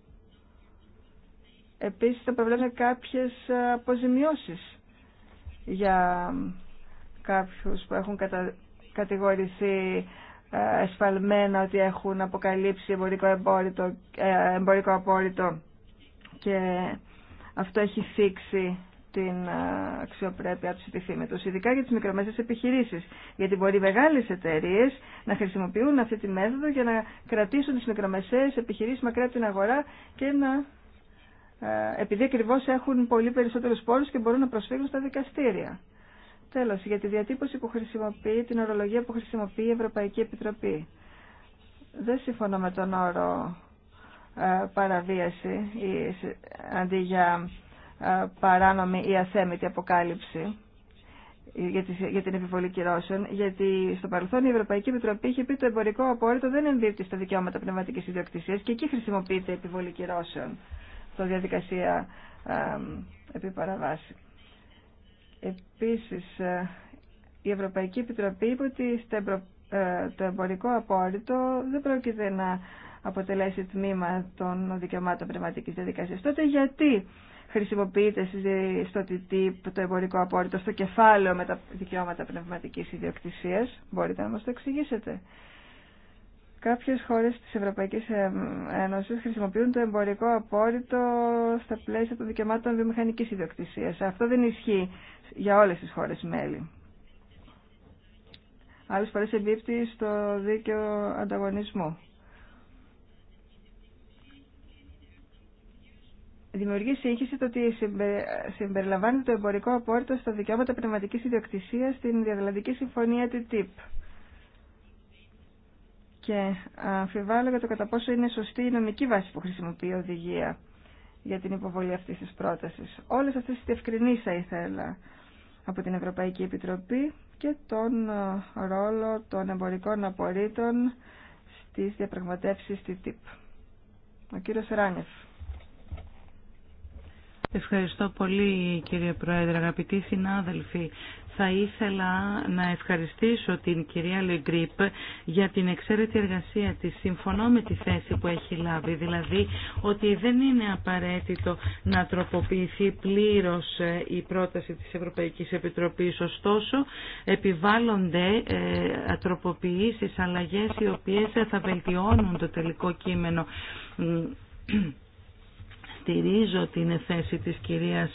Επίση, θα προβλέπουν κάποιε αποζημιώσει για κάποιου που έχουν κατα... κατηγορηθεί ε, εσφαλμένα ότι έχουν αποκαλύψει εμπορικό, εμπόριτο, ε, αυτό έχει θίξει την ε, αξιοπρέπεια του επιθύμητους, ειδικά για τις μικρομέσες επιχειρήσεις. Γιατί μπορεί μεγάλε εταιρείε να χρησιμοποιούν αυτή τη μέθοδο για να κρατήσουν τις μικρομεσαίες επιχειρήσεις μακριά από την αγορά και να. Ε, επειδή ακριβώ έχουν πολύ περισσότερους πόρους και μπορούν να προσφύγουν στα δικαστήρια. Τέλος, για τη διατύπωση που χρησιμοποιεί, την ορολογία που χρησιμοποιεί η Ευρωπαϊκή Επιτροπή. Δεν συμφωνώ με τον όρο ε, παραβίαση αντί για ε, παράνομη ή αθέμητη αποκάλυψη για την επιβολή κυρώσεων, γιατί στο παρελθόν η Ευρωπαϊκή Επιτροπή είχε πει το εμπορικό απόρριτο δεν εμπίπτει στα δικαιώματα πνευματικής ιδιοκτησίας και εκεί χρησιμοποιείται επιβολή κυρώσεων στο διαδικασία ε, επί παραβάση. Επίσης, η Ευρωπαϊκή Επιτροπή είπε ότι το εμπορικό απόρριτο δεν πρόκειται να αποτελέσει τμήμα των δικαιωμάτων πνευματικής διαδικασίας. Τότε γιατί χρησιμοποιείται στο TTIP το εμπορικό απόρριτο στο κεφάλαιο με τα δικαιώματα πνευματικής ιδιοκτησίας. Μπορείτε να μας το εξηγήσετε. Κάποιες χώρες της Ευρωπαϊκής ε, Ένωσης χρησιμοποιούν το εμπορικό απόρριτο στα πλαίσια των δικαιωμάτων βιομηχανικής ιδιοκτησίας. Αυτό δεν ισχύει για όλες τις χώρες μέλη. Άλλες φορές εμπίπτει στο δίκαιο ανταγωνισμού. δημιουργεί σύγχυση το ότι συμπεριλαμβάνει το εμπορικό απόρριτο στα δικαιώματα πνευματική ιδιοκτησία στην Διαδηλαντική Συμφωνία TTIP. Και αμφιβάλλω για το κατά πόσο είναι σωστή η νομική βάση που χρησιμοποιεί η οδηγία για την υποβολή αυτή τη πρόταση. Όλε αυτέ τι διευκρινήσει θα ήθελα από την Ευρωπαϊκή Επιτροπή και τον ε, ρόλο των εμπορικών απορρίτων στις διαπραγματεύσεις TTIP. Ο κύριος Ράνεφ. Ευχαριστώ πολύ κύριε Πρόεδρε, αγαπητοί συνάδελφοι. Θα ήθελα να ευχαριστήσω την κυρία Λεγκρίπ για την εξαίρετη εργασία της. Συμφωνώ με τη θέση που έχει λάβει, δηλαδή ότι δεν είναι απαραίτητο να τροποποιηθεί πλήρως ε, η πρόταση της Ευρωπαϊκής Επιτροπής. Ωστόσο, επιβάλλονται ε, τροποποιήσεις, αλλαγές οι οποίες θα βελτιώνουν το τελικό κείμενο στηρίζω την θέση της κυρίας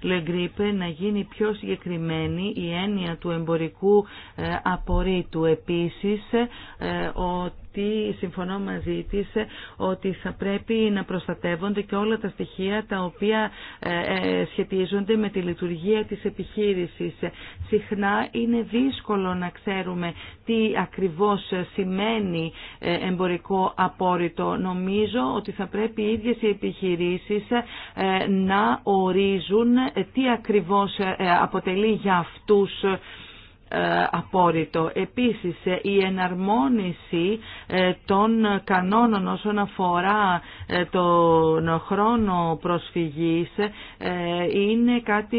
Λεγκρίπε να γίνει πιο συγκεκριμένη η έννοια του εμπορικού ε, απορρίτου. Επίσης, ότι ε, συμφωνώ μαζί της ε, ότι θα πρέπει να προστατεύονται και όλα τα στοιχεία τα οποία ε, ε, σχετίζονται με τη λειτουργία της επιχείρησης. Συχνά είναι δύσκολο να ξέρουμε τι ακριβώς σημαίνει εμπορικό απόρριτο. Νομίζω ότι θα πρέπει οι ίδιες οι επιχειρήσεις να ορίζουν τι ακριβώς αποτελεί για αυτούς ε, απόρριτο. Επίσης, ε, η εναρμόνιση ε, των κανόνων όσον αφορά τον χρόνο προσφυγής είναι κάτι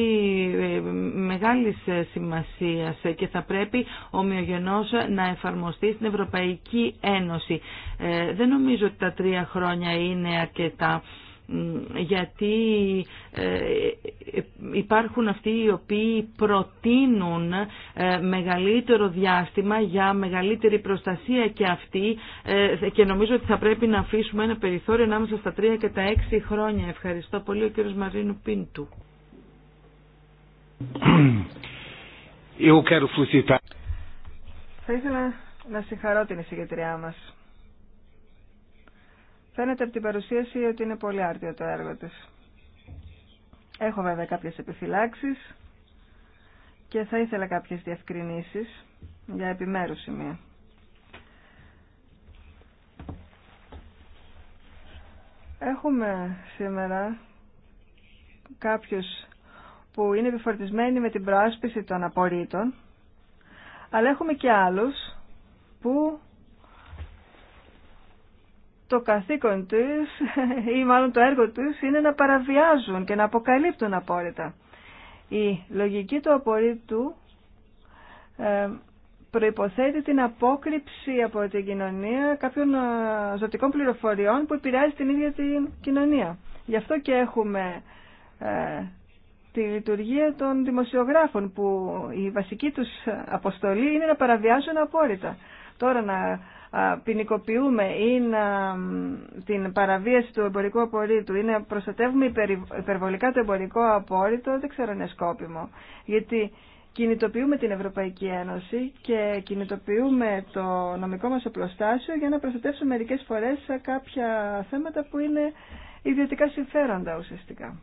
μεγάλης σημασίας και θα πρέπει ομοιογενώς να εφαρμοστεί στην Ευρωπαϊκή Ένωση. Δεν νομίζω ότι τα τρία χρόνια είναι αρκετά γιατί ε, υπάρχουν αυτοί οι οποίοι προτείνουν ε, μεγαλύτερο διάστημα για μεγαλύτερη προστασία και αυτή ε, και νομίζω ότι θα πρέπει να αφήσουμε ένα περιθώριο ανάμεσα στα τρία και τα 6 χρόνια. Ευχαριστώ πολύ ο κύριος Μαρίνου Πίντου. Θα ήθελα να συγχαρώ την εισηγητριά μας Φαίνεται από την παρουσίαση ότι είναι πολύ άρτιο το έργο της. Έχω βέβαια κάποιες επιφυλάξεις και θα ήθελα κάποιες διευκρινήσεις για επιμέρους σημεία. Έχουμε σήμερα κάποιους που είναι επιφορτισμένοι με την προάσπιση των απορρίτων, αλλά έχουμε και άλλους που το καθήκον τους ή μάλλον το έργο τους είναι να παραβιάζουν και να αποκαλύπτουν απόρριτα. Η λογική του απορρίτου ε, προϋποθέτει την απόκρυψη από την κοινωνία κάποιων ε, ζωτικών πληροφοριών που επηρεάζει την ίδια την κοινωνία. Γι' αυτό και έχουμε ε, τη λειτουργία των δημοσιογράφων που η βασική τους αποστολή είναι να παραβιάζουν απόρριτα. Τώρα να ποινικοποιούμε ή την παραβίαση του εμπορικού απορρίτου ή να προστατεύουμε υπερβολικά το εμπορικό απόρριτο, δεν ξέρω αν είναι σκόπιμο. Γιατί κινητοποιούμε την Ευρωπαϊκή Ένωση και κινητοποιούμε το νομικό μας οπλοστάσιο για να προστατεύσουμε μερικές φορές σε κάποια θέματα που είναι ιδιωτικά συμφέροντα ουσιαστικά.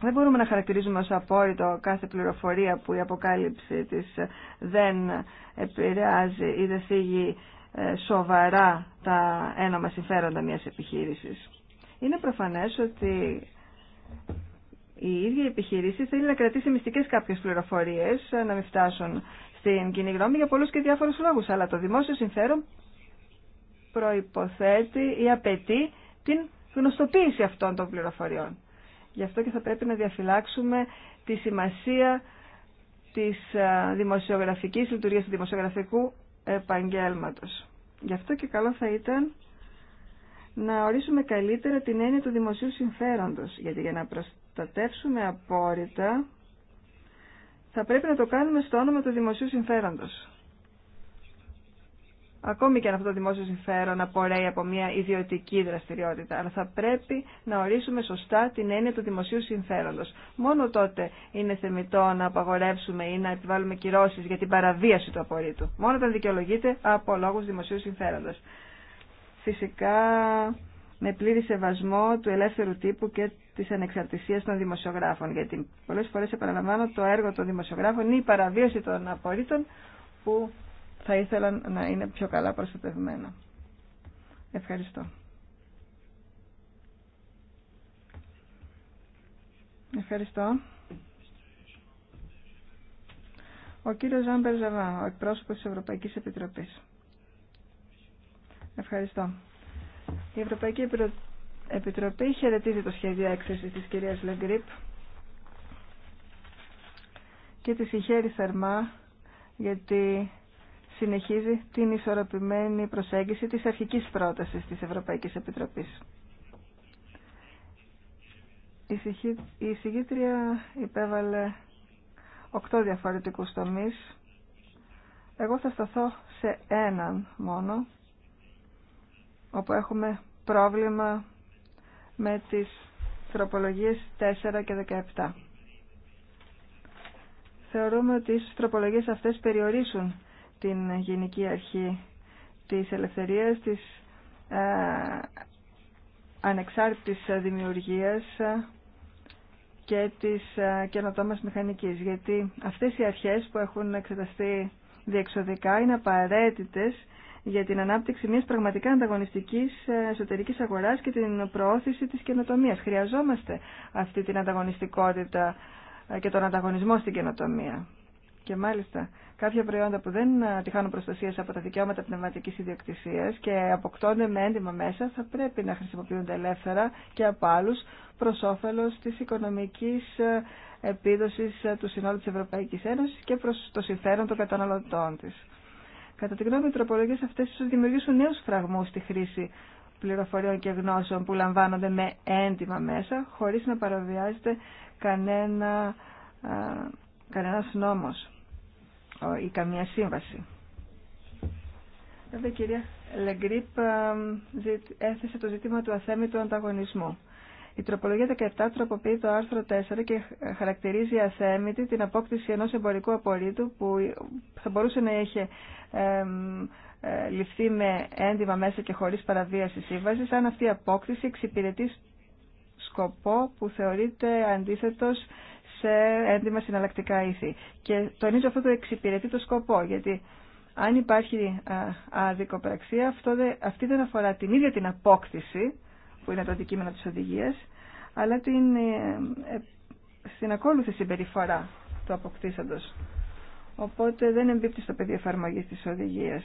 Δεν μπορούμε να χαρακτηρίζουμε ως απόρριτο κάθε πληροφορία που η αποκάλυψη της δεν επηρεάζει ή δεν θίγει ε, σοβαρά τα ένομα συμφέροντα μιας επιχείρησης. Είναι προφανές ότι η ίδια η επιχείρηση θέλει να κρατήσει μυστικές κάποιες πληροφορίες, ε, να μην φτάσουν στην κοινή γνώμη για πολλούς και διάφορους λόγους, αλλά το δημόσιο συμφέρον προϋποθέτει ή απαιτεί την γνωστοποίηση αυτών των πληροφοριών. Γι' αυτό και θα πρέπει να διαφυλάξουμε τη σημασία της ε, δημοσιογραφικής λειτουργίας του δημοσιογραφικού επαγγέλματος. Γι' αυτό και καλό θα ήταν να ορίσουμε καλύτερα την έννοια του δημοσίου συμφέροντος, γιατί για να προστατεύσουμε απόρριτα θα πρέπει να το κάνουμε στο όνομα του δημοσίου συμφέροντος ακόμη και αν αυτό το δημόσιο συμφέρον απορρέει από μια ιδιωτική δραστηριότητα. Αλλά θα πρέπει να ορίσουμε σωστά την έννοια του δημοσίου συμφέροντο. Μόνο τότε είναι θεμητό να απαγορεύσουμε ή να επιβάλλουμε κυρώσει για την παραβίαση του απορρίτου. Μόνο όταν δικαιολογείται από λόγου δημοσίου συμφέροντος. Φυσικά με πλήρη σεβασμό του ελεύθερου τύπου και τη ανεξαρτησία των δημοσιογράφων. Γιατί πολλέ φορέ, επαναλαμβάνω, το έργο των δημοσιογράφων η η παραβίαση των απορρίτων που θα ήθελα να είναι πιο καλά προστατευμένα. Ευχαριστώ. Ευχαριστώ. Ο κύριος Ζαν Ζαβά, ο εκπρόσωπος της Ευρωπαϊκής Επιτροπής. Ευχαριστώ. Η Ευρωπαϊκή Επιτροπή χαιρετίζει το σχέδιο έκθεσης της κυρίας Λεγκρίπ και τη συγχαίρει θερμά γιατί συνεχίζει την ισορροπημένη προσέγγιση της αρχικής πρότασης της Ευρωπαϊκής Επιτροπής. Η εισηγήτρια υπέβαλε οκτώ διαφορετικούς τομείς. Εγώ θα σταθώ σε έναν μόνο, όπου έχουμε πρόβλημα με τις τροπολογίες 4 και 17. Θεωρούμε ότι οι τροπολογίες αυτές περιορίσουν την Γενική Αρχή της Ελευθερίας, της ε, ανεξάρτητης δημιουργίας και της ε, καινοτόμας μηχανικής. Γιατί αυτές οι αρχές που έχουν εξεταστεί διεξοδικά είναι απαραίτητες για την ανάπτυξη μιας πραγματικά ανταγωνιστικής ε, εσωτερικής αγοράς και την προώθηση της καινοτομίας. Χρειαζόμαστε αυτή την ανταγωνιστικότητα ε, και τον ανταγωνισμό στην καινοτομία. Και μάλιστα κάποια προϊόντα που δεν ε, τυχάνουν προστασία από τα δικαιώματα πνευματική ιδιοκτησία και αποκτώνται με έντιμα μέσα θα πρέπει να χρησιμοποιούνται ελεύθερα και από άλλου προ όφελο τη οικονομική ε, επίδοση ε, του συνόλου τη Ευρωπαϊκή Ένωση και προ το συμφέρον των καταναλωτών τη. Κατά τη γνώμη, οι τροπολογίε αυτέ ίσω δημιουργήσουν νέου φραγμού στη χρήση πληροφοριών και γνώσεων που λαμβάνονται με έντιμα μέσα, χωρίς να παραβιάζεται κανένα, κανένας νόμος ή καμία σύμβαση. Βέβαια, κυρία Λεγκρίπ ε, έθεσε το ζήτημα του αθέμητου ανταγωνισμού. Η τροπολογία 17 τροποποιεί το άρθρο 4 και χαρακτηρίζει αθέμητη την απόκτηση ενός εμπορικού απορρίτου που θα μπορούσε να είχε ε, ληφθεί με έντιμα μέσα και χωρίς παραβίαση σύμβασης αν αυτή η απόκτηση εξυπηρετεί σκοπό που θεωρείται αντίθετος σε έντυμα συναλλακτικά ήθη. Και τονίζω αυτό το εξυπηρετεί το σκοπό, γιατί αν υπάρχει αδικοπραξία, αυτό αυτή δεν αφορά την ίδια την απόκτηση, που είναι το αντικείμενο της οδηγίας, αλλά την, ε, ε, στην ακόλουθη συμπεριφορά του αποκτήσαντος. Οπότε δεν εμπίπτει στο πεδίο εφαρμογή της οδηγίας.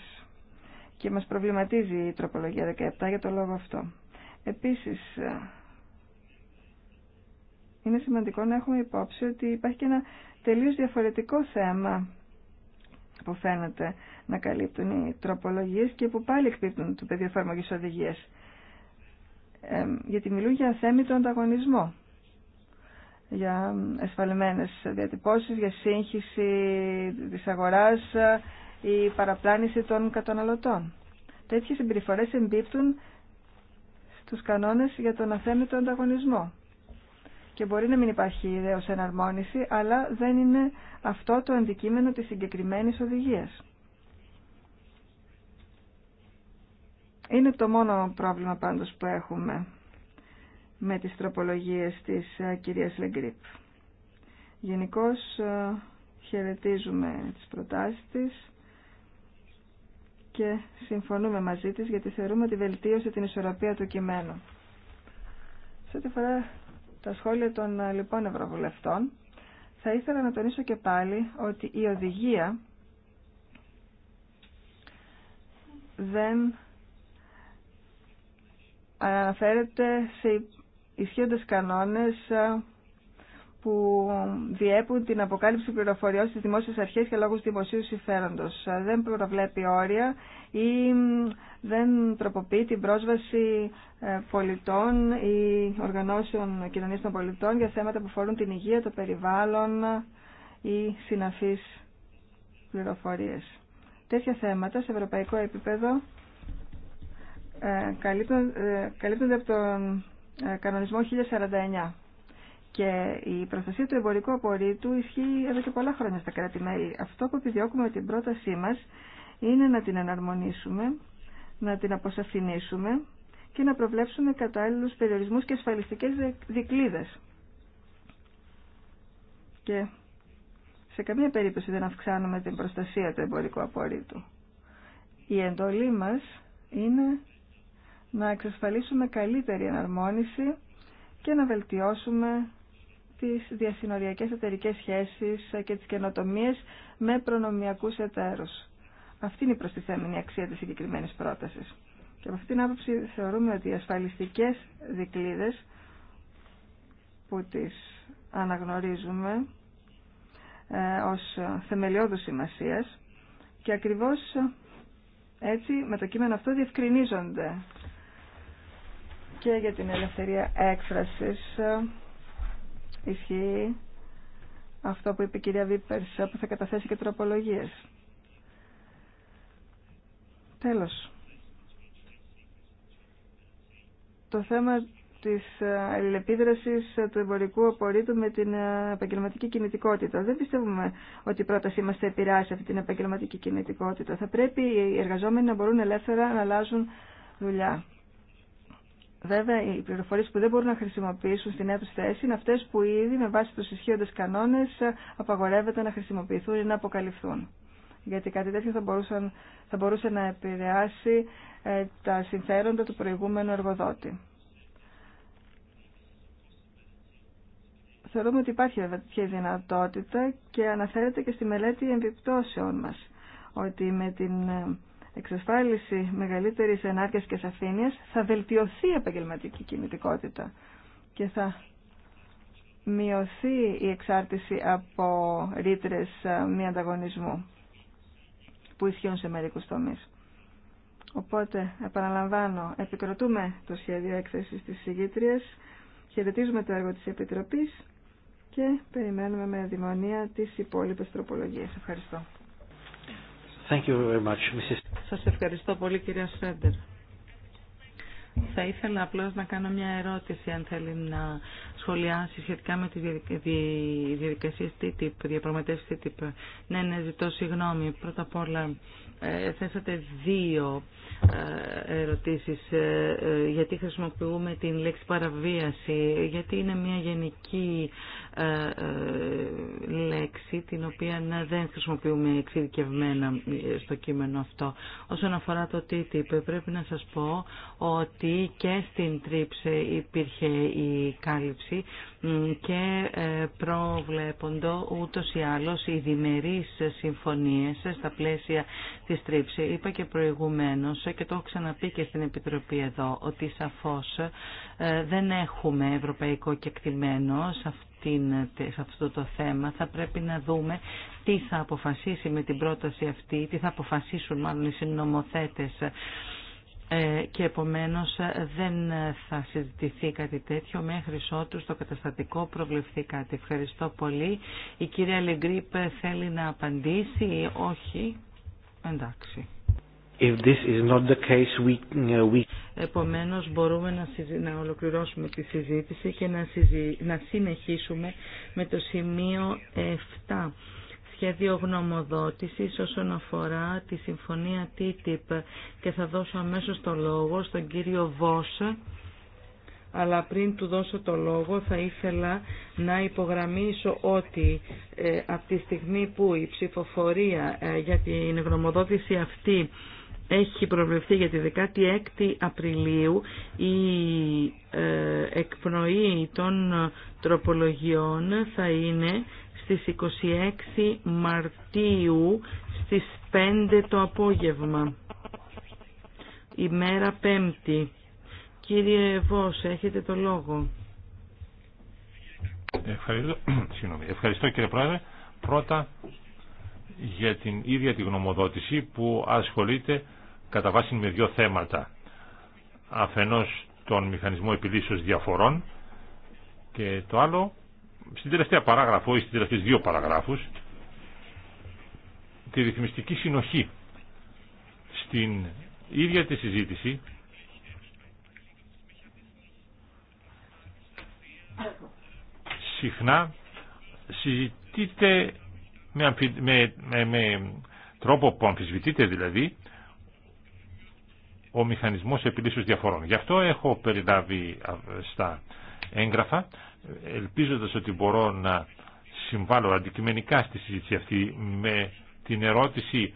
Και μας προβληματίζει η τροπολογία 17 για το λόγο αυτό. Επίσης, ε, είναι σημαντικό να έχουμε υπόψη ότι υπάρχει και ένα τελείως διαφορετικό θέμα που φαίνεται να καλύπτουν οι τροπολογίες και που πάλι εκπίπτουν το πεδίου εφαρμογής οδηγίες. Ε, γιατί μιλούν για θέμητο ανταγωνισμό, για εσφαλμένες διατυπώσεις, για σύγχυση της αγοράς ή παραπλάνηση των καταναλωτών. Τέτοιες συμπεριφορές εμπίπτουν στους κανόνες για τον αθέμητο ανταγωνισμό και μπορεί να μην υπάρχει ως εναρμόνιση, αλλά δεν είναι αυτό το αντικείμενο της συγκεκριμένης οδηγίας. Είναι το μόνο πρόβλημα πάντως που έχουμε με τις τροπολογίες της ε, κυρίας Λεγκρίπ. Γενικώ ε, χαιρετίζουμε τις προτάσεις της και συμφωνούμε μαζί της γιατί θεωρούμε ότι βελτίωσε την ισορροπία του κειμένου. Σε τη φορά τα σχόλια των ε, λοιπόν Ευρωβουλευτών, θα ήθελα να τονίσω και πάλι ότι η οδηγία δεν αναφέρεται σε ισχύοντες κανόνες ε, που διέπουν την αποκάλυψη πληροφοριών στις δημόσιες αρχές και λόγους δημοσίου συμφέροντος. Δεν προβλέπει όρια ή δεν τροποποιεί την πρόσβαση ε, πολιτών ή οργανώσεων κοινωνίας των πολιτών για θέματα που φορούν την υγεία, το περιβάλλον ή συναφείς πληροφορίες. Τέτοια θέματα σε ευρωπαϊκό επίπεδο ε, ε, καλύπτονται από τον κανονισμό 1049 και η προστασία του εμπορικού απορρίτου ισχύει εδώ και πολλά χρόνια στα κράτη-μέλη. Αυτό που επιδιώκουμε με την πρότασή μα είναι να την εναρμονίσουμε, να την αποσαφηνίσουμε και να προβλέψουμε κατάλληλου περιορισμού και ασφαλιστικέ δικλείδε. Και σε καμία περίπτωση δεν αυξάνουμε την προστασία του εμπορικού απορρίτου. Η εντολή μα είναι να εξασφαλίσουμε καλύτερη εναρμόνιση και να βελτιώσουμε τις διασυνοριακές εταιρικές σχέσεις και τις καινοτομίες με προνομιακούς εταίρους. Αυτή είναι η προστιθέμενη αξία της συγκεκριμένη πρότασης. Και από αυτήν την άποψη θεωρούμε ότι οι ασφαλιστικές δικλείδες που τις αναγνωρίζουμε ε, ως θεμελιώδους σημασίας και ακριβώς έτσι με το κείμενο αυτό διευκρινίζονται και για την ελευθερία έκφρασης ε, ισχύει αυτό που είπε η κυρία Βίπερς που θα καταθέσει και τροπολογίες. Τέλος. Το θέμα της αλληλεπίδρασης του εμπορικού απορρίτου με την επαγγελματική κινητικότητα. Δεν πιστεύουμε ότι η πρότασή μας θα επηρεάσει αυτή την επαγγελματική κινητικότητα. Θα πρέπει οι εργαζόμενοι να μπορούν ελεύθερα να αλλάζουν δουλειά. Βέβαια, οι πληροφορίε που δεν μπορούν να χρησιμοποιήσουν στην νέα θέση είναι αυτέ που ήδη με βάση του ισχύοντε κανόνε απαγορεύεται να χρησιμοποιηθούν ή να αποκαλυφθούν. Γιατί κάτι τέτοιο θα, μπορούσαν, θα μπορούσε να επηρεάσει ε, τα συμφέροντα του προηγούμενου εργοδότη. Θεωρούμε ότι υπάρχει βέβαια τέτοια δυνατότητα και αναφέρεται και στη μελέτη επιπτώσεων μας ότι με την ε, εξασφάλιση μεγαλύτερη ενάρκεια και σαφήνειας θα βελτιωθεί η επαγγελματική κινητικότητα και θα μειωθεί η εξάρτηση από ρήτρε ε, μη ανταγωνισμού που ισχύουν σε μερικού τομεί. Οπότε, επαναλαμβάνω, επικροτούμε το σχέδιο έκθεση τη συγκήτρια, χαιρετίζουμε το έργο τη Επιτροπή και περιμένουμε με δημονία τις υπόλοιπες τροπολογίες. Ευχαριστώ. Thank you very much, Σας ευχαριστώ πολύ κυρία Σέντερ. Θα ήθελα απλώς να κάνω μια ερώτηση αν θέλει να σχολιάσει σχετικά με τη διαδικασία TTIP, διαπραγματεύσεις TTIP. Ναι, ναι, ζητώ συγγνώμη. Πρώτα απ' όλα ε, θέσατε δύο ε, ερωτήσεις. Ε, γιατί χρησιμοποιούμε την λέξη παραβίαση, γιατί είναι μια γενική ε, ε, λέξη την οποία δεν χρησιμοποιούμε εξειδικευμένα ε, στο κείμενο αυτό. Όσον αφορά το TTIP πρέπει να σας πω ότι και στην ΤΡίψε υπήρχε η κάλυψη και προβλέποντο ούτως ή άλλως οι διμερείς συμφωνίες στα πλαίσια της ΤΡίψε Είπα και προηγουμένως και το έχω ξαναπεί και στην Επιτροπή εδώ ότι σαφώς δεν έχουμε ευρωπαϊκό κεκτημένο σε αυτό την, σε αυτό το θέμα θα πρέπει να δούμε τι θα αποφασίσει με την πρόταση αυτή, τι θα αποφασίσουν μάλλον οι συνομοθέτες ε, και επομένως ε, δεν θα συζητηθεί κάτι τέτοιο μέχρι ότου στο καταστατικό προβλεφθεί κάτι. Ευχαριστώ πολύ. Η κυρία Λεγκρίπ θέλει να απαντήσει. Όχι. Εντάξει. If uh, Επομένως μπορούμε να, ολοκληρώσουμε τη συζήτηση και να, να συνεχίσουμε με το σημείο 7 σχέδιο γνωμοδότησης όσον αφορά τη συμφωνία TTIP και θα δώσω αμέσως το λόγο στον κύριο Βόσα, αλλά πριν του δώσω το λόγο θα ήθελα να υπογραμμίσω ότι ε, από τη στιγμή που η ψηφοφορία ε, για την γνωμοδότηση αυτή έχει προβλεφθεί για τη 16η Απριλίου η ε, εκπνοή των τροπολογιών θα είναι στις 26 Μαρτίου στις 5 το απόγευμα, ημέρα Πέμπτη. Κύριε Βός, έχετε το λόγο. Ευχαριστώ, [clears throat] ευχαριστώ κύριε Πρόεδρε. Πρώτα για την ίδια τη γνωμοδότηση που ασχολείται κατά βάση με δύο θέματα. Αφενός τον μηχανισμό επιλύσεως διαφορών και το άλλο στην τελευταία παράγραφο ή στις τελευταίες δύο παραγράφους τη ρυθμιστική συνοχή στην ίδια τη συζήτηση συχνά συζητείται με, με, με, με τρόπο που αμφισβητείται δηλαδή ο μηχανισμός επιλύσεως διαφορών. Γι' αυτό έχω περιλάβει στα έγγραφα, ελπίζοντας ότι μπορώ να συμβάλλω αντικειμενικά στη συζήτηση αυτή με την ερώτηση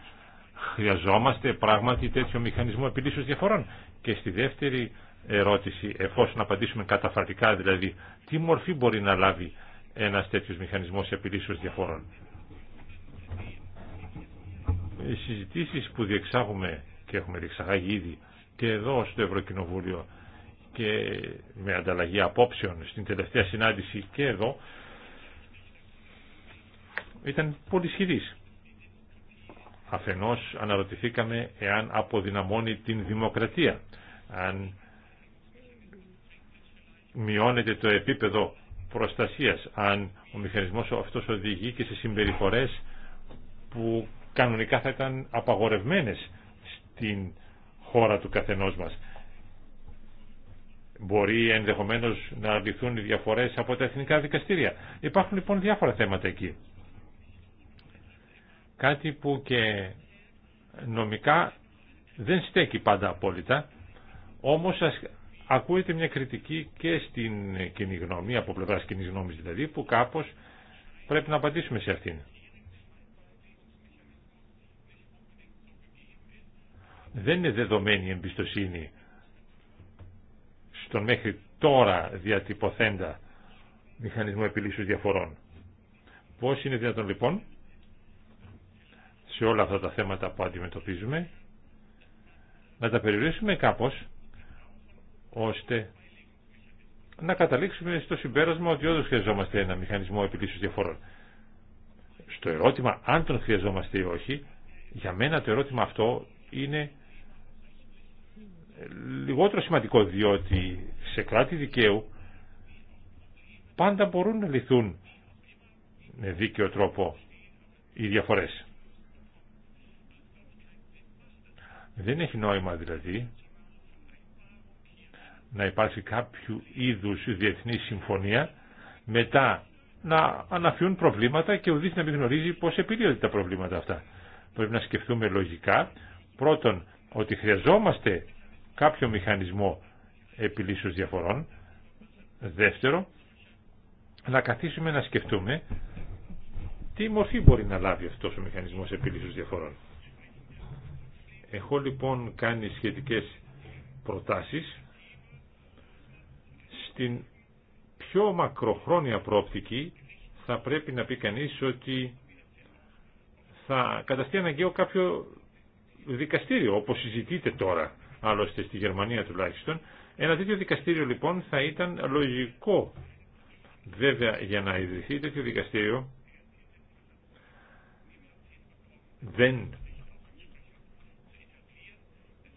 χρειαζόμαστε πράγματι τέτοιο μηχανισμό επιλύσεως διαφορών. Και στη δεύτερη ερώτηση, εφόσον απαντήσουμε καταφατικά δηλαδή, τι μορφή μπορεί να λάβει ένας τέτοιος μηχανισμός επιλύσεως διαφορών. Οι συζητήσεις που διεξάγουμε και έχουμε διεξαγάγει ήδη και εδώ στο Ευρωκοινοβούλιο και με ανταλλαγή απόψεων στην τελευταία συνάντηση και εδώ ήταν πολύ σχηδής. Αφενός αναρωτηθήκαμε εάν αποδυναμώνει την δημοκρατία, αν μειώνεται το επίπεδο προστασίας, αν ο μηχανισμός αυτός οδηγεί και σε συμπεριφορές που κανονικά θα ήταν απαγορευμένες την χώρα του καθενός μας. Μπορεί ενδεχομένως να αντιθούν οι διαφορές από τα εθνικά δικαστήρια. Υπάρχουν λοιπόν διάφορα θέματα εκεί. Κάτι που και νομικά δεν στέκει πάντα απόλυτα, όμως ακούεται μια κριτική και στην κοινή γνώμη, από πλευράς κοινή γνώμης δηλαδή, που κάπως πρέπει να απαντήσουμε σε αυτήν. δεν είναι δεδομένη εμπιστοσύνη στον μέχρι τώρα διατυπωθέντα μηχανισμό επιλύσεως διαφορών. Πώς είναι δυνατόν λοιπόν σε όλα αυτά τα θέματα που αντιμετωπίζουμε να τα περιορίσουμε κάπως ώστε να καταλήξουμε στο συμπέρασμα ότι όντως χρειαζόμαστε ένα μηχανισμό επιλύσεως διαφορών. Στο ερώτημα αν τον χρειαζόμαστε ή όχι, για μένα το ερώτημα αυτό είναι λιγότερο σημαντικό διότι σε κράτη δικαίου πάντα μπορούν να λυθούν με δίκαιο τρόπο οι διαφορές. Δεν έχει νόημα δηλαδή να υπάρχει κάποιο είδους διεθνή συμφωνία μετά να αναφιούν προβλήματα και ο να μην γνωρίζει πώς επιλύονται τα προβλήματα αυτά. Πρέπει να σκεφτούμε λογικά πρώτον ότι χρειαζόμαστε κάποιο μηχανισμό επιλύσεως διαφορών. Δεύτερο, να καθίσουμε να σκεφτούμε τι μορφή μπορεί να λάβει αυτός ο μηχανισμός επιλύσεως διαφορών. Έχω λοιπόν κάνει σχετικές προτάσεις στην πιο μακροχρόνια προοπτική θα πρέπει να πει κανείς ότι θα καταστεί αναγκαίο κάποιο δικαστήριο όπως συζητείτε τώρα άλλωστε στη Γερμανία τουλάχιστον. Ένα τέτοιο δικαστήριο λοιπόν θα ήταν λογικό. Βέβαια για να ιδρυθεί τέτοιο δικαστήριο δεν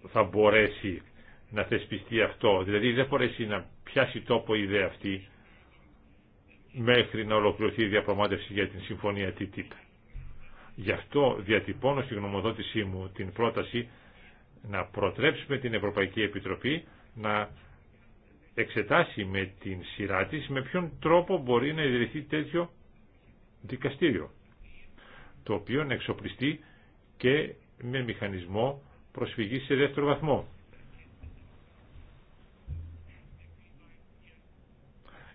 θα μπορέσει να θεσπιστεί αυτό. Δηλαδή δεν μπορέσει να πιάσει τόπο η ιδέα αυτή μέχρι να ολοκληρωθεί η διαπραγμάτευση για την συμφωνία TTIP. Γι' αυτό διατυπώνω στη γνωμοδότησή μου την πρόταση να προτρέψουμε την Ευρωπαϊκή Επιτροπή να εξετάσει με την σειρά της με ποιον τρόπο μπορεί να ιδρυθεί τέτοιο δικαστήριο το οποίο να εξοπλιστεί και με μηχανισμό προσφυγής σε δεύτερο βαθμό.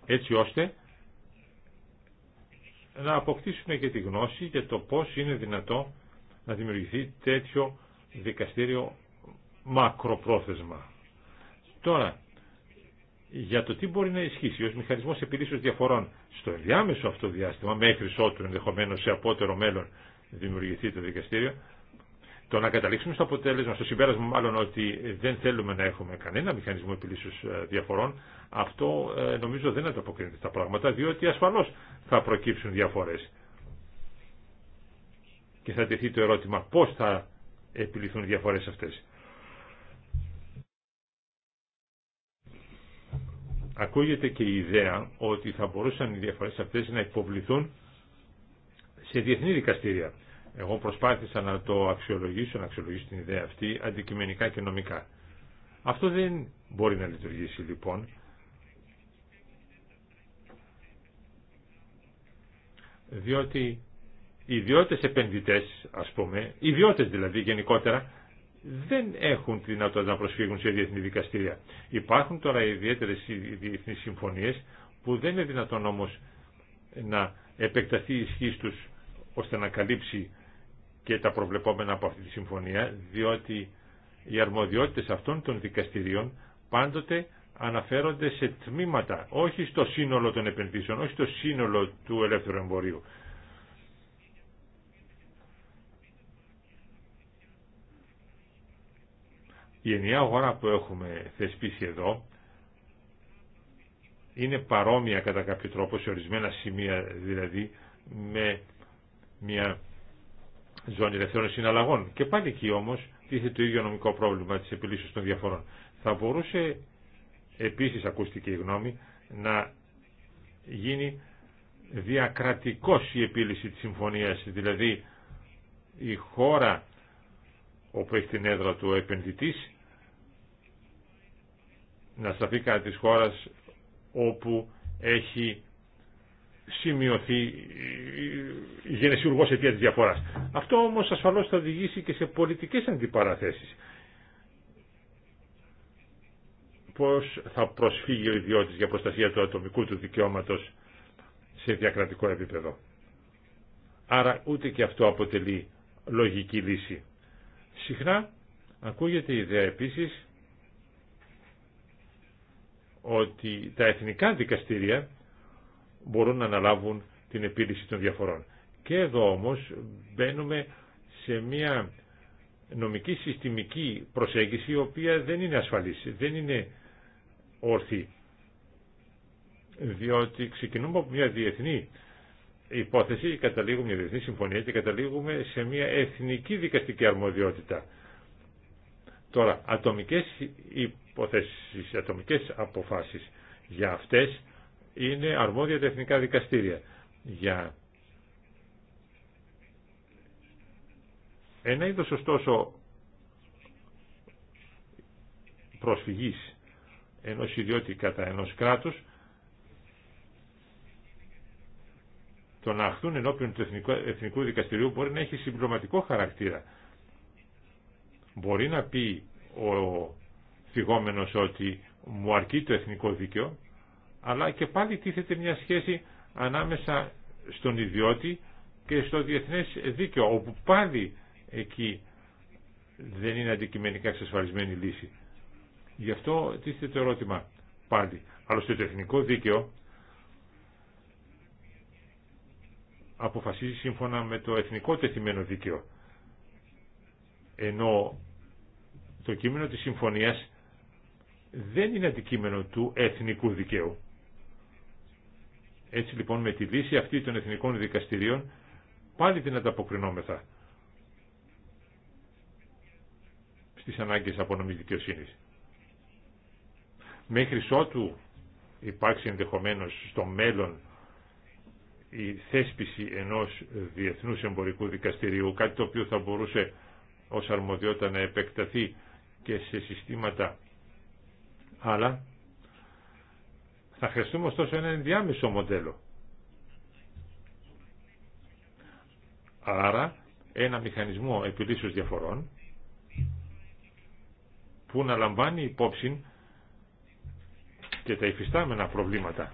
Έτσι ώστε να αποκτήσουμε και τη γνώση για το πώς είναι δυνατό να δημιουργηθεί τέτοιο δικαστήριο μακροπρόθεσμα. Τώρα, για το τι μπορεί να ισχύσει ως μηχανισμός επιλύσεως διαφορών στο ενδιάμεσο αυτό διάστημα, μέχρι ότου ενδεχομένως σε απότερο μέλλον δημιουργηθεί το δικαστήριο, το να καταλήξουμε στο αποτέλεσμα, στο συμπέρασμα μάλλον ότι δεν θέλουμε να έχουμε κανένα μηχανισμό επιλύσεως ε, διαφορών, αυτό ε, νομίζω δεν ανταποκρίνεται στα πράγματα, διότι ασφαλώς θα προκύψουν διαφορές. Και θα τεθεί το ερώτημα πώς θα επιληθούν διαφορέ διαφορές Ακούγεται και η ιδέα ότι θα μπορούσαν οι διαφορές αυτές να υποβληθούν σε διεθνή δικαστήρια. Εγώ προσπάθησα να το αξιολογήσω, να αξιολογήσω την ιδέα αυτή αντικειμενικά και νομικά. Αυτό δεν μπορεί να λειτουργήσει λοιπόν. Διότι ιδιώτες επενδυτές, ας πούμε, ιδιώτες δηλαδή γενικότερα, δεν έχουν τη δυνατότητα να προσφύγουν σε διεθνή δικαστήρια. Υπάρχουν τώρα ιδιαίτερες διεθνείς συμφωνίες που δεν είναι δυνατόν όμως να επεκταθεί η ισχύ τους ώστε να καλύψει και τα προβλεπόμενα από αυτή τη συμφωνία, διότι οι αρμοδιότητες αυτών των δικαστηρίων πάντοτε αναφέρονται σε τμήματα, όχι στο σύνολο των επενδύσεων, όχι στο σύνολο του ελεύθερου εμπορίου. Η ενιαία αγορά που έχουμε θεσπίσει εδώ είναι παρόμοια κατά κάποιο τρόπο σε ορισμένα σημεία δηλαδή με μια ζώνη ελευθερών συναλλαγών. Και πάλι εκεί όμως τίθεται το ίδιο νομικό πρόβλημα της επιλύσεως των διαφορών. Θα μπορούσε επίσης ακούστηκε η γνώμη να γίνει διακρατικός η επίλυση της συμφωνίας δηλαδή η χώρα όπου έχει την έδρα του να σταθεί κατά της χώρας όπου έχει σημειωθεί η ε, ε, γενεσιουργός αιτία της διαφοράς. Αυτό όμως ασφαλώς θα οδηγήσει και σε πολιτικές αντιπαραθέσεις. Πώς θα προσφύγει ο ιδιώτης για προστασία του ατομικού του δικαιώματος σε διακρατικό επίπεδο. Άρα ούτε και αυτό αποτελεί λογική λύση. Συχνά ακούγεται η ιδέα επίσης ότι τα εθνικά δικαστήρια μπορούν να αναλάβουν την επίλυση των διαφορών. Και εδώ όμως μπαίνουμε σε μια νομική συστημική προσέγγιση η οποία δεν είναι ασφαλής, δεν είναι όρθη. Διότι ξεκινούμε από μια διεθνή υπόθεση, καταλήγουμε μια διεθνή συμφωνία και καταλήγουμε σε μια εθνική δικαστική αρμοδιότητα. Τώρα, ατομικές υποθέσεις, οι ατομικές αποφάσεις για αυτές είναι αρμόδια τα εθνικά δικαστήρια. Για ένα είδος ωστόσο προσφυγής ενός ιδιώτη κατά ενός κράτους το να αχθούν ενώπιον του εθνικού, εθνικού δικαστηρίου μπορεί να έχει συμπληρωματικό χαρακτήρα. Μπορεί να πει ο φυγόμενος ότι μου αρκεί το εθνικό δίκαιο, αλλά και πάλι τίθεται μια σχέση ανάμεσα στον ιδιώτη και στο διεθνές δίκαιο, όπου πάλι εκεί δεν είναι αντικειμενικά εξασφαλισμένη λύση. Γι' αυτό τίθεται το ερώτημα πάλι. Άλλωστε το εθνικό δίκαιο αποφασίζει σύμφωνα με το εθνικό τεθειμένο δίκαιο. Ενώ το κείμενο της συμφωνίας δεν είναι αντικείμενο του εθνικού δικαίου. Έτσι λοιπόν με τη λύση αυτή των εθνικών δικαστηρίων πάλι την ανταποκρινόμεθα στις ανάγκες απονομής δικαιοσύνης. Μέχρι ότου υπάρξει ενδεχομένως στο μέλλον η θέσπιση ενός διεθνούς εμπορικού δικαστηρίου, κάτι το οποίο θα μπορούσε ως αρμοδιότητα να επεκταθεί και σε συστήματα αλλά θα χρειαστούμε ωστόσο ένα ενδιάμεσο μοντέλο. Άρα ένα μηχανισμό επιλύσεως διαφορών που να λαμβάνει υπόψη και τα υφιστάμενα προβλήματα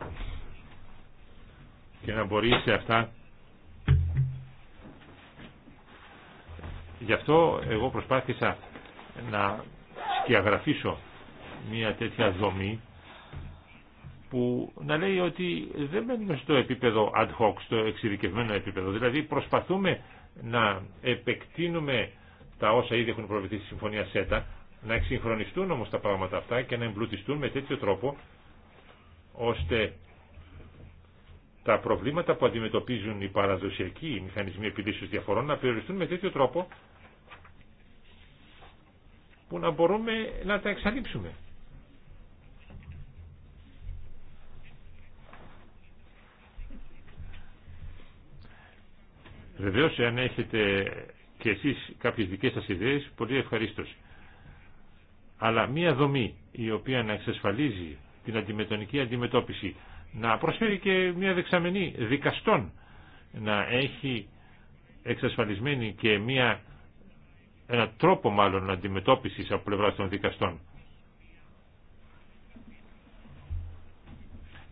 και να μπορεί σε αυτά γι' αυτό εγώ προσπάθησα να σκιαγραφίσω μια τέτοια δομή που να λέει ότι δεν μένουμε στο επίπεδο ad hoc, στο εξειδικευμένο επίπεδο. Δηλαδή προσπαθούμε να επεκτείνουμε τα όσα ήδη έχουν προβληθεί στη Συμφωνία ΣΕΤΑ, να εξυγχρονιστούν όμως τα πράγματα αυτά και να εμπλουτιστούν με τέτοιο τρόπο ώστε τα προβλήματα που αντιμετωπίζουν οι παραδοσιακοί μηχανισμοί επιλύσεως διαφορών να περιοριστούν με τέτοιο τρόπο που να μπορούμε να τα εξαλείψουμε. Βεβαίω, αν έχετε και εσείς κάποιες δικές σας ιδέες, πολύ ευχαριστώ, Αλλά μία δομή η οποία να εξασφαλίζει την αντιμετωπική αντιμετώπιση, να προσφέρει και μία δεξαμενή δικαστών, να έχει εξασφαλισμένη και μία, ένα τρόπο μάλλον αντιμετώπισης από πλευρά των δικαστών.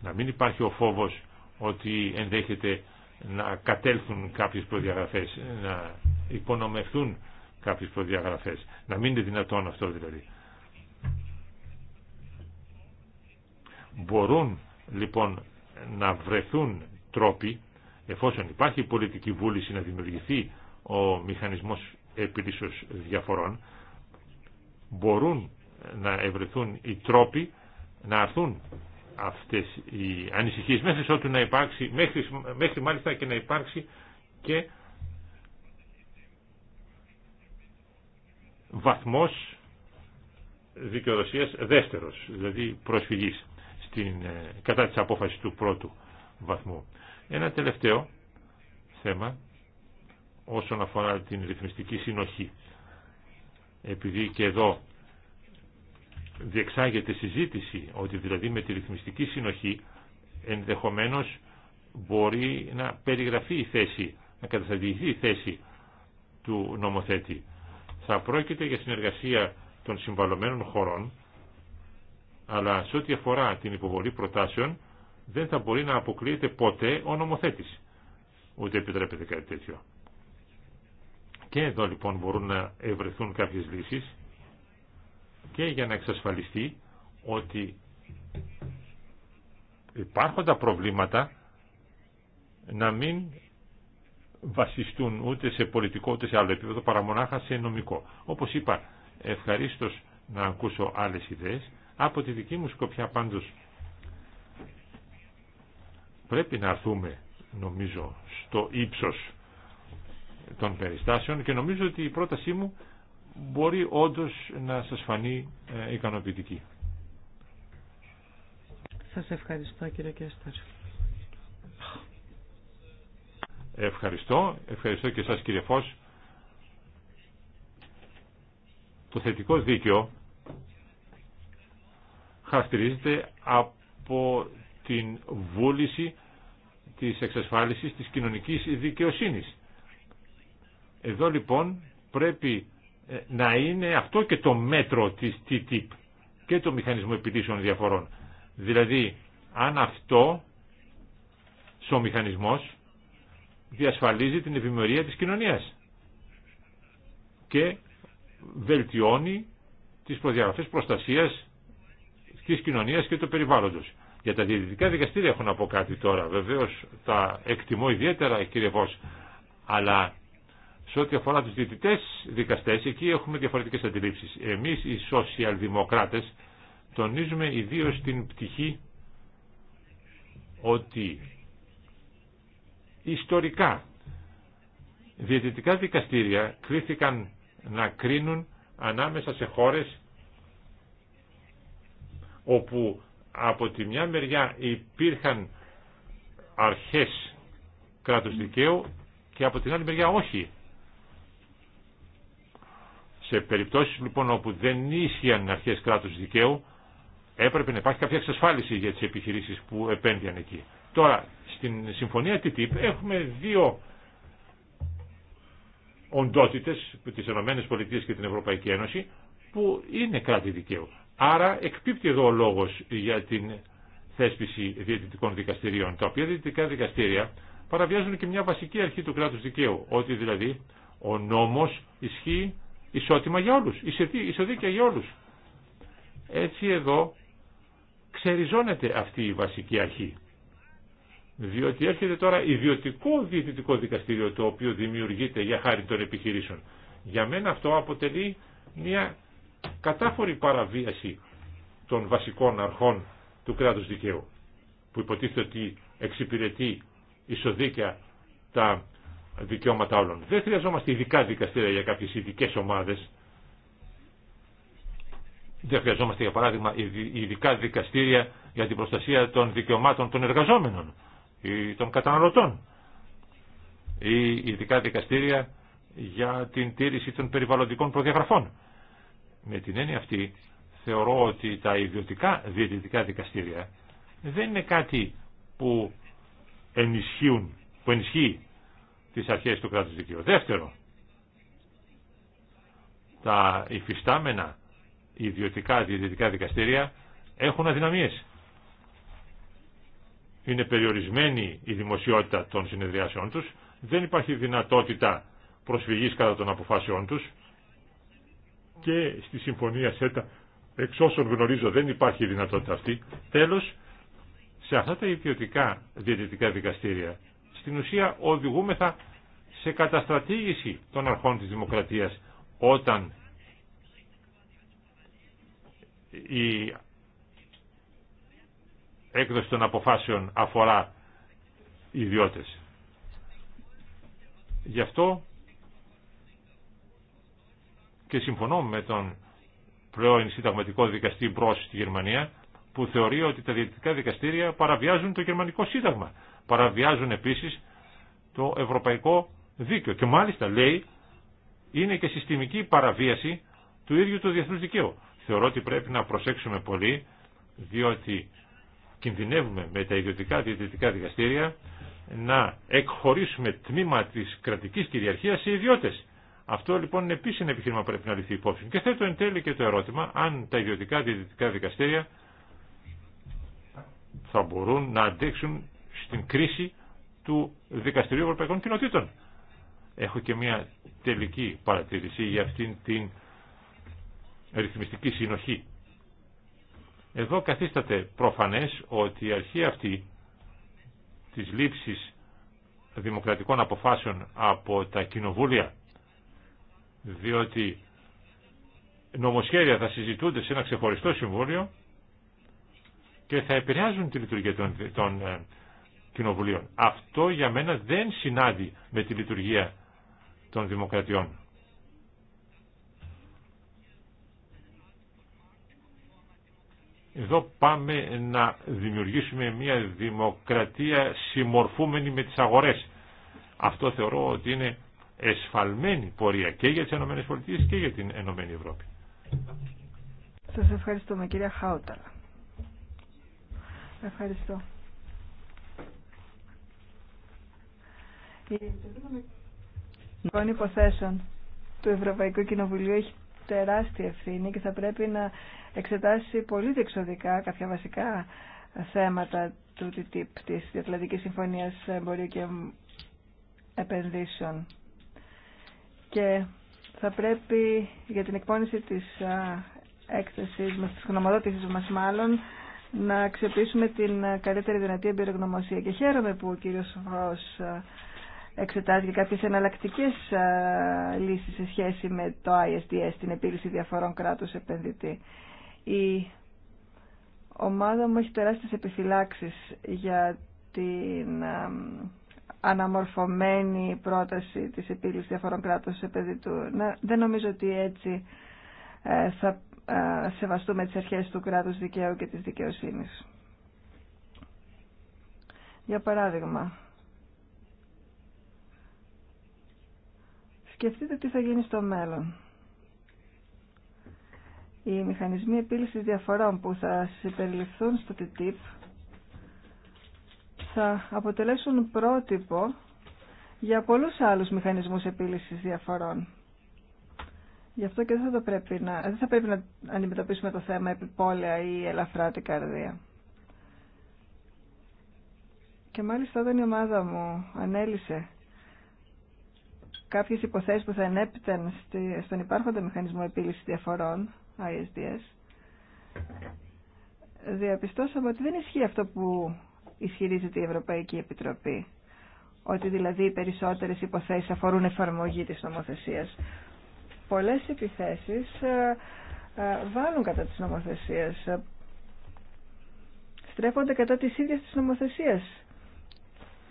Να μην υπάρχει ο φόβος ότι ενδέχεται να κατέλθουν κάποιες προδιαγραφές, να υπονομευθούν κάποιες προδιαγραφές. Να μην είναι δυνατόν αυτό δηλαδή. Μπορούν λοιπόν να βρεθούν τρόποι, εφόσον υπάρχει πολιτική βούληση να δημιουργηθεί ο μηχανισμός επίλυσεως διαφορών, μπορούν να ευρεθούν οι τρόποι να αρθούν αυτές οι ανησυχίες μέχρι ότου να υπάρξει, μέχρι, μέχρι μάλιστα και να υπάρξει και βαθμός δικαιοδοσίας δεύτερος, δηλαδή προσφυγής στην, ε, κατά της απόφασης του πρώτου βαθμού. Ένα τελευταίο θέμα όσον αφορά την ρυθμιστική συνοχή. Επειδή και εδώ διεξάγεται συζήτηση ότι δηλαδή με τη ρυθμιστική συνοχή ενδεχομένως μπορεί να περιγραφεί η θέση, να καταστατηθεί η θέση του νομοθέτη. Θα πρόκειται για συνεργασία των συμβαλωμένων χωρών, αλλά σε ό,τι αφορά την υποβολή προτάσεων δεν θα μπορεί να αποκλείεται ποτέ ο νομοθέτης. Ούτε επιτρέπεται κάτι τέτοιο. Και εδώ λοιπόν μπορούν να ευρεθούν κάποιες λύσεις και για να εξασφαλιστεί ότι τα προβλήματα να μην βασιστούν ούτε σε πολιτικό ούτε σε άλλο επίπεδο παρά μονάχα σε νομικό. Όπως είπα, ευχαριστώ να ακούσω άλλες ιδέες. Από τη δική μου σκοπιά πάντως πρέπει να αρθούμε νομίζω στο ύψος των περιστάσεων και νομίζω ότι η πρότασή μου μπορεί όντως να σας φανεί ε, ικανοποιητική. Σας ευχαριστώ κύριε Κέσταρ. Ευχαριστώ. Ευχαριστώ και σας κύριε Φως. Το θετικό δίκαιο χαρακτηρίζεται από την βούληση της εξασφάλισης της κοινωνικής δικαιοσύνης. Εδώ λοιπόν πρέπει να είναι αυτό και το μέτρο της TTIP και το μηχανισμό επιλύσεων διαφορών. Δηλαδή, αν αυτό ο μηχανισμός διασφαλίζει την ευημερία της κοινωνίας και βελτιώνει τις προδιαγραφές προστασίας της κοινωνίας και του περιβάλλοντος. Για τα διαιτητικά δικαστήρια έχω να πω κάτι τώρα. Βεβαίως τα εκτιμώ ιδιαίτερα κύριε αλλά σε ό,τι αφορά τους διαιτητές δικαστές, εκεί έχουμε διαφορετικές αντιλήψεις. Εμείς οι σοσιαλδημοκράτες τονίζουμε ιδίω την πτυχή ότι ιστορικά διαιτητικά δικαστήρια κρίθηκαν να κρίνουν ανάμεσα σε χώρες όπου από τη μια μεριά υπήρχαν αρχές κράτους δικαίου και από την άλλη μεριά όχι. Σε περιπτώσεις λοιπόν όπου δεν ίσχυαν αρχές κράτους δικαίου έπρεπε να υπάρχει κάποια εξασφάλιση για τις επιχειρήσεις που επένδυαν εκεί. Τώρα, στην συμφωνία TTIP έχουμε δύο οντότητες, τις ΗΠΑ και την Ευρωπαϊκή Ένωση, που είναι κράτη δικαίου. Άρα εκπίπτει εδώ ο λόγος για την θέσπιση διαιτητικών δικαστηρίων, τα οποία διαιτητικά δικαστήρια παραβιάζουν και μια βασική αρχή του κράτους δικαίου, ότι δηλαδή ο νόμος ισχύει Ισότιμα για όλους, Ισοδίκια για όλους. Έτσι εδώ ξεριζώνεται αυτή η βασική αρχή. Διότι έρχεται τώρα ιδιωτικό διαιτητικό δικαστήριο το οποίο δημιουργείται για χάρη των επιχειρήσεων. Για μένα αυτό αποτελεί μια κατάφορη παραβίαση των βασικών αρχών του κράτους δικαίου που υποτίθεται ότι εξυπηρετεί ισοδίκια τα δικαιώματα όλων. Δεν χρειαζόμαστε ειδικά δικαστήρια για κάποιες ειδικέ ομάδες. Δεν χρειαζόμαστε για παράδειγμα ειδικά δικαστήρια για την προστασία των δικαιωμάτων των εργαζόμενων ή των καταναλωτών ή ειδικά δικαστήρια για την τήρηση των περιβαλλοντικών προδιαγραφών. Με την έννοια αυτή θεωρώ ότι τα ιδιωτικά διαιτητικά δικαστήρια δεν είναι κάτι που ενισχύουν, που ενισχύει τις αρχές του κράτους δικαίου. Δεύτερο, τα υφιστάμενα ιδιωτικά διαιτητικά δικαστήρια έχουν αδυναμίες. Είναι περιορισμένη η δημοσιότητα των συνεδριάσεών τους, δεν υπάρχει δυνατότητα προσφυγής κατά των αποφάσεών τους και στη Συμφωνία ΣΕΤΑ εξ όσων γνωρίζω δεν υπάρχει δυνατότητα αυτή. Τέλος, σε αυτά τα ιδιωτικά διαιτητικά δικαστήρια στην ουσία οδηγούμεθα σε καταστρατήγηση των αρχών της δημοκρατίας όταν η έκδοση των αποφάσεων αφορά ιδιώτες. Γι' αυτό και συμφωνώ με τον πρώην συνταγματικό δικαστή Μπρος στη Γερμανία που θεωρεί ότι τα διαιτητικά δικαστήρια παραβιάζουν το γερμανικό σύνταγμα παραβιάζουν επίσης το ευρωπαϊκό δίκαιο. Και μάλιστα λέει είναι και συστημική παραβίαση του ίδιου του διεθνούς δικαίου. Θεωρώ ότι πρέπει να προσέξουμε πολύ διότι κινδυνεύουμε με τα ιδιωτικά διαιτητικά δικαστήρια να εκχωρήσουμε τμήμα της κρατικής κυριαρχίας σε ιδιώτες. Αυτό λοιπόν είναι επίσης ένα επιχείρημα που πρέπει να ληφθεί υπόψη. Και θέτω εν τέλει και το ερώτημα αν τα ιδιωτικά διαιτητικά δικαστήρια θα μπορούν να αντέξουν την κρίση του Δικαστηρίου Ευρωπαϊκών Κοινοτήτων. Έχω και μια τελική παρατήρηση για αυτήν την ρυθμιστική συνοχή. Εδώ καθίσταται προφανές ότι η αρχή αυτή της λήψης δημοκρατικών αποφάσεων από τα κοινοβούλια διότι νομοσχέδια θα συζητούνται σε ένα ξεχωριστό συμβούλιο και θα επηρεάζουν τη λειτουργία των ε, αυτό για μένα δεν συνάδει με τη λειτουργία των δημοκρατιών. Εδώ πάμε να δημιουργήσουμε μια δημοκρατία συμμορφούμενη με τις αγορές. Αυτό θεωρώ ότι είναι εσφαλμένη πορεία και για τις ΗΠΑ και για την Ενωμένη ΕΕ. Ευρώπη. Σας ευχαριστούμε κυρία Χάουταλα. Ευχαριστώ. Η λοιπόν, Επιτροπή Υποθέσεων του Ευρωπαϊκού Κοινοβουλίου έχει τεράστια ευθύνη και θα πρέπει να εξετάσει πολύ διεξοδικά κάποια βασικά θέματα του TTIP, της Διατλαντικής Συμφωνίας Εμπορίου και Επενδύσεων. Και θα πρέπει για την εκπόνηση της έκθεσης μας, της γνωμοδότησης μας μάλλον, να αξιοποιήσουμε την καλύτερη δυνατή εμπειρογνωμοσία. Και χαίρομαι που ο κύριος Βάος εξετάζει και κάποιες εναλλακτικές λύσεις σε σχέση με το ISDS, την επίλυση διαφορών κράτους επενδυτή. Η ομάδα μου έχει τεράστιες επιφυλάξεις για την αναμορφωμένη πρόταση της επίλυσης διαφορών κράτους επενδυτού. Δεν νομίζω ότι έτσι ε, θα σεβαστούμε τις αρχές του κράτους δικαίου και της δικαιοσύνης. Για παράδειγμα, σκεφτείτε τι θα γίνει στο μέλλον. Οι μηχανισμοί επίλυσης διαφορών που θα συμπεριληφθούν στο TTIP θα αποτελέσουν πρότυπο για πολλούς άλλους μηχανισμούς επίλυσης διαφορών. Γι' αυτό και δεν θα, το πρέπει να, δεν θα πρέπει να αντιμετωπίσουμε το θέμα επιπόλαια ή ελαφρά την καρδία. Και μάλιστα όταν η ομάδα μου ανέλησε κάποιες υποθέσεις που θα στη, στον υπάρχοντα μηχανισμό επίλυσης διαφορών, ISDS, διαπιστώσαμε ότι δεν ισχύει αυτό που ισχυρίζεται η Ευρωπαϊκή Επιτροπή. Ότι δηλαδή οι περισσότερες υποθέσεις αφορούν εφαρμογή της νομοθεσίας. Πολλές επιθέσεις ε, ε, βάλουν κατά της νομοθεσίας. Στρέφονται κατά της ίδιας της νομοθεσίας.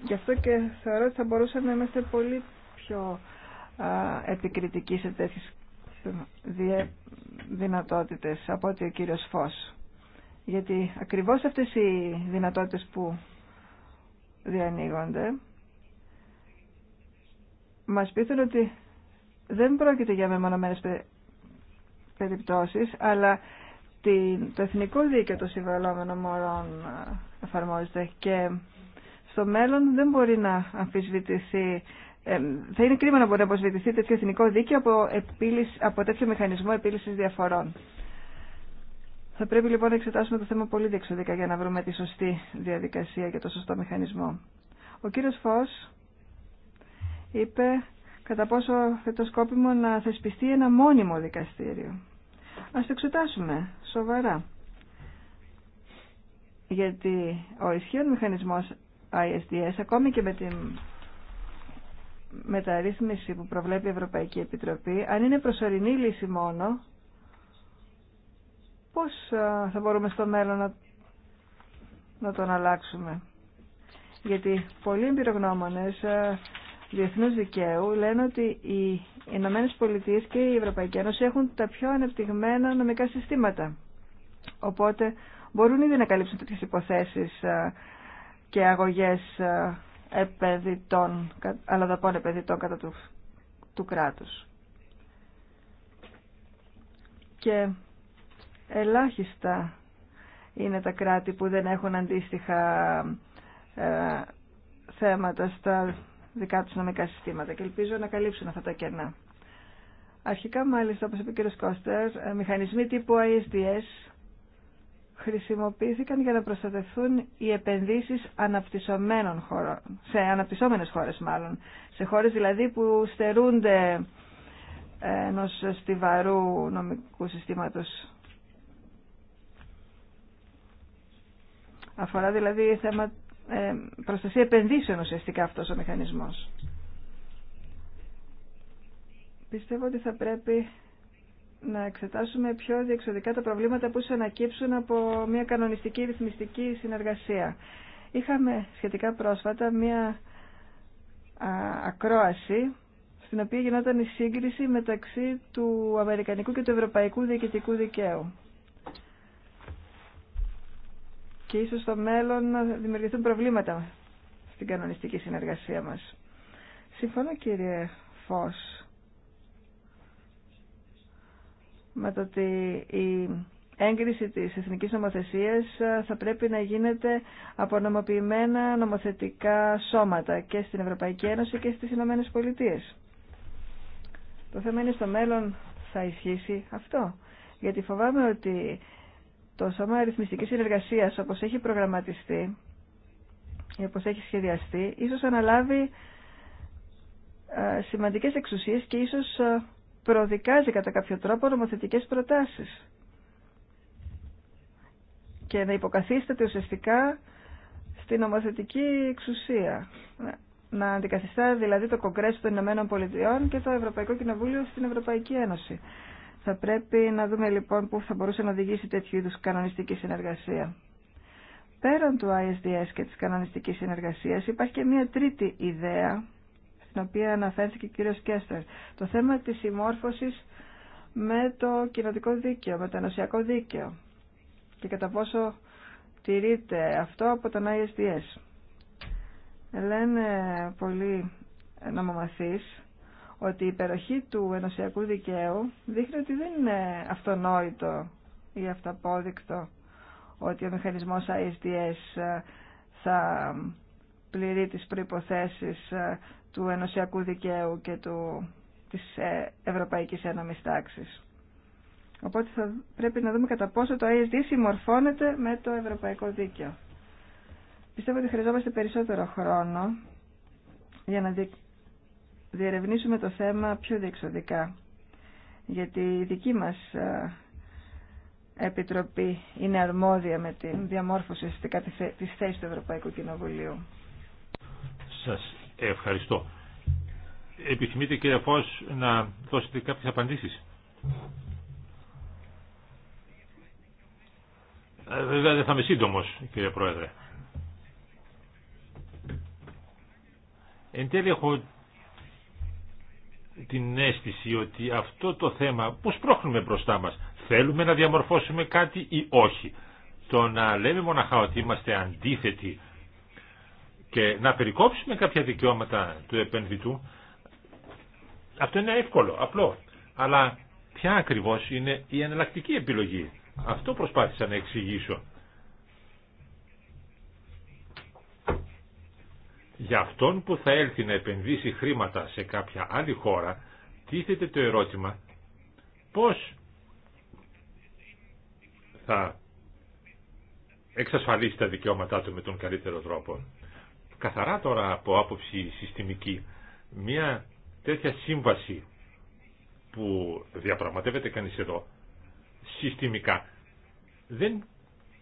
Γι' αυτό και θεωρώ ότι θα μπορούσαμε να είμαστε πολύ πιο επικριτική σε τέτοιες ε, δυνατότητες από ότι ο κύριος Φως. Γιατί ακριβώς αυτές οι δυνατότητες που διανοίγονται μας πείθουν ότι δεν πρόκειται για μεμονωμένες περιπτώσεις, αλλά το εθνικό δίκαιο των συμβαλόμενων μωρών εφαρμόζεται και στο μέλλον δεν μπορεί να αμφισβητηθεί ε, θα είναι κρίμα να μπορεί να αποσβητηθεί τέτοιο εθνικό δίκαιο από, επίλυση, από τέτοιο μηχανισμό επίλυσης διαφορών. Θα πρέπει λοιπόν να εξετάσουμε το θέμα πολύ διεξοδικά για να βρούμε τη σωστή διαδικασία και το σωστό μηχανισμό. Ο κύριος Φως είπε κατά πόσο το σκόπιμο να θεσπιστεί ένα μόνιμο δικαστήριο. Ας το εξετάσουμε σοβαρά. Γιατί ο ισχύων μηχανισμός ISDS, ακόμη και με την μεταρρύθμιση που προβλέπει η Ευρωπαϊκή Επιτροπή, αν είναι προσωρινή λύση μόνο, πώς θα μπορούμε στο μέλλον να, να τον αλλάξουμε. Γιατί πολλοί εμπειρογνώμονες διεθνούς δικαίου λένε ότι οι Ηνωμένε Πολιτείες και η Ευρωπαϊκή Ένωση έχουν τα πιο ανεπτυγμένα νομικά συστήματα. Οπότε μπορούν ήδη να καλύψουν τέτοιες υποθέσεις και αγωγές επαιδητών, αλλαδαπών επενδυτών κατά του, του κράτους. Και ελάχιστα είναι τα κράτη που δεν έχουν αντίστοιχα ε, θέματα στα δικά τους νομικά συστήματα και ελπίζω να καλύψουν αυτά τα κενά. Αρχικά, μάλιστα, όπως είπε ο κ. Κώστερ, μηχανισμοί τύπου ISDS χρησιμοποιήθηκαν για να προστατευτούν οι επενδύσεις αναπτυσσομένων χωρών, σε αναπτυσσόμενες χώρες μάλλον, σε χώρες δηλαδή που στερούνται ενός στιβαρού νομικού συστήματος. Αφορά δηλαδή θέμα ε, προστασία επενδύσεων ουσιαστικά αυτός ο μηχανισμός. Πιστεύω ότι θα πρέπει να εξετάσουμε πιο διεξοδικά τα προβλήματα που ανακύψουν από μια κανονιστική ρυθμιστική συνεργασία. Είχαμε σχετικά πρόσφατα μια ακρόαση στην οποία γινόταν η σύγκριση μεταξύ του Αμερικανικού και του Ευρωπαϊκού Διοικητικού Δικαίου. Και ίσως στο μέλλον να δημιουργηθούν προβλήματα στην κανονιστική συνεργασία μας. Συμφωνώ κύριε Φως με το ότι η έγκριση της εθνικής νομοθεσίας ε, θα πρέπει να γίνεται από νομοποιημένα νομοθετικά σώματα και στην Ευρωπαϊκή Ένωση και στις Ηνωμένε Πολιτείες. Το θέμα είναι στο μέλλον θα ισχύσει αυτό. Γιατί φοβάμαι ότι το Σώμα Αριθμιστικής Συνεργασίας όπως έχει προγραμματιστεί ή όπως έχει σχεδιαστεί ίσως αναλάβει ε, σημαντικές εξουσίες και ίσως ε, προδικάζει κατά κάποιο τρόπο νομοθετικές προτάσεις και να υποκαθίσταται ουσιαστικά στην νομοθετική εξουσία. Να αντικαθιστά δηλαδή το Κογκρέσιο των Ηνωμένων Πολιτειών και το Ευρωπαϊκό Κοινοβούλιο στην Ευρωπαϊκή Ένωση. Θα πρέπει να δούμε λοιπόν πού θα μπορούσε να οδηγήσει τέτοιου είδους κανονιστική συνεργασία. Πέραν του ISDS και της κανονιστικής συνεργασίας υπάρχει και μια τρίτη ιδέα στην οποία αναφέρθηκε ο κύριος Κέστερ. Το θέμα της συμμόρφωσης με το κοινοτικό δίκαιο, με το ενωσιακό δίκαιο και κατά πόσο τηρείται αυτό από τον ISDS. Λένε πολλοί νομομαθείς ότι η υπεροχή του ενωσιακού δικαίου δείχνει ότι δεν είναι αυτονόητο ή αυταπόδεικτο ότι ο μηχανισμός ISDS ε, θα πληρεί τις προϋποθέσεις ε, του ενωσιακού δικαίου και του, της ε, Ευρωπαϊκής Ένωμης Τάξης. Οπότε θα πρέπει να δούμε κατά πόσο το ISD συμμορφώνεται με το Ευρωπαϊκό Δίκαιο. Πιστεύω ότι χρειαζόμαστε περισσότερο χρόνο για να διερευνήσουμε το θέμα πιο διεξοδικά. Γιατί η δική μας ε, Επιτροπή είναι αρμόδια με τη διαμόρφωση της θέσης του Ευρωπαϊκού Κοινοβουλίου. Σας Ευχαριστώ. Επιθυμείτε κύριε Φως να δώσετε κάποιες απαντήσεις. Ε, βέβαια δεν θα είμαι σύντομο, κύριε Πρόεδρε. Εν τέλει έχω την αίσθηση ότι αυτό το θέμα πώς πρόχνουμε μπροστά μας. Θέλουμε να διαμορφώσουμε κάτι ή όχι. Το να λέμε μοναχά ότι είμαστε αντίθετοι και να περικόψουμε κάποια δικαιώματα του επενδυτού, αυτό είναι εύκολο, απλό. Αλλά ποια ακριβώς είναι η εναλλακτική επιλογή. Αυτό προσπάθησα να εξηγήσω. Για αυτόν που θα έλθει να επενδύσει χρήματα σε κάποια άλλη χώρα, τίθεται το ερώτημα πώς θα εξασφαλίσει τα δικαιώματά του με τον καλύτερο τρόπο. Καθαρά τώρα από άποψη συστημική, μια τέτοια σύμβαση που διαπραγματεύεται κανείς εδώ, συστημικά, δεν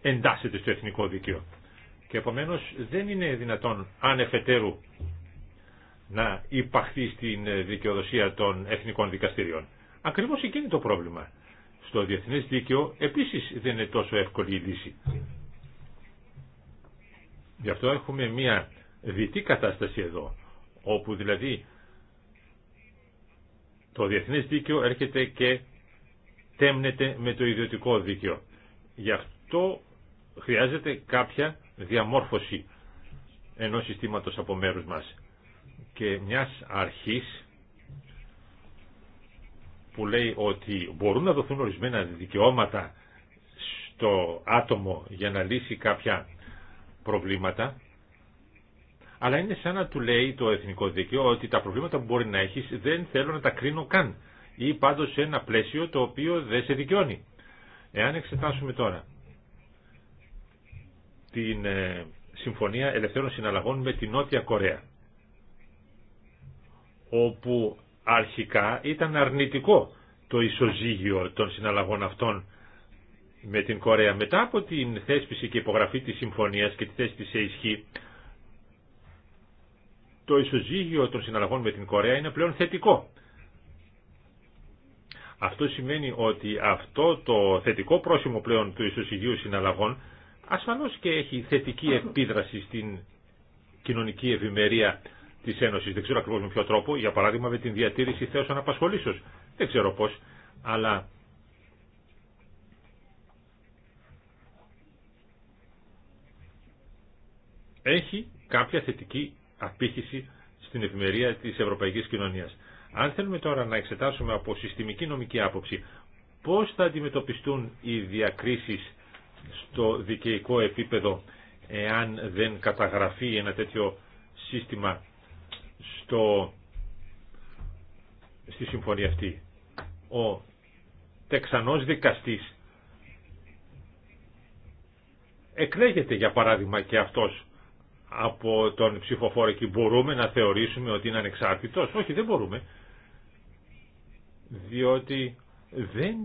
εντάσσεται στο εθνικό δίκαιο. Και επομένως δεν είναι δυνατόν ανεφετέρου να υπαχθεί στην δικαιοδοσία των εθνικών δικαστηριών. Ακριβώς εκεί είναι το πρόβλημα. Στο διεθνές δίκαιο επίσης δεν είναι τόσο εύκολη η λύση. Γι' αυτό έχουμε μια δυτή κατάσταση εδώ, όπου δηλαδή το διεθνές δίκαιο έρχεται και τέμνεται με το ιδιωτικό δίκαιο. Γι' αυτό χρειάζεται κάποια διαμόρφωση ενός συστήματος από μέρους μας και μιας αρχής που λέει ότι μπορούν να δοθούν ορισμένα δικαιώματα στο άτομο για να λύσει κάποια προβλήματα αλλά είναι σαν να του λέει το εθνικό δίκαιο ότι τα προβλήματα που μπορεί να έχει δεν θέλω να τα κρίνω καν ή πάντω σε ένα πλαίσιο το οποίο δεν σε δικαιώνει. Εάν εξετάσουμε τώρα την ε, Συμφωνία Ελευθέρων Συναλλαγών με την Νότια Κορέα όπου αρχικά ήταν αρνητικό το ισοζύγιο των συναλλαγών αυτών με την Κορέα. Μετά από την θέσπιση και υπογραφή της συμφωνίας και τη θέση της σε ισχύ, το ισοζύγιο των συναλλαγών με την Κορέα είναι πλέον θετικό. Αυτό σημαίνει ότι αυτό το θετικό πρόσημο πλέον του ισοζυγίου συναλλαγών ασφαλώς και έχει θετική επίδραση στην κοινωνική ευημερία της Ένωσης. Δεν ξέρω ακριβώς με ποιο τρόπο, για παράδειγμα με την διατήρηση θέω απασχολήσω. Δεν ξέρω πώς, αλλά έχει κάποια θετική απήχηση στην ευημερία της ευρωπαϊκής κοινωνίας. Αν θέλουμε τώρα να εξετάσουμε από συστημική νομική άποψη πώς θα αντιμετωπιστούν οι διακρίσεις στο δικαιικό επίπεδο εάν δεν καταγραφεί ένα τέτοιο σύστημα στο, στη συμφωνία αυτή. Ο τεξανός δικαστής εκλέγεται για παράδειγμα και αυτός από τον ψηφοφόρο και μπορούμε να θεωρήσουμε ότι είναι ανεξάρτητος. Όχι, δεν μπορούμε. Διότι δεν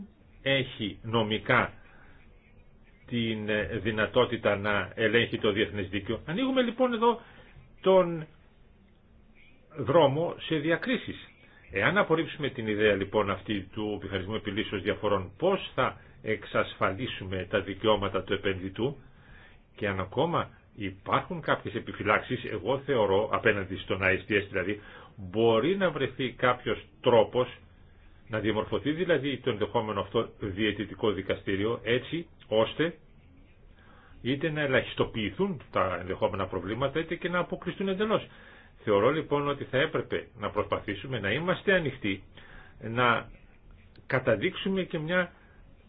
έχει νομικά την δυνατότητα να ελέγχει το διεθνές δίκαιο. Ανοίγουμε λοιπόν εδώ τον δρόμο σε διακρίσεις. Εάν απορρίψουμε την ιδέα λοιπόν αυτή του πιχαρισμού επιλύσεως διαφορών, πώς θα εξασφαλίσουμε τα δικαιώματα του επενδυτού και αν ακόμα Υπάρχουν κάποιες επιφυλάξεις, εγώ θεωρώ, απέναντι στον ISDS δηλαδή, μπορεί να βρεθεί κάποιος τρόπος να διαμορφωθεί δηλαδή το ενδεχόμενο αυτό διαιτητικό δικαστήριο έτσι ώστε είτε να ελαχιστοποιηθούν τα ενδεχόμενα προβλήματα είτε και να αποκλειστούν εντελώς. Θεωρώ λοιπόν ότι θα έπρεπε να προσπαθήσουμε να είμαστε ανοιχτοί, να καταδείξουμε και μια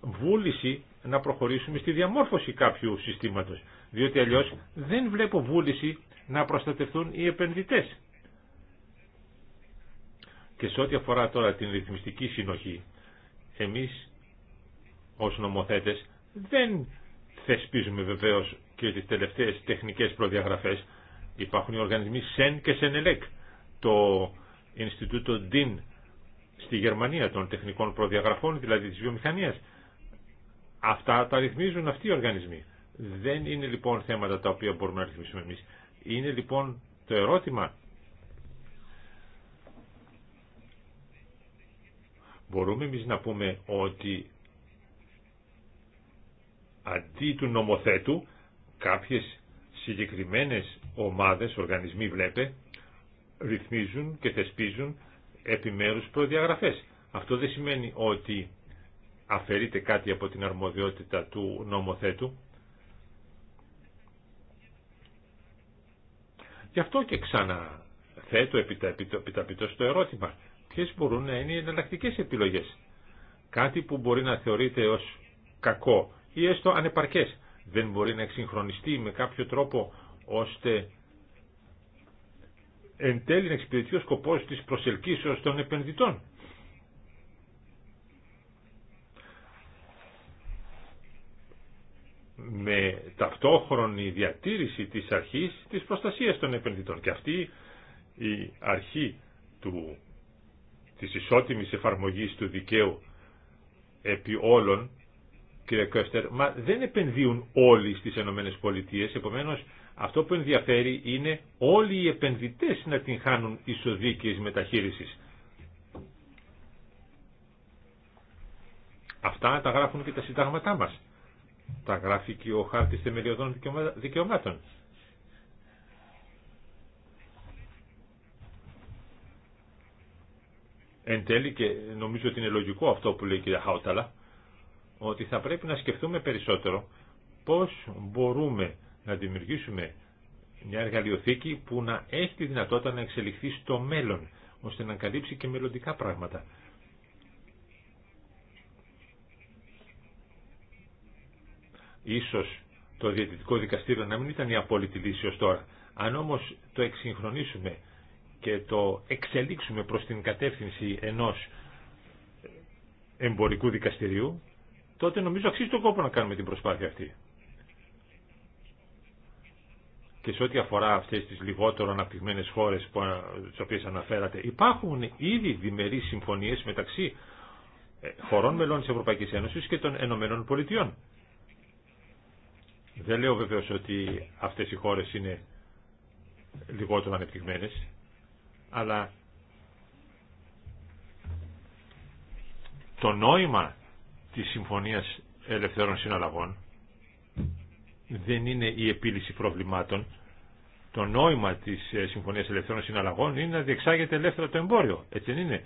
βούληση να προχωρήσουμε στη διαμόρφωση κάποιου συστήματος διότι αλλιώς δεν βλέπω βούληση να προστατευτούν οι επενδυτές. Και σε ό,τι αφορά τώρα την ρυθμιστική συνοχή, εμείς ως νομοθέτες δεν θεσπίζουμε βεβαίως και τις τελευταίες τεχνικές προδιαγραφές. Υπάρχουν οι οργανισμοί ΣΕΝ και ΣΕΝΕΛΕΚ, το Ινστιτούτο DIN στη Γερμανία των τεχνικών προδιαγραφών, δηλαδή της βιομηχανίας. Αυτά τα ρυθμίζουν αυτοί οι οργανισμοί. Δεν είναι λοιπόν θέματα τα οποία μπορούμε να ρυθμίσουμε εμείς. Είναι λοιπόν το ερώτημα. Μπορούμε εμείς να πούμε ότι αντί του νομοθέτου κάποιες συγκεκριμένες ομάδες, οργανισμοί βλέπε, ρυθμίζουν και θεσπίζουν επιμέρους προδιαγραφές. Αυτό δεν σημαίνει ότι αφαιρείται κάτι από την αρμοδιότητα του νομοθέτου. Γι' αυτό και ξαναθέτω επιταπητώ το ερώτημα. Ποιες μπορούν να είναι οι εναλλακτικέ επιλογές. Κάτι που μπορεί να θεωρείται ως κακό ή έστω ανεπαρκές. Δεν μπορεί να εξυγχρονιστεί με κάποιο τρόπο ώστε εν τέλει να εξυπηρετεί ο σκοπός της προσελκύσεως των επενδυτών. με ταυτόχρονη διατήρηση της αρχής της προστασίας των επενδυτών. Και αυτή η αρχή του, της ισότιμης εφαρμογής του δικαίου επί όλων, κύριε Κέστερ μα δεν επενδύουν όλοι στις Ηνωμένες Πολιτείες, επομένως αυτό που ενδιαφέρει είναι όλοι οι επενδυτές να την χάνουν ισοδίκης μεταχείρισης. Αυτά τα γράφουν και τα συντάγματά μας. Τα γράφει και ο χάρτης θεμελιωδών δικαιωμάτων. Εν τέλει και νομίζω ότι είναι λογικό αυτό που λέει η κυρία Χάουταλα, ότι θα πρέπει να σκεφτούμε περισσότερο πώς μπορούμε να δημιουργήσουμε μια εργαλειοθήκη που να έχει τη δυνατότητα να εξελιχθεί στο μέλλον, ώστε να καλύψει και μελλοντικά πράγματα. Ίσως το διαιτητικό δικαστήριο να μην ήταν η απόλυτη λύση ως τώρα. Αν όμως το εξυγχρονίσουμε και το εξελίξουμε προς την κατεύθυνση ενός εμπορικού δικαστηρίου, τότε νομίζω αξίζει τον κόπο να κάνουμε την προσπάθεια αυτή. Και σε ό,τι αφορά αυτές τις λιγότερο αναπτυγμένες χώρες που, τις οποίες αναφέρατε, υπάρχουν ήδη διμερείς συμφωνίες μεταξύ ε, χωρών μελών της Ευρωπαϊκής Ένωσης και των Ενωμένων Πολιτειών. Δεν λέω βεβαίω ότι αυτές οι χώρες είναι λιγότερο ανεπτυγμένε, αλλά το νόημα της Συμφωνίας Ελευθερών Συναλλαγών δεν είναι η επίλυση προβλημάτων. Το νόημα της ε, Συμφωνίας Ελευθερών Συναλλαγών είναι να διεξάγεται ελεύθερα το εμπόριο. Έτσι δεν είναι.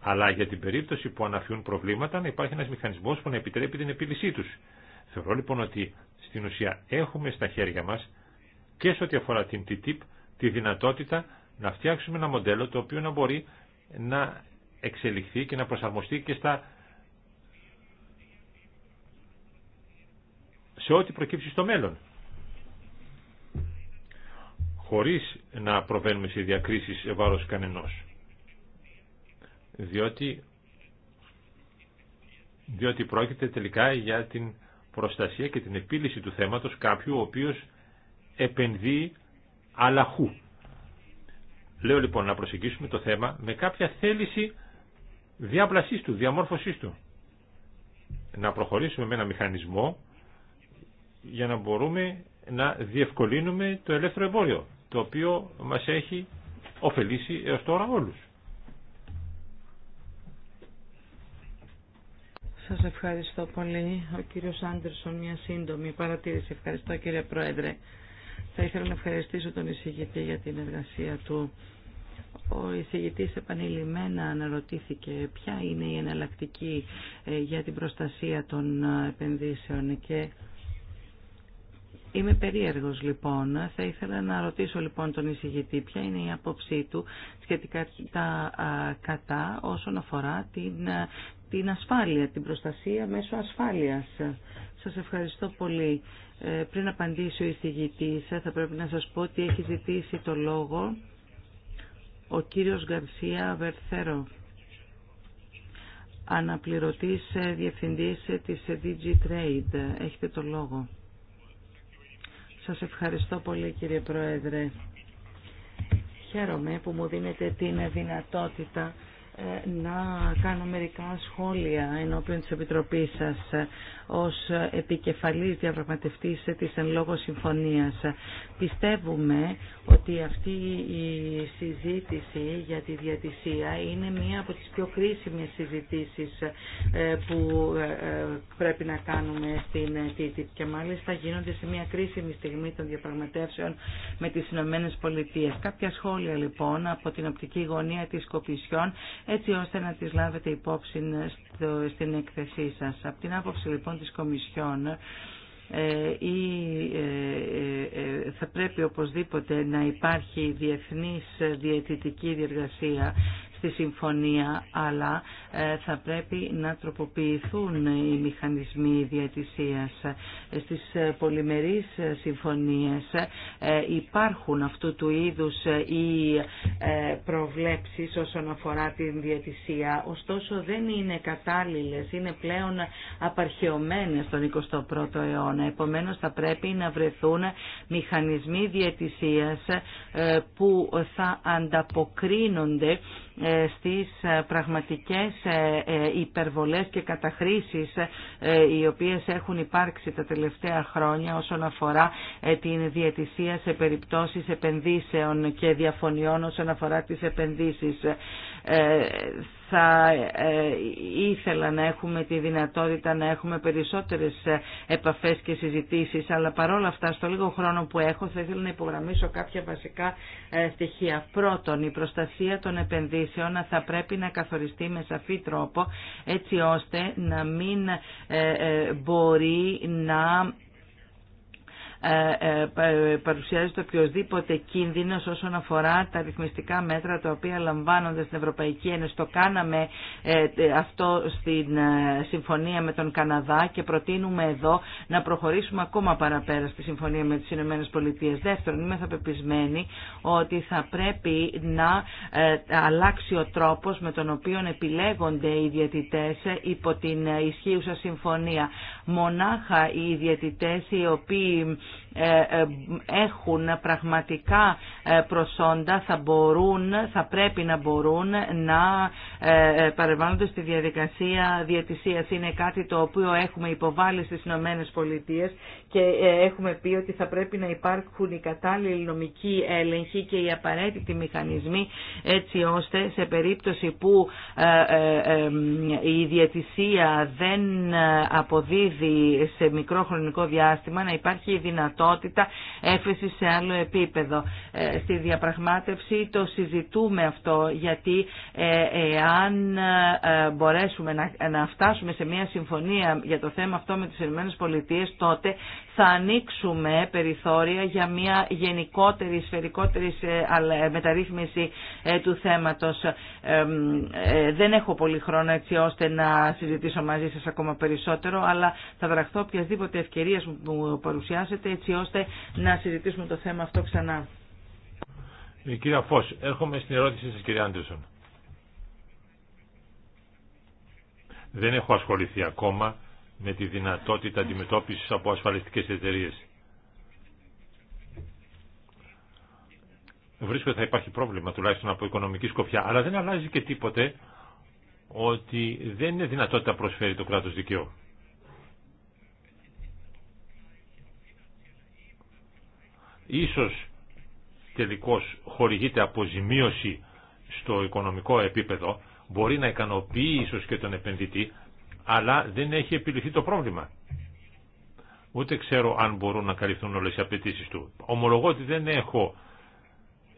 Αλλά για την περίπτωση που αναφιούν προβλήματα να υπάρχει ένα μηχανισμό που να επιτρέπει την επίλυσή του. Θεωρώ λοιπόν ότι στην ουσία έχουμε στα χέρια μας και σε ό,τι αφορά την TTIP τη δυνατότητα να φτιάξουμε ένα μοντέλο το οποίο να μπορεί να εξελιχθεί και να προσαρμοστεί και στα σε ό,τι προκύψει στο μέλλον. Χωρίς να προβαίνουμε σε διακρίσεις βάρος κανενός. Διότι, διότι πρόκειται τελικά για την προστασία και την επίλυση του θέματος κάποιου ο οποίος επενδύει αλαχού. Λέω λοιπόν να προσεγγίσουμε το θέμα με κάποια θέληση διάπλασής του, διαμόρφωσής του. Να προχωρήσουμε με ένα μηχανισμό για να μπορούμε να διευκολύνουμε το ελεύθερο εμπόριο, το οποίο μας έχει ωφελήσει έως τώρα όλους. Σας ευχαριστώ πολύ. Ο κύριος Άντερσον, μια σύντομη παρατήρηση. Ευχαριστώ κύριε Πρόεδρε. Θα ήθελα να ευχαριστήσω τον εισηγητή για την εργασία του. Ο εισηγητής επανειλημμένα αναρωτήθηκε ποια είναι η εναλλακτική ε, για την προστασία των ε, επενδύσεων και Είμαι περίεργος λοιπόν. Θα ήθελα να ρωτήσω λοιπόν τον εισηγητή ποια είναι η άποψή του σχετικά τα κατά όσον αφορά την ε, την ασφάλεια, την προστασία μέσω ασφάλειας. Σας ευχαριστώ πολύ. Ε, πριν απαντήσει ο εισηγητής, ε, θα πρέπει να σας πω ότι έχει ζητήσει το λόγο ο κύριος Γκαρσία Βερθέρο, αναπληρωτής ε, διευθυντής της DG Trade. Έχετε το λόγο. Σας ευχαριστώ πολύ κύριε Πρόεδρε. Χαίρομαι που μου δίνετε την δυνατότητα ε, να κάνω μερικά σχόλια ενώπιον της Επιτροπής σας ε, ως επικεφαλής διαπραγματευτής της εν λόγω συμφωνίας. Πιστεύουμε ότι αυτή η συζήτηση για τη διατησία είναι μία από τις πιο κρίσιμες συζητήσεις ε, που πρέπει να κάνουμε στην TTIP και μάλιστα γίνονται σε μία κρίσιμη στιγμή των διαπραγματεύσεων με τις Ηνωμένες Πολιτείες. Κάποια σχόλια λοιπόν από την οπτική γωνία της Κοπησιών έτσι ώστε να τις λάβετε υπόψη στην έκθεσή σας. Από την άποψη λοιπόν της Κομισιόν, ή ε, ε, ε, θα πρέπει οπωσδήποτε να υπάρχει διεθνής διαιτητική διεργασία στη συμφωνία, αλλά ε, θα πρέπει να τροποποιηθούν οι μηχανισμοί διατησίας. Στις ε, πολυμερείς ε, συμφωνίες υπάρχουν αυτού του είδους οι προβλέψεις όσον αφορά την διατησία, ωστόσο δεν είναι κατάλληλες, είναι πλέον απαρχαιωμένες στον 21ο αιώνα. Επομένως θα πρέπει να βρεθούν μηχανισμοί διατησίας που θα ανταποκρίνονται ε, στις ε, πραγματικές ε, υπερβολές και καταχρήσεις οι οποίες έχουν υπάρξει τα τελευταία χρόνια όσον αφορά την διαιτησία σε περιπτώσεις επενδύσεων και διαφωνιών όσον αφορά τις επενδύσεις θα ε, ήθελα να έχουμε τη δυνατότητα να έχουμε περισσότερες ε, επαφές και συζητήσεις, αλλά παρόλα αυτά στο λίγο χρόνο που έχω θα ήθελα να υπογραμμίσω κάποια βασικά ε, στοιχεία. Πρώτον, η προστασία των επενδύσεων θα πρέπει να καθοριστεί με σαφή τρόπο έτσι ώστε να μην μπορεί να ε, ε, ε, παρουσιάζεται οποιοδήποτε κίνδυνο όσον αφορά τα ρυθμιστικά μέτρα τα οποία λαμβάνονται στην Ευρωπαϊκή Ένωση. Το κάναμε αυτό στην συμφωνία με τον Καναδά και προτείνουμε εδώ να προχωρήσουμε ακόμα παραπέρα στη συμφωνία με τις ΗΠΑ Δεύτερον, είμαι θα ότι θα πρέπει να αλλάξει ο τρόπος με τον οποίο επιλέγονται οι διαιτητές υπό την ισχύουσα συμφωνία μονάχα οι διαιτητές οι οποίοι ε, ε, έχουν πραγματικά ε, προσόντα θα μπορούν, θα πρέπει να μπορούν να παρεμβάνονται στη διαδικασία διατησίας. Είναι κάτι το οποίο έχουμε υποβάλει στις Ηνωμένες Πολιτείες και έχουμε πει ότι θα πρέπει να υπάρχουν οι κατάλληλοι νομικοί έλεγχοι και οι απαραίτητοι μηχανισμοί έτσι ώστε σε περίπτωση που η διατησία δεν αποδίδει σε μικρό χρονικό διάστημα να υπάρχει έφεση σε άλλο επίπεδο. Ε, στη διαπραγμάτευση το συζητούμε αυτό γιατί αν ε, ε, μπορέσουμε να φτάσουμε σε μια συμφωνία για το θέμα αυτό με τις ΗΠΑ τότε θα ανοίξουμε περιθώρια για μια γενικότερη, σφαιρικότερη μεταρρύθμιση του θέματος. Δεν έχω πολύ χρόνο έτσι ώστε να συζητήσω μαζί σας ακόμα περισσότερο, αλλά θα δραχθώ οποιασδήποτε ευκαιρία που μου παρουσιάσετε έτσι ώστε να συζητήσουμε το θέμα αυτό ξανά. Κύριε κυρία Φως, έρχομαι στην ερώτηση σας κυρία Άντερσον. Δεν έχω ασχοληθεί ακόμα με τη δυνατότητα αντιμετώπιση από ασφαλιστικές εταιρείε. Βρίσκω ότι θα υπάρχει πρόβλημα τουλάχιστον από οικονομική σκοπιά, αλλά δεν αλλάζει και τίποτε ότι δεν είναι δυνατότητα προσφέρει το κράτο δικαίου. Ίσως τελικώς χορηγείται αποζημίωση στο οικονομικό επίπεδο, μπορεί να ικανοποιεί ίσως και τον επενδυτή, αλλά δεν έχει επιληθεί το πρόβλημα. Ούτε ξέρω αν μπορούν να καλυφθούν όλες οι απαιτήσει του. Ομολογώ ότι δεν έχω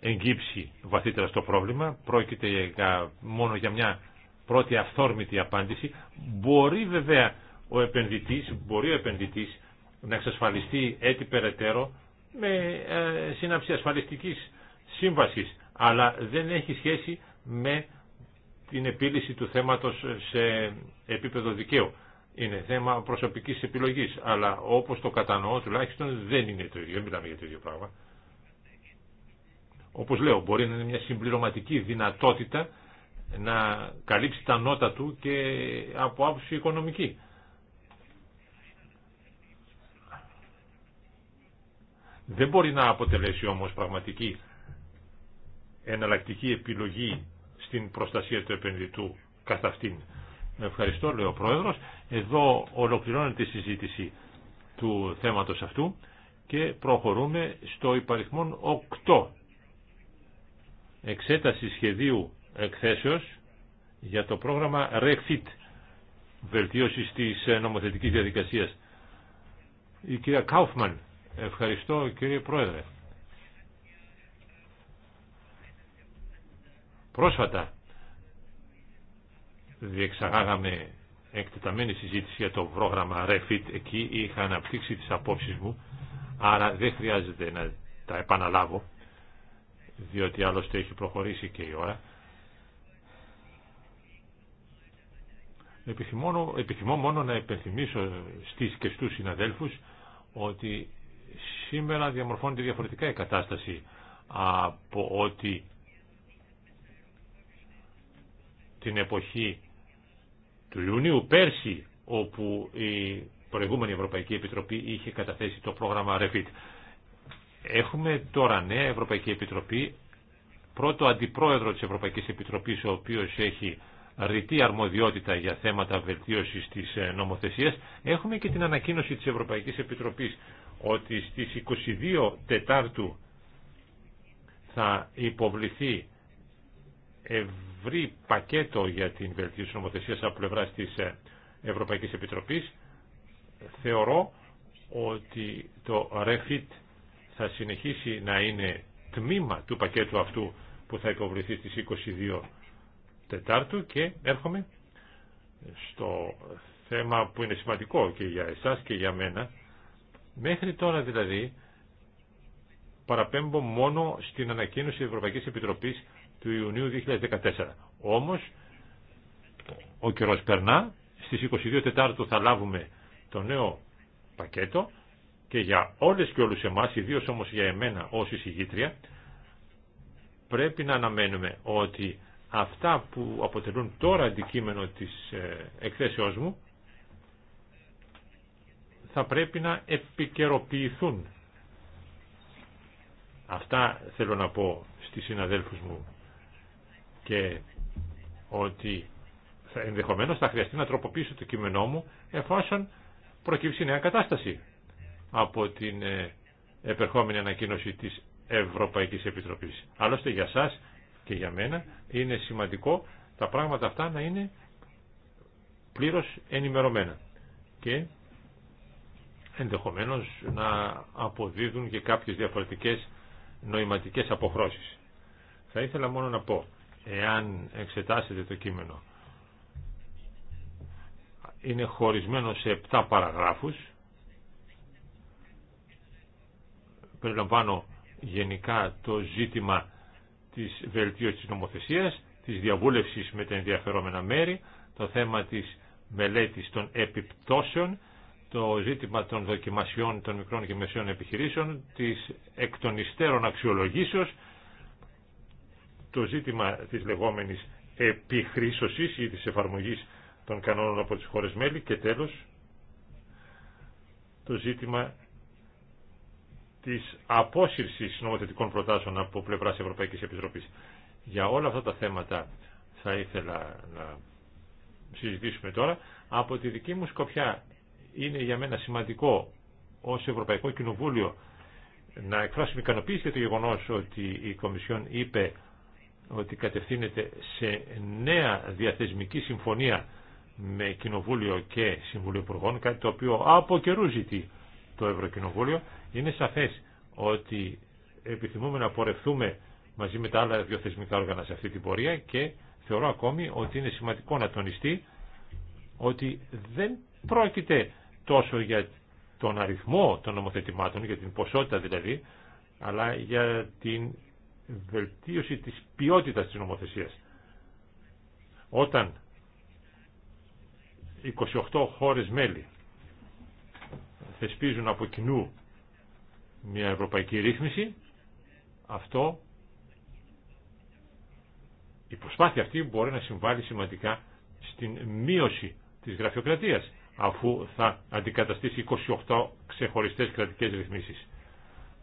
εγκύψει βαθύτερα στο πρόβλημα, πρόκειται για, μόνο για μια πρώτη αυθόρμητη απάντηση. Μπορεί βέβαια ο επενδυτής, μπορεί ο επενδυτής να εξασφαλιστεί έτσι περαιτέρω με ε, σύναψη ασφαλιστικής σύμβασης, αλλά δεν έχει σχέση με την επίλυση του θέματος σε επίπεδο δικαίου. Είναι θέμα προσωπικής επιλογής, αλλά όπως το κατανοώ τουλάχιστον δεν είναι το ίδιο, δεν μιλάμε για το ίδιο πράγμα. Όπως λέω, μπορεί να είναι μια συμπληρωματική δυνατότητα να καλύψει τα νότα του και από άποψη οικονομική. Δεν μπορεί να αποτελέσει όμως πραγματική εναλλακτική επιλογή στην προστασία του επενδυτού καθ' αυτήν. Ευχαριστώ, λέει ο Πρόεδρος. Εδώ ολοκληρώνεται η συζήτηση του θέματος αυτού και προχωρούμε στο υπαριθμόν 8. Εξέταση σχεδίου εκθέσεως για το πρόγραμμα REFIT, βελτίωση της νομοθετικής διαδικασίας. Η κυρία Κάουφμαν Ευχαριστώ κύριε Πρόεδρε. Πρόσφατα διεξαγάγαμε εκτεταμένη συζήτηση για το πρόγραμμα REFIT. Εκεί είχα αναπτύξει τις απόψεις μου, άρα δεν χρειάζεται να τα επαναλάβω, διότι άλλωστε έχει προχωρήσει και η ώρα. Επιθυμώ, μόνο να επενθυμίσω στις και στους συναδέλφους ότι σήμερα διαμορφώνεται διαφορετικά η κατάσταση από ότι την εποχή του Ιουνίου πέρσι όπου η προηγούμενη Ευρωπαϊκή Επιτροπή είχε καταθέσει το πρόγραμμα REFIT. Έχουμε τώρα νέα Ευρωπαϊκή Επιτροπή, πρώτο αντιπρόεδρο της Ευρωπαϊκής Επιτροπής ο οποίος έχει ρητή αρμοδιότητα για θέματα βελτίωσης της ε, νομοθεσίας. Έχουμε και την ανακοίνωση της Ευρωπαϊκής Επιτροπής ότι στις 22 Τετάρτου θα υποβληθεί ευρύ πακέτο για την βελτίωση νομοθεσία από πλευρά τη ε, Ευρωπαϊκή Επιτροπή. Θεωρώ ότι το REFIT θα συνεχίσει να είναι τμήμα του πακέτου αυτού που θα υποβληθεί στις 22 Τετάρτου και έρχομαι στο θέμα που είναι σημαντικό και για εσάς και για μένα Μέχρι τώρα δηλαδή παραπέμπω μόνο στην ανακοίνωση Ευρωπαϊκής Επιτροπής του Ιουνίου 2014. Όμως ο καιρός περνά, στις 22 Τετάρτου θα λάβουμε το νέο πακέτο και για όλες και όλους εμάς, ιδίως όμως για εμένα ως εισηγήτρια, πρέπει να αναμένουμε ότι αυτά που αποτελούν τώρα αντικείμενο της ε, εκθέσεώς μου θα πρέπει να επικαιροποιηθούν. Αυτά θέλω να πω στις συναδέλφους μου και ότι ενδεχομένως θα χρειαστεί να τροποποιήσω το κείμενό μου εφόσον προκύψει νέα κατάσταση από την ε, επερχόμενη ανακοίνωση της Ευρωπαϊκής Επιτροπής. Άλλωστε για σας και για μένα είναι σημαντικό τα πράγματα αυτά να είναι πλήρως ενημερωμένα. Και ενδεχομένως να αποδίδουν και κάποιες διαφορετικές νοηματικές αποχρώσεις. Θα ήθελα μόνο να πω, εάν εξετάσετε το κείμενο, είναι χωρισμένο σε 7 παραγράφους, περιλαμβάνω γενικά το ζήτημα της βελτίωσης της νομοθεσίας, της διαβούλευσης με τα ενδιαφερόμενα μέρη, το θέμα της μελέτης των επιπτώσεων, το ζήτημα των δοκιμασιών των μικρών και μεσαίων επιχειρήσεων, της εκτονιστέρων αξιολογήσεως, το ζήτημα της λεγόμενης επιχρήσωσης ή της εφαρμογής των κανόνων από τις χώρες μέλη και τέλος το ζήτημα της απόσυρσης νομοθετικών προτάσεων από πλευράς Ευρωπαϊκής Επιτροπής. Για όλα αυτά τα θέματα θα ήθελα να συζητήσουμε τώρα. Από τη δική μου σκοπιά είναι για μένα σημαντικό ως Ευρωπαϊκό Κοινοβούλιο να εκφράσουμε ικανοποίηση για το γεγονός ότι η Κομισιόν είπε ότι κατευθύνεται σε νέα διαθεσμική συμφωνία με Κοινοβούλιο και Συμβούλιο Υπουργών, κάτι το οποίο από καιρού ζητεί το Ευρωκοινοβούλιο. Είναι σαφές ότι επιθυμούμε να πορευθούμε μαζί με τα άλλα θεσμικά όργανα σε αυτή την πορεία και θεωρώ ακόμη ότι είναι σημαντικό να τονιστεί ότι δεν πρόκειται τόσο για τον αριθμό των νομοθετημάτων, για την ποσότητα δηλαδή, αλλά για την βελτίωση της ποιότητας της νομοθεσίας. Όταν 28 χώρες μέλη θεσπίζουν από κοινού μια ευρωπαϊκή ρύθμιση, αυτό, η προσπάθεια αυτή μπορεί να συμβάλλει σημαντικά στην μείωση της γραφειοκρατίας αφού θα αντικαταστήσει 28 ξεχωριστές κρατικές ρυθμίσεις.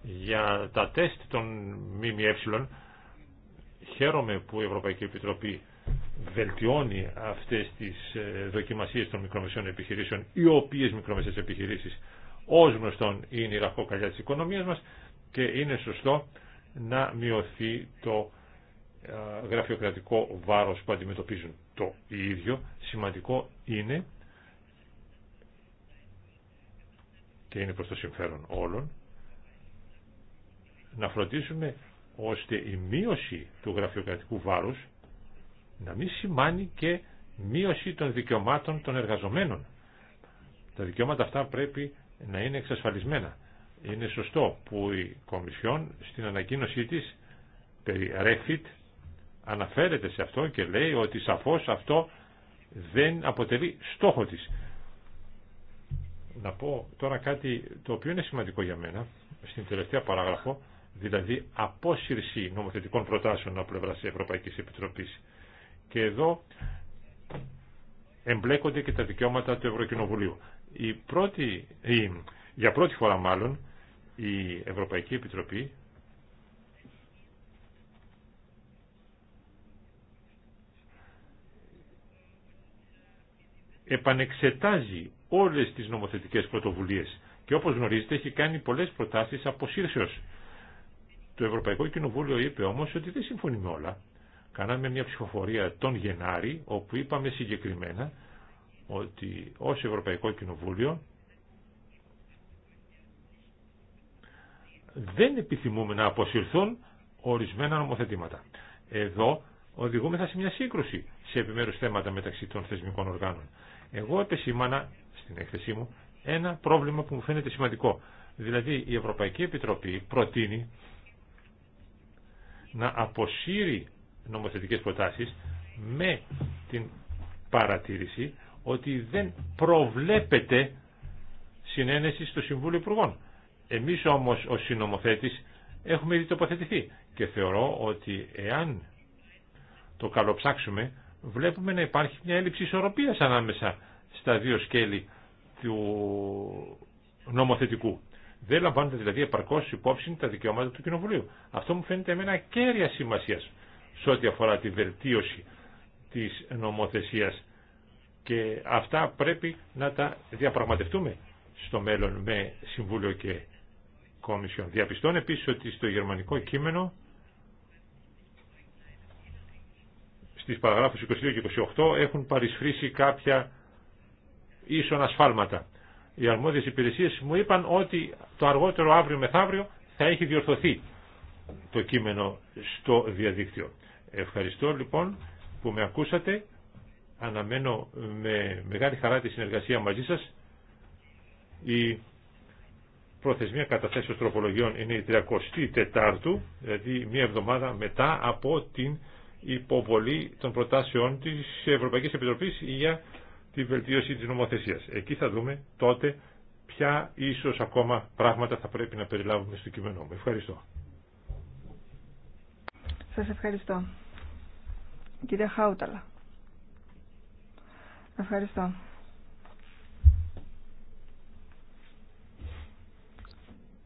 Για τα τεστ των ΜΜΕ χαίρομαι που η Ευρωπαϊκή Επιτροπή βελτιώνει αυτές τις ε, δοκιμασίες των μικρομεσαίων επιχειρήσεων, οι οποίες μικρομεσαίες επιχειρήσεις ως γνωστόν είναι η ραχοκαλιά της οικονομίας μας και είναι σωστό να μειωθεί το ε, γραφειοκρατικό βάρος που αντιμετωπίζουν το ίδιο. Σημαντικό είναι και είναι προς το συμφέρον όλων να φροντίσουμε ώστε η μείωση του γραφειοκρατικού βάρους να μην σημάνει και μείωση των δικαιωμάτων των εργαζομένων. Τα δικαιώματα αυτά πρέπει να είναι εξασφαλισμένα. Είναι σωστό που η Κομισιόν στην ανακοίνωσή της περί Refit αναφέρεται σε αυτό και λέει ότι σαφώς αυτό δεν αποτελεί στόχο της να πω τώρα κάτι το οποίο είναι σημαντικό για μένα, στην τελευταία παράγραφο, δηλαδή απόσυρση νομοθετικών προτάσεων από πλευρά τη Ευρωπαϊκή Επιτροπή. Και εδώ εμπλέκονται και τα δικαιώματα του Ευρωκοινοβουλίου. Η πρώτη, για πρώτη φορά μάλλον, η Ευρωπαϊκή Επιτροπή επανεξετάζει όλες τις νομοθετικές πρωτοβουλίες και όπως γνωρίζετε έχει κάνει πολλές προτάσεις αποσύρσεως. Το Ευρωπαϊκό Κοινοβούλιο είπε όμως ότι δεν συμφωνεί με όλα. Κάναμε μια ψηφοφορία τον Γενάρη όπου είπαμε συγκεκριμένα ότι ως Ευρωπαϊκό Κοινοβούλιο δεν επιθυμούμε να αποσυρθούν ορισμένα νομοθετήματα. Εδώ οδηγούμεθα σε μια σύγκρουση σε επιμέρους θέματα μεταξύ των θεσμικών οργάνων. Εγώ επεσήμανα στην έκθεσή μου ένα πρόβλημα που μου φαίνεται σημαντικό. Δηλαδή η Ευρωπαϊκή Επιτροπή προτείνει να αποσύρει νομοθετικές προτάσεις με την παρατήρηση ότι δεν προβλέπεται συνένεση στο Συμβούλιο Υπουργών. Εμείς όμως ως συνομοθέτης έχουμε ήδη τοποθετηθεί και θεωρώ ότι εάν το καλοψάξουμε βλέπουμε να υπάρχει μια έλλειψη ισορροπίας ανάμεσα στα δύο σκέλη του νομοθετικού. Δεν λαμβάνονται δηλαδή επαρκώς υπόψη τα δικαιώματα του Κοινοβουλίου. Αυτό μου φαίνεται εμένα κέρια σημασίας σε ό,τι αφορά τη βελτίωση της νομοθεσίας και αυτά πρέπει να τα διαπραγματευτούμε στο μέλλον με Συμβούλιο και Κόμισιον. Διαπιστώνω επίσης ότι στο γερμανικό κείμενο στις παραγράφους 22 και 28 έχουν παρισφρήσει κάποια ίσον ασφάλματα. Οι αρμόδιες υπηρεσίες μου είπαν ότι το αργότερο αύριο μεθαύριο θα έχει διορθωθεί το κείμενο στο διαδίκτυο. Ευχαριστώ λοιπόν που με ακούσατε. Αναμένω με μεγάλη χαρά τη συνεργασία μαζί σας. Η προθεσμία καταθέσεως τροπολογιών είναι η 34 δηλαδή μία εβδομάδα μετά από την υποβολή των προτάσεων της Ευρωπαϊκής Επιτροπής για τη βελτίωση της νομοθεσίας. Εκεί θα δούμε τότε ποια ίσως ακόμα πράγματα θα πρέπει να περιλάβουμε στο κείμενό μου. Ευχαριστώ. Σας ευχαριστώ. Κύριε Χάουταλα. Ευχαριστώ.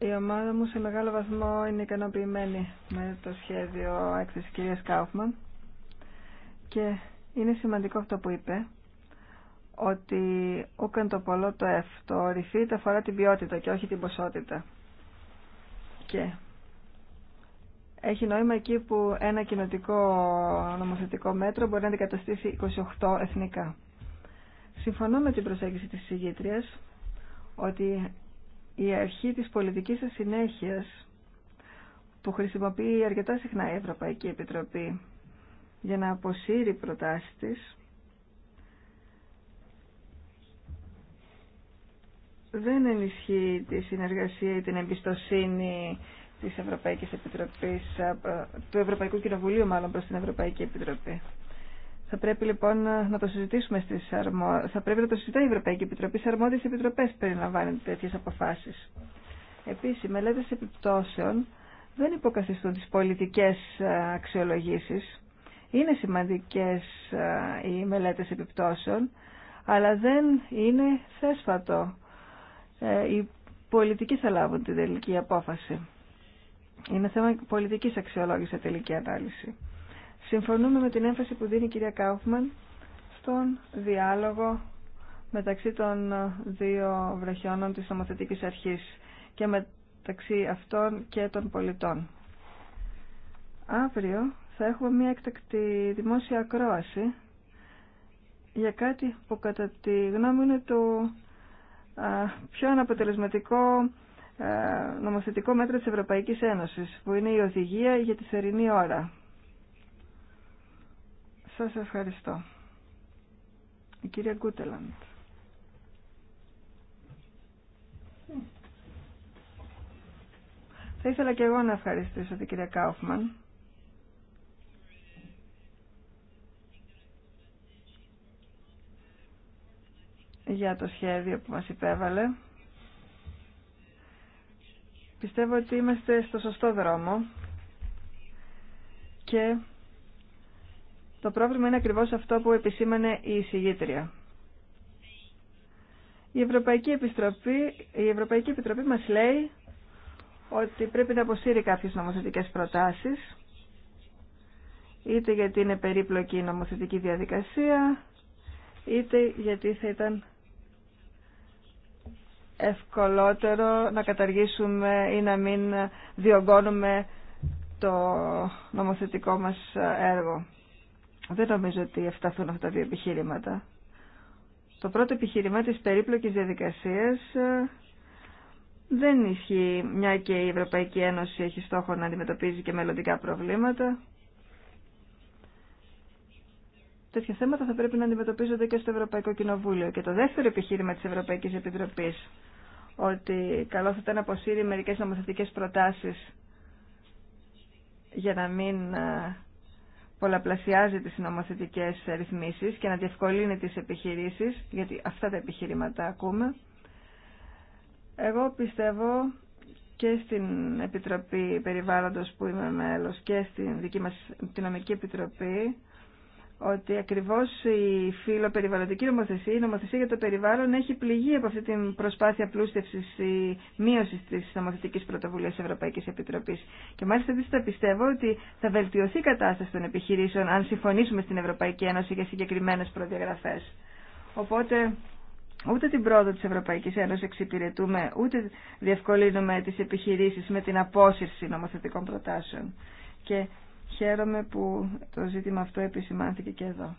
Η ομάδα μου σε μεγάλο βαθμό είναι ικανοποιημένη με το σχέδιο έκθεση Κυρία Κάουφμαν και είναι σημαντικό αυτό που είπε ότι ούκαν το πολλό το F, το τα αφορά την ποιότητα και όχι την ποσότητα. Και έχει νόημα εκεί που ένα κοινοτικό νομοθετικό μέτρο μπορεί να αντικαταστήσει 28 εθνικά. Συμφωνώ με την προσέγγιση της συγγήτριας ότι η αρχή της πολιτικής ασυνέχειας που χρησιμοποιεί αρκετά συχνά η Ευρωπαϊκή Επιτροπή για να αποσύρει προτάσεις της δεν ενισχύει τη συνεργασία ή την εμπιστοσύνη της Ευρωπαϊκής Επιτροπής, ε, του Ευρωπαϊκού Κοινοβουλίου μάλλον προς την Ευρωπαϊκή Επιτροπή. Θα πρέπει λοιπόν να το συζητήσουμε στις αρμο... Θα πρέπει να το συζητάει η Ευρωπαϊκή Επιτροπή. Σε αρμόδιες επιτροπέ περιλαμβάνουν τέτοιε αποφάσεις. Επίσης, οι μελέτες επιπτώσεων δεν υποκαθιστούν τι πολιτικέ ε, αξιολογήσει. Είναι σημαντικές ε, οι μελέτες επιπτώσεων, αλλά δεν είναι θέσφατο. Ε, οι πολιτικοί θα λάβουν την τελική απόφαση. Είναι θέμα πολιτικής αξιολόγησης, τελική ανάλυση. Συμφωνούμε με την έμφαση που δίνει η κυρία Κάουφμαν στον διάλογο μεταξύ των δύο βραχιώνων της νομοθετικής αρχής και μεταξύ αυτών και των πολιτών. Αύριο θα έχουμε μια εκτακτή δημόσια ακρόαση για κάτι που κατά τη γνώμη είναι το πιο αναποτελεσματικό νομοθετικό μέτρο της Ευρωπαϊκής Ένωσης, που είναι η οδηγία για τη θερινή ώρα. Σας ευχαριστώ. Η κυρία Γκούτελαντ. Θα ήθελα και εγώ να ευχαριστήσω την κυρία Κάουφμαν. για το σχέδιο που μας υπέβαλε. Πιστεύω ότι είμαστε στο σωστό δρόμο και το πρόβλημα είναι ακριβώς αυτό που επισήμανε η εισηγήτρια. Η Ευρωπαϊκή, Επιστροπή, η Ευρωπαϊκή Επιτροπή μας λέει ότι πρέπει να αποσύρει κάποιες νομοθετικές προτάσεις, είτε γιατί είναι περίπλοκη η νομοθετική διαδικασία, είτε γιατί θα ήταν ευκολότερο να καταργήσουμε ή να μην διωγγώνουμε το νομοθετικό μας έργο. Δεν νομίζω ότι εφταθούν αυτά τα δύο επιχείρηματα. Το πρώτο επιχείρημα της περίπλοκης διαδικασίας ε, δεν ισχύει, μια και η Ευρωπαϊκή Ένωση έχει στόχο να αντιμετωπίζει και μελλοντικά προβλήματα. Τέτοια θέματα θα πρέπει να αντιμετωπίζονται και στο Ευρωπαϊκό Κοινοβούλιο. Και το δεύτερο επιχείρημα της Ευρωπαϊκής Επιτροπής, ότι καλό θα ήταν να αποσύρει μερικές νομοθετικές προτάσεις για να μην ε, πολλαπλασιάζει τις νομοθετικές ρυθμίσεις και να διευκολύνει τις επιχειρήσεις, γιατί αυτά τα επιχειρήματα ακούμε. Εγώ πιστεύω και στην Επιτροπή Περιβάλλοντος που είμαι μέλος και στην δική μας την Νομική Επιτροπή ότι ακριβώ η φιλοπεριβαλλοντική νομοθεσία, η νομοθεσία για το περιβάλλον έχει πληγεί από αυτή την προσπάθεια πλούστευσης ή μείωσης της νομοθετικής πρωτοβουλίας Ευρωπαϊκής Ευρωπαϊκή Επιτροπή. Και μάλιστα δίστα πιστεύω ότι θα βελτιωθεί η κατάσταση των επιχειρήσεων αν συμφωνήσουμε στην Ευρωπαϊκή Ένωση για συγκεκριμένες προδιαγραφές. Οπότε ούτε την πρόοδο νομοθετική πρωτοβουλία πρωτοβουλιας ευρωπαικης επιτροπης και μαλιστα θα Ένωσης εξυπηρετούμε, για συγκεκριμένε προδιαγραφέ. οποτε ουτε την προοδο διευκολύνουμε τις επιχειρήσεις με την απόσυρση νομοθετικών προτάσεων. Και Χαίρομαι που το ζήτημα αυτό επισημάνθηκε και εδώ.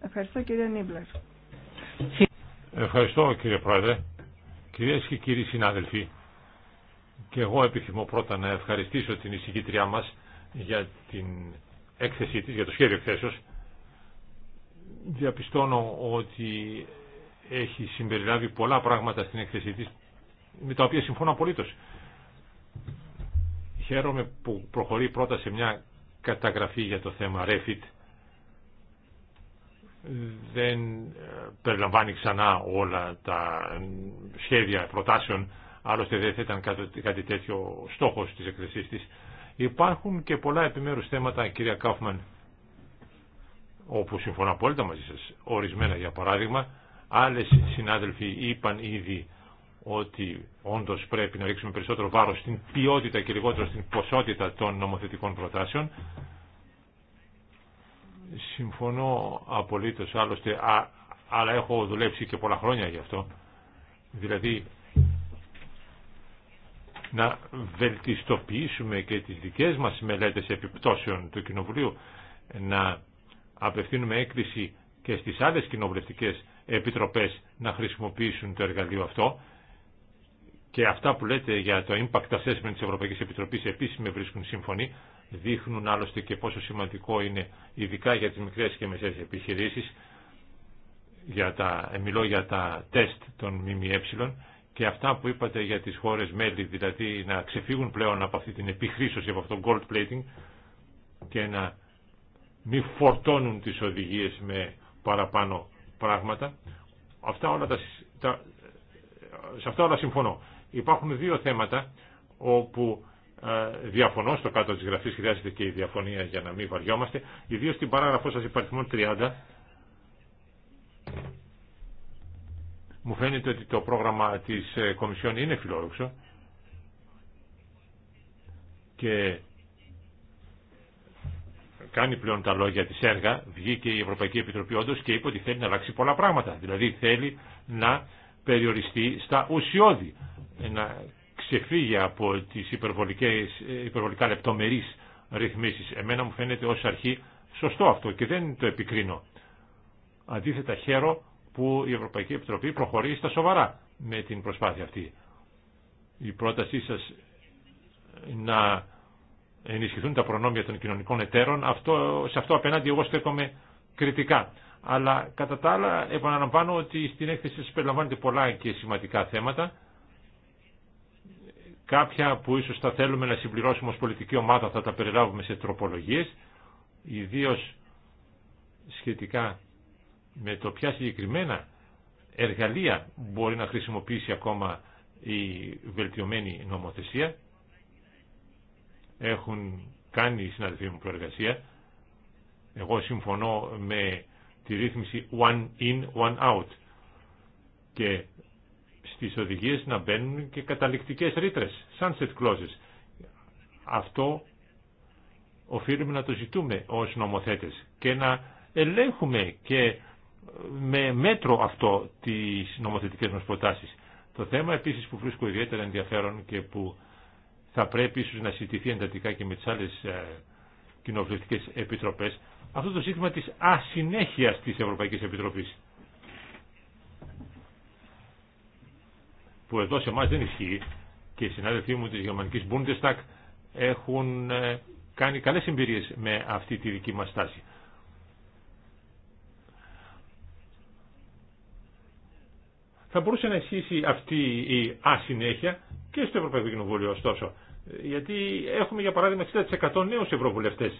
Ευχαριστώ κύριε Νίμπλερ. Ευχαριστώ κύριε Πρόεδρε. Κυρίες και κύριοι συνάδελφοι, και εγώ επιθυμώ πρώτα να ευχαριστήσω την εισηγήτριά μας για την έκθεσή της, για το σχέδιο εκθέσεως. Διαπιστώνω ότι έχει συμπεριλάβει πολλά πράγματα στην έκθεσή της, με τα οποία συμφωνώ απολύτως. Χαίρομαι που προχωρεί πρώτα σε μια καταγραφή για το θέμα Refit δεν ε, περιλαμβάνει ξανά όλα τα σχέδια προτάσεων, άλλωστε δεν θα ήταν κάτι τέτοιο στόχος της εκθεσής της. Υπάρχουν και πολλά επιμέρους θέματα, κυρία Κάφμαν, όπου συμφωνώ απόλυτα μαζί σας, ορισμένα για παράδειγμα, άλλες συνάδελφοι είπαν ήδη ότι όντω πρέπει να ρίξουμε περισσότερο βάρος στην ποιότητα και λιγότερο στην ποσότητα των νομοθετικών προτάσεων. Συμφωνώ απολύτως, άλλωστε, αλλά έχω δουλέψει και πολλά χρόνια γι' αυτό. Δηλαδή, να βελτιστοποιήσουμε και τις δικές μας μελέτες επιπτώσεων του Κοινοβουλίου, να απευθύνουμε έκκληση και στις άλλες κοινοβουλευτικές επιτροπές να χρησιμοποιήσουν το εργαλείο αυτό και αυτά που λέτε για το impact assessment της Ευρωπαϊκής Επιτροπής επίσης με βρίσκουν σύμφωνοι, δείχνουν άλλωστε και πόσο σημαντικό είναι ειδικά για τις μικρές και μεσαίες επιχειρήσεις, για τα, ε, μιλώ για τα τεστ των ΜΜΕ και αυτά που είπατε για τις χώρες μέλη, δηλαδή να ξεφύγουν πλέον από αυτή την επιχρήσωση, από αυτό το gold plating και να μην φορτώνουν τις οδηγίες με παραπάνω πράγματα. Αυτά όλα τα, σε αυτά όλα συμφωνώ. Υπάρχουν δύο θέματα όπου ε, διαφωνώ στο κάτω της γραφής, χρειάζεται και η διαφωνία για να μην βαριόμαστε, ιδίως στην παράγραφό σας υπαριθμών 30, μου φαίνεται ότι το πρόγραμμα της ε, Κομισιόν είναι φιλόδοξο και κάνει πλέον τα λόγια της έργα, βγήκε η Ευρωπαϊκή Επιτροπή όντως και είπε ότι θέλει να αλλάξει πολλά πράγματα. Δηλαδή θέλει να περιοριστεί στα ουσιώδη να ξεφύγει από τις υπερβολικές, υπερβολικά λεπτομερείς ρυθμίσεις. Εμένα μου φαίνεται ως αρχή σωστό αυτό και δεν το επικρίνω. Αντίθετα χαίρο που η Ευρωπαϊκή Επιτροπή προχωρεί στα σοβαρά με την προσπάθεια αυτή. Η πρότασή σας να ενισχυθούν τα προνόμια των κοινωνικών εταίρων, αυτό, σε αυτό απέναντι εγώ στέκομαι κριτικά. Αλλά κατά τα άλλα επαναλαμβάνω ότι στην έκθεση σας περιλαμβάνεται πολλά και σημαντικά θέματα Κάποια που ίσως θα θέλουμε να συμπληρώσουμε ως πολιτική ομάδα θα τα περιλάβουμε σε τροπολογίες, ιδίως σχετικά με το ποια συγκεκριμένα εργαλεία μπορεί να χρησιμοποιήσει ακόμα η βελτιωμένη νομοθεσία. Έχουν κάνει οι συναδελφοί μου προεργασία. Εγώ συμφωνώ με τη ρύθμιση one in, one out και στις οδηγίες να μπαίνουν και καταληκτικές ρήτρες, sunset clauses. Αυτό οφείλουμε να το ζητούμε ως νομοθέτες και να ελέγχουμε και ε, με μέτρο αυτό τις νομοθετικές μας προτάσεις. Το θέμα επίσης που βρίσκω ιδιαίτερα ενδιαφέρον και που θα πρέπει ίσως να συζητηθεί εντατικά και με τις άλλες ε, κοινοβουλευτικές επιτροπές, αυτό το ζήτημα της ασυνέχειας της Ευρωπαϊκής Επιτροπής. που εδώ σε εμά δεν ισχύει και οι συνάδελφοί μου τη Γερμανική Bundestag έχουν ε, κάνει καλές εμπειρίες με αυτή τη δική μα στάση. Θα μπορούσε να ισχύσει αυτή η ασυνέχεια και στο Ευρωπαϊκό Κοινοβούλιο ωστόσο. Γιατί έχουμε για παράδειγμα 60% νέους ευρωβουλευτές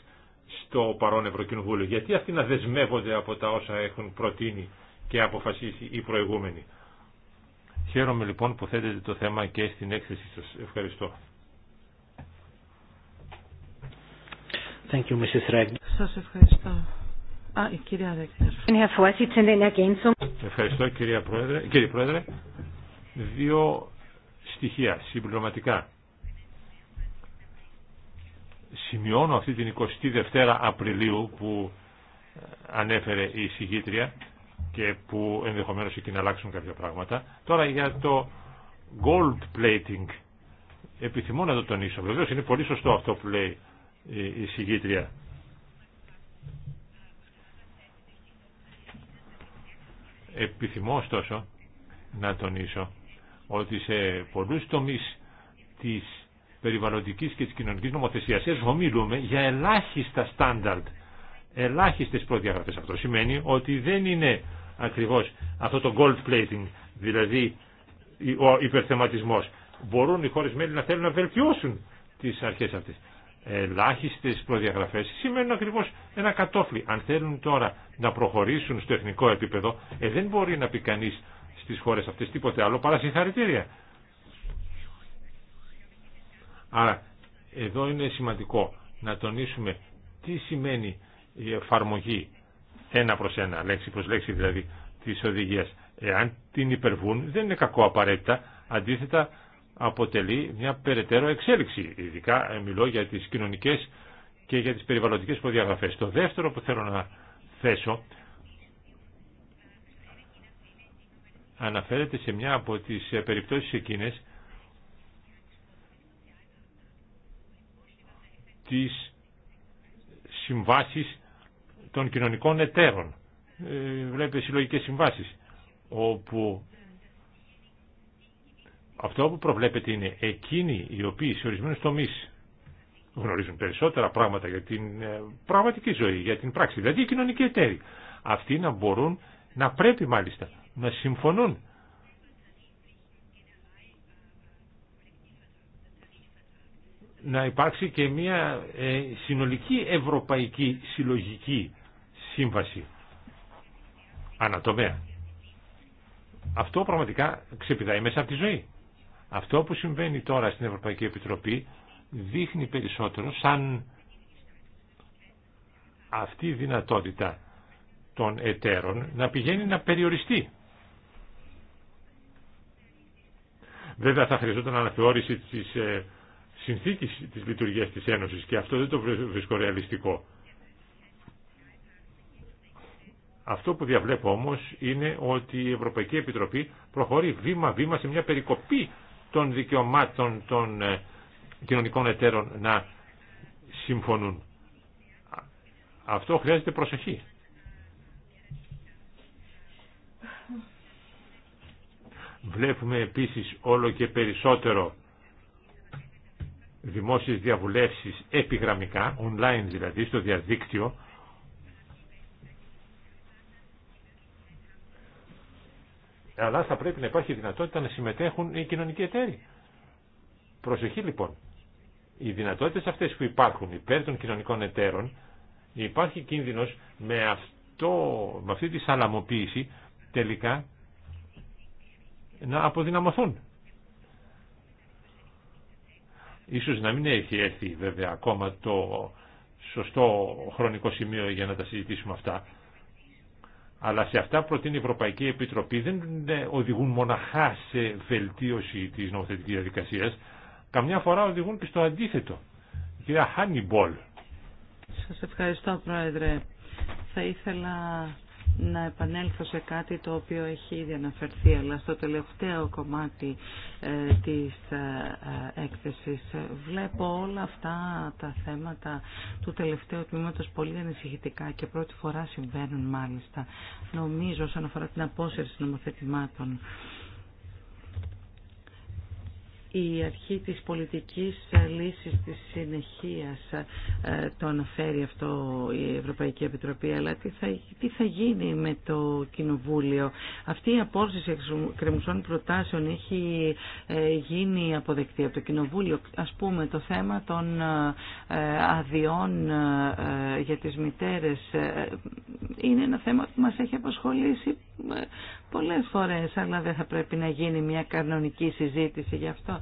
στο παρόν Ευρωκοινοβούλιο. Γιατί αυτοί να δεσμεύονται από τα όσα έχουν προτείνει και αποφασίσει οι προηγούμενοι. Χαίρομαι λοιπόν που θέτετε το θέμα και στην έκθεση σας. Ευχαριστώ. Σας ευχαριστώ. Α, η κυρία Ευχαριστώ κυρία Πρόεδρε. κύριε Πρόεδρε. Δύο στοιχεία συμπληρωματικά. Σημειώνω αυτή την 22 η Απριλίου που ε, ανέφερε η συγκητρια και που ενδεχομένως εκεί να αλλάξουν κάποια πράγματα. Τώρα για το gold plating επιθυμώ να το τονίσω. Βεβαίως είναι πολύ σωστό αυτό που λέει η συγγήτρια. Επιθυμώ ωστόσο να τονίσω ότι σε πολλούς τομείς της περιβαλλοντικής και της κοινωνικής νομοθεσίας ομιλούμε για ελάχιστα στάνταρτ Ελάχιστε προδιαγραφές. Αυτό σημαίνει ότι δεν είναι ακριβώς αυτό το gold plating, δηλαδή ο υπερθεματισμός. Μπορούν οι χώρες μέλη να θέλουν να βελτιώσουν τις αρχές αυτές. Ελάχιστε προδιαγραφές σημαίνουν ακριβώς ένα κατόφλι. Αν θέλουν τώρα να προχωρήσουν στο εθνικό επίπεδο, ε, δεν μπορεί να πει κανεί στις χώρε αυτέ, τίποτε άλλο παρά συγχαρητήρια. Άρα εδώ είναι σημαντικό να τονίσουμε τι σημαίνει η εφαρμογή ένα προς ένα, λέξη προς λέξη δηλαδή, της οδηγίας. Εάν την υπερβούν δεν είναι κακό απαραίτητα, αντίθετα αποτελεί μια περαιτέρω εξέλιξη, ειδικά ε, μιλώ για τις κοινωνικές και για τις περιβαλλοντικές προδιαγραφές. Το δεύτερο που θέλω να θέσω αναφέρεται σε μια από τις ε, περιπτώσεις εκείνες τις συμβάσεις των κοινωνικών εταίρων. Ε, βλέπετε συλλογικέ συμβάσεις όπου αυτό που προβλέπετε είναι εκείνοι οι οποίοι σε ορισμένου τομεί γνωρίζουν περισσότερα πράγματα για την ε, πραγματική ζωή, για την πράξη, δηλαδή οι κοινωνικοί εταίροι. Αυτοί να μπορούν, να πρέπει μάλιστα, να συμφωνούν να υπάρξει και μια ε, συνολική ευρωπαϊκή συλλογική σύμβαση ανατομέα. Αυτό πραγματικά ξεπηδάει μέσα από τη ζωή. Αυτό που συμβαίνει τώρα στην Ευρωπαϊκή Επιτροπή δείχνει περισσότερο σαν αυτή η δυνατότητα των εταίρων να πηγαίνει να περιοριστεί. Βέβαια θα χρειαζόταν αναθεώρηση της ε, συνθήκης της λειτουργίας της Ένωσης και αυτό δεν το βρίσκω ρεαλιστικό. Αυτό που διαβλέπω όμως είναι ότι η Ευρωπαϊκή Επιτροπή προχωρεί βήμα-βήμα σε μια περικοπή των δικαιωμάτων των ε, κοινωνικών εταίρων να συμφωνούν. Αυτό χρειάζεται προσοχή. Βλέπουμε επίσης όλο και περισσότερο δημόσιες διαβουλεύσεις επιγραμμικά, online δηλαδή, στο διαδίκτυο, αλλά θα πρέπει να υπάρχει δυνατότητα να συμμετέχουν οι κοινωνικοί εταίροι. Προσοχή λοιπόν. Οι δυνατότητε αυτές που υπάρχουν υπέρ των κοινωνικών εταίρων υπάρχει κίνδυνος με, με αυτή τη σαλαμοποίηση τελικά να αποδυναμωθούν. Ίσως να μην έχει έρθει βέβαια ακόμα το σωστό χρονικό σημείο για να τα συζητήσουμε αυτά, αλλά σε αυτά προτείνει η Ευρωπαϊκή Επιτροπή δεν ε, οδηγούν μοναχά σε βελτίωση της νομοθετικής διαδικασίας, καμιά φορά οδηγούν και στο αντίθετο. κυρία Χάνιμπολ. Σας ευχαριστώ Πρόεδρε. Θα ήθελα να επανέλθω σε κάτι το οποίο έχει ήδη αναφερθεί, αλλά στο τελευταίο κομμάτι ε, της ε, έκθεσης βλέπω όλα αυτά τα θέματα του τελευταίου τμήματος πολύ ανησυχητικά και πρώτη φορά συμβαίνουν μάλιστα. Νομίζω όσον αφορά την απόσυρση νομοθετημάτων η αρχή της πολιτικής λύσης της συνεχείας ε, το αναφέρει αυτό η Ευρωπαϊκή Επιτροπή αλλά τι θα, τι γίνει με το Κοινοβούλιο αυτή η απόρριψη κρεμουσών προτάσεων έχει ε, γίνει αποδεκτή από το Κοινοβούλιο ας πούμε το θέμα των ε, αδειών για τις μητέρες είναι ένα θέμα που μας έχει απασχολήσει πολλές φορές αλλά δεν θα πρέπει να γίνει μια κανονική συζήτηση γι' αυτό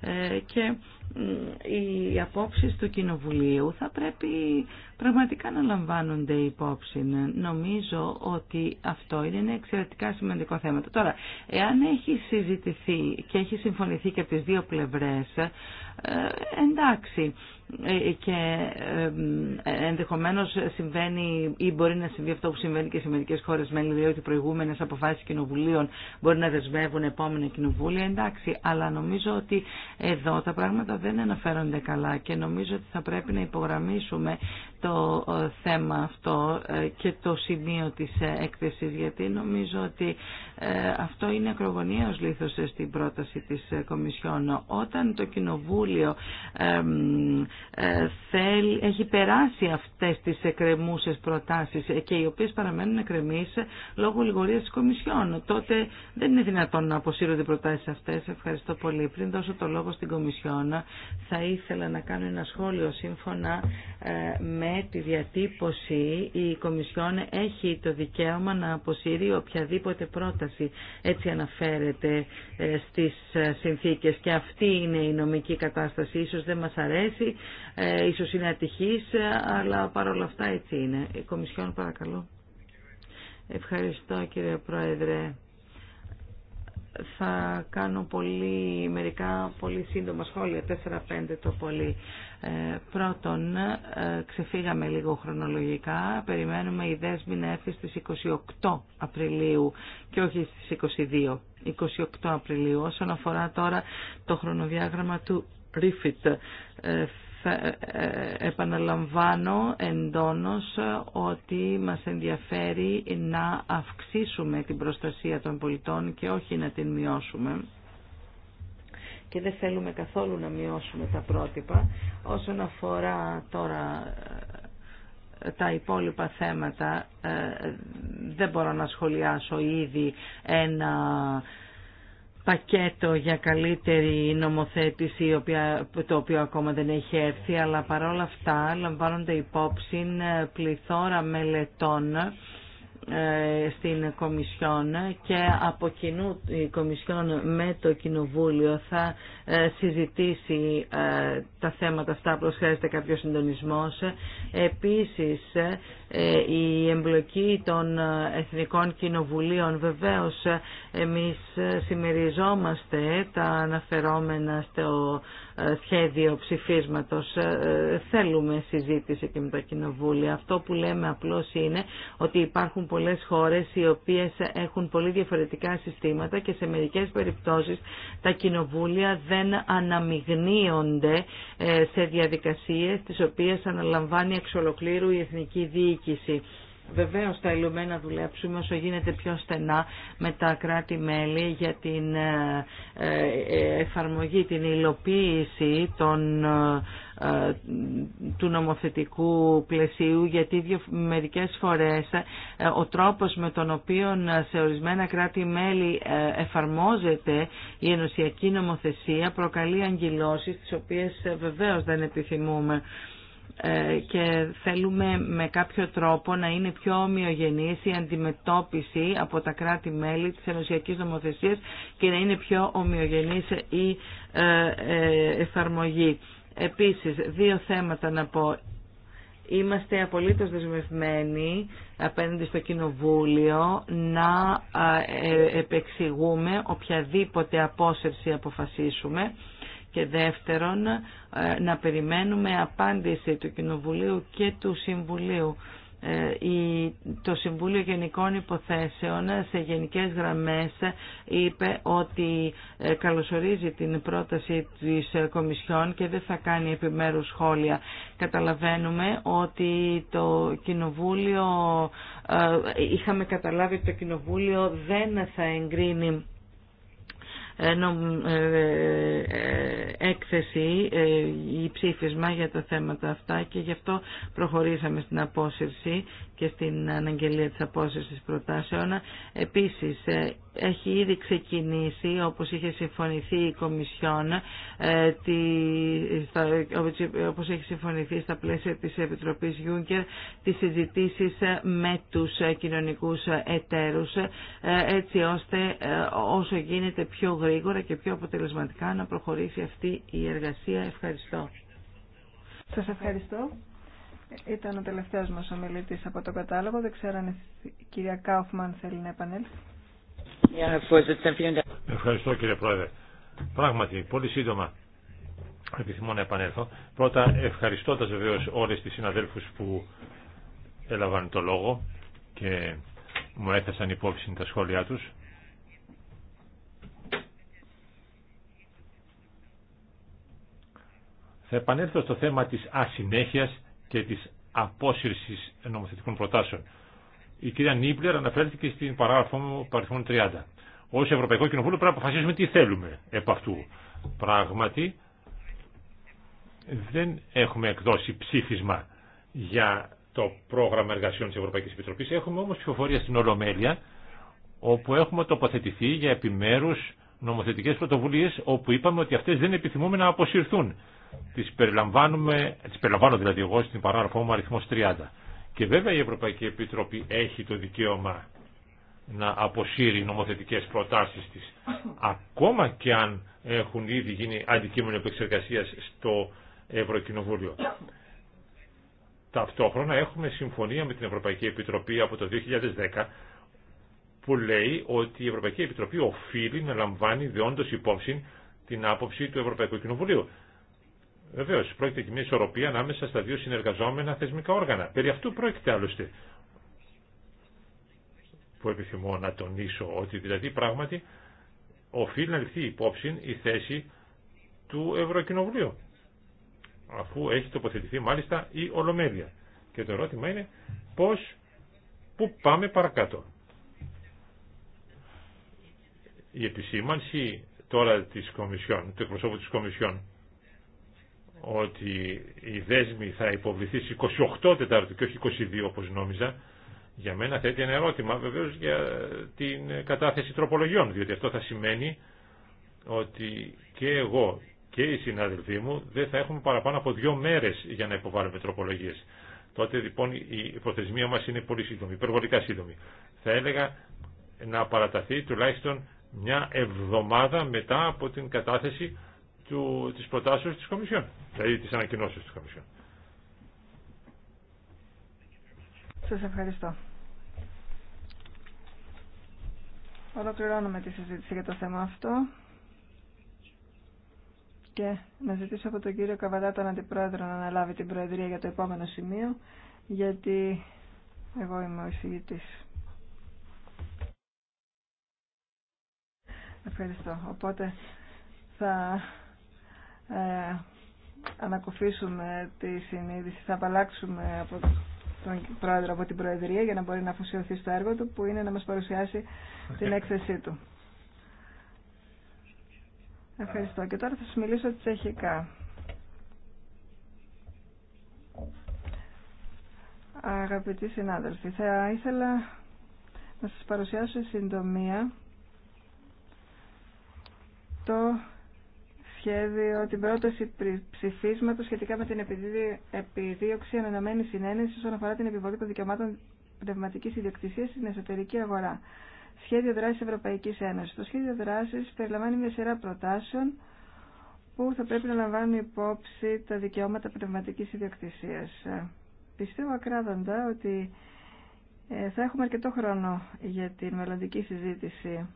Ε, και οι απόψεις του Κοινοβουλίου θα πρέπει πραγματικά να λαμβάνονται υπόψη. Νομίζω ότι αυτό είναι ένα εξαιρετικά σημαντικό θέμα. Τώρα, εάν έχει συζητηθεί και έχει συμφωνηθεί και από τις δύο πλευρές, ε, εντάξει, ε, και ενδεχομένως συμβαίνει ή μπορεί να συμβεί αυτό που συμβαίνει και σε μερικές χώρες μέλη, δηλαδή ότι προηγούμενες αποφάσεις κοινοβουλίων μπορεί να δεσμεύουν επόμενα κοινοβούλια, εντάξει, αλλά νομίζω ότι εδώ τα πράγματα δεν αναφέρονται καλά και νομίζω ότι θα πρέπει να υπογραμμίσουμε το ε, θέμα αυτό ε, και το σημείο της ε, έκθεσης γιατί νομίζω ότι αυτό είναι ακρογωνίως λήθος στην πρόταση της Κομισιόν. Όταν το Κοινοβούλιο έχει περάσει αυτές τις εκκρεμούσες προτάσεις και οι οποίες παραμένουν εκκρεμείς λόγω λιγορίας της Κομισιόν, τότε δεν είναι δυνατόν να αποσύρονται οι προτάσεις αυτές. Ευχαριστώ πολύ. Πριν δώσω το λόγο λόγο στην Κομισιόνα, θα ήθελα να κάνω ένα σχόλιο σύμφωνα ε, με τη διατύπωση. Η Κομισιόνα έχει το δικαίωμα να αποσύρει οποιαδήποτε πρόταση. Έτσι αναφέρεται ε, στις ε, συνθήκες και αυτή είναι η νομική κατάσταση. Ίσως δεν μας αρέσει, ίσως είναι ατυχής, αλλά παρόλα αυτά έτσι είναι. Η Κομισιόν παρακαλώ. Ευχαριστώ κύριε Πρόεδρε θα κάνω πολύ, μερικά πολύ σύντομα σχόλια, 4-5 το πολύ. Ε, πρώτον, ε, ξεφύγαμε λίγο χρονολογικά, περιμένουμε η δέσμη να έρθει στις 28 Απριλίου και όχι στις 22. 28 Απριλίου. Όσον αφορά τώρα το χρονοδιάγραμμα του Refit, ε, θα ε, ε, επαναλαμβάνω εντόνως ότι μας ενδιαφέρει να αυξήσουμε την προστασία των πολιτών και όχι να την μειώσουμε και δεν θέλουμε καθόλου να μειώσουμε τα πρότυπα. Όσον αφορά τώρα ε, τα υπόλοιπα θέματα, δεν μπορώ να σχολιάσω ήδη ένα πακέτο για καλύτερη νομοθέτηση το οποίο ακόμα δεν έχει έρθει αλλά παρόλα αυτά λαμβάνονται υπόψη ε, πληθώρα μελετών ε, στην Κομισιόν και από κοινού η Κομισιόν με το Κοινοβούλιο θα ε, συζητήσει τα θέματα αυτά προς κάποιο συντονισμός. Επίσης ε, η εμπλοκή των Εθνικών Κοινοβουλίων. Βεβαίως εμείς συμμεριζόμαστε τα αναφερόμενα στο ε, σχέδιο ψηφίσματος. Ε, θέλουμε συζήτηση και με τα Κοινοβούλια. Αυτό που λέμε απλώς είναι ότι υπάρχουν πολλές χώρες οι οποίες έχουν πολύ διαφορετικά συστήματα και σε μερικές περιπτώσεις τα Κοινοβούλια δεν αναμειγνύονται σε διαδικασίες τις οποίες αναλαμβάνει εξ ολοκλήρου η Εθνική Διοίκηση διοίκηση. Βεβαίως θέλουμε να δουλέψουμε όσο γίνεται πιο στενά με τα κράτη-μέλη για την ε, ε, εφαρμογή, την υλοποίηση των, ε, του νομοθετικού πλαισίου γιατί δύο, μερικές φορές ο τρόπος με τον οποίο σε ορισμένα κράτη-μέλη εφαρμόζεται η ενωσιακή νομοθεσία προκαλεί αγγυλώσεις, τις οποίες βεβαίως δεν επιθυμούμε. Ε, και θέλουμε με κάποιο τρόπο να είναι πιο ομοιογενής η αντιμετώπιση από τα κράτη-μέλη της ενωσιακής νομοθεσία και να είναι πιο ομοιογενής η ε, ε, εφαρμογή. Επίσης, δύο θέματα να πω. Είμαστε απολύτως δεσμευμένοι απέναντι στο Κοινοβούλιο να επεξηγούμε οποιαδήποτε απόσυρση αποφασίσουμε και δεύτερον ε, να περιμένουμε απάντηση του Κοινοβουλίου και του Συμβουλίου. Ε, το Συμβούλιο Γενικών Υποθέσεων σε γενικές γραμμές είπε ότι ε, καλωσορίζει την πρόταση της Κομισιόν και δεν θα κάνει επιμέρους σχόλια. Καταλαβαίνουμε ότι το Κοινοβούλιο, είχαμε καταλάβει ότι το Κοινοβούλιο δεν θα εγκρίνει ε, ε, έκθεση ή ε, ψήφισμα για τα θέματα αυτά και γι' αυτό προχωρήσαμε στην απόσυρση και στην αναγγελία της απόσυρσης προτάσεων. Επίσης, ε, έχει ήδη ξεκινήσει, όπως είχε συμφωνηθεί η Κομισιόν, ε, όπως έχει συμφωνηθεί στα πλαίσια της Επιτροπής Γιούγκερ, τις συζητήσεις με τους κοινωνικούς εταίρους, ε, έτσι ώστε όσο γίνεται πιο γρήγορα και πιο αποτελεσματικά να προχωρήσει αυτή η εργασία. Ευχαριστώ. Σας ευχαριστώ. Ήταν ο τελευταίος μας ομιλητής από το κατάλογο. Δεν ξέρω αν η κυρία Κάουφμαν θέλει να επανέλθει. Ευχαριστώ κύριε Πρόεδρε. Πράγματι, πολύ σύντομα επιθυμώ να επανέλθω. Πρώτα τα βεβαίως όλες τις συναδέλφους που έλαβαν το λόγο και μου έθεσαν υπόψη τα σχόλιά τους. Θα επανέλθω στο θέμα της ασυνέχειας και της απόσυρσης νομοθετικών προτάσεων. Η κυρία Νίμπλερ αναφέρθηκε στην παράγραφο μου παριθμών 30. Ως Ευρωπαϊκό Κοινοβούλιο πρέπει να αποφασίσουμε τι θέλουμε επ' αυτού. Πράγματι, δεν έχουμε εκδώσει ψήφισμα για το πρόγραμμα εργασιών της Ευρωπαϊκής Επιτροπής. Έχουμε όμως ψηφοφορία στην Ολομέλεια, όπου έχουμε τοποθετηθεί για επιμέρους νομοθετικές πρωτοβουλίες, όπου είπαμε ότι αυτές δεν επιθυμούμε να αποσυρθούν τις περιλαμβάνουμε, τις περιλαμβάνω δηλαδή εγώ στην παράγραφό μου αριθμός 30. Και βέβαια η Ευρωπαϊκή Επιτροπή έχει το δικαίωμα να αποσύρει νομοθετικές προτάσεις της, ακόμα και αν έχουν ήδη γίνει αντικείμενο επεξεργασίας στο Ευρωκοινοβούλιο. Ταυτόχρονα έχουμε συμφωνία με την Ευρωπαϊκή Επιτροπή από το 2010 που λέει ότι η Ευρωπαϊκή Επιτροπή οφείλει να λαμβάνει διόντως υπόψη την άποψη του Ευρωπαϊκού Κοινοβουλίου. Βεβαίω, πρόκειται και μια ισορροπία ανάμεσα στα δύο συνεργαζόμενα θεσμικά όργανα. Περί αυτού πρόκειται άλλωστε που επιθυμώ να τονίσω, ότι δηλαδή πράγματι οφείλει να ληφθεί υπόψη η θέση του Ευρωκοινοβουλίου, αφού έχει τοποθετηθεί μάλιστα η Ολομέλεια. Και το ερώτημα είναι πώς, πού πάμε παρακάτω. Η επισήμανση τώρα της Κομισιόν, του εκπροσώπου της Κομισιόν, ότι η δέσμη θα υποβληθεί στις 28 Τετάρτη και όχι 22 όπως νόμιζα, για μένα θέτει ένα ερώτημα βεβαίως για την κατάθεση τροπολογιών, διότι αυτό θα σημαίνει ότι και εγώ και οι συνάδελφοί μου δεν θα έχουμε παραπάνω από δύο μέρες για να υποβάλουμε τροπολογίες. Τότε λοιπόν η υποθεσμία μας είναι πολύ σύντομη, υπερβολικά σύντομη. Θα έλεγα να παραταθεί τουλάχιστον μια εβδομάδα μετά από την κατάθεση του, της τη της Κομισιόν, δηλαδή της ανακοινώσεως της Κομισιόν. Σας ευχαριστώ. Ολοκληρώνουμε τη συζήτηση για το θέμα αυτό και να ζητήσω από τον κύριο Καβαδά τον Αντιπρόεδρο να αναλάβει την Προεδρία για το επόμενο σημείο γιατί εγώ είμαι ο εισηγητής. Ευχαριστώ. Οπότε θα ε, ανακουφίσουμε τη συνείδηση, θα απαλλάξουμε από τον πρόεδρο από την Προεδρία για να μπορεί να αφοσιωθεί στο έργο του που είναι να μας παρουσιάσει την έκθεσή του. Ευχαριστώ. Και τώρα θα σας μιλήσω τσεχικά. Αγαπητοί συνάδελφοι, θα ήθελα να σας παρουσιάσω συντομία το σχέδιο την πρόταση ψηφίσματο σχετικά με την επιδίωξη ενωμένη συνένεση όσον αφορά την επιβολή των δικαιωμάτων πνευματική ιδιοκτησία στην εσωτερική αγορά. Σχέδιο δράση Ευρωπαϊκή Ένωση. Το σχέδιο δράση περιλαμβάνει μια σειρά προτάσεων που θα πρέπει να λαμβάνουν υπόψη τα δικαιώματα πνευματική ιδιοκτησία. Πιστεύω ακράδαντα ότι ε, θα έχουμε αρκετό χρόνο για την μελλοντική συζήτηση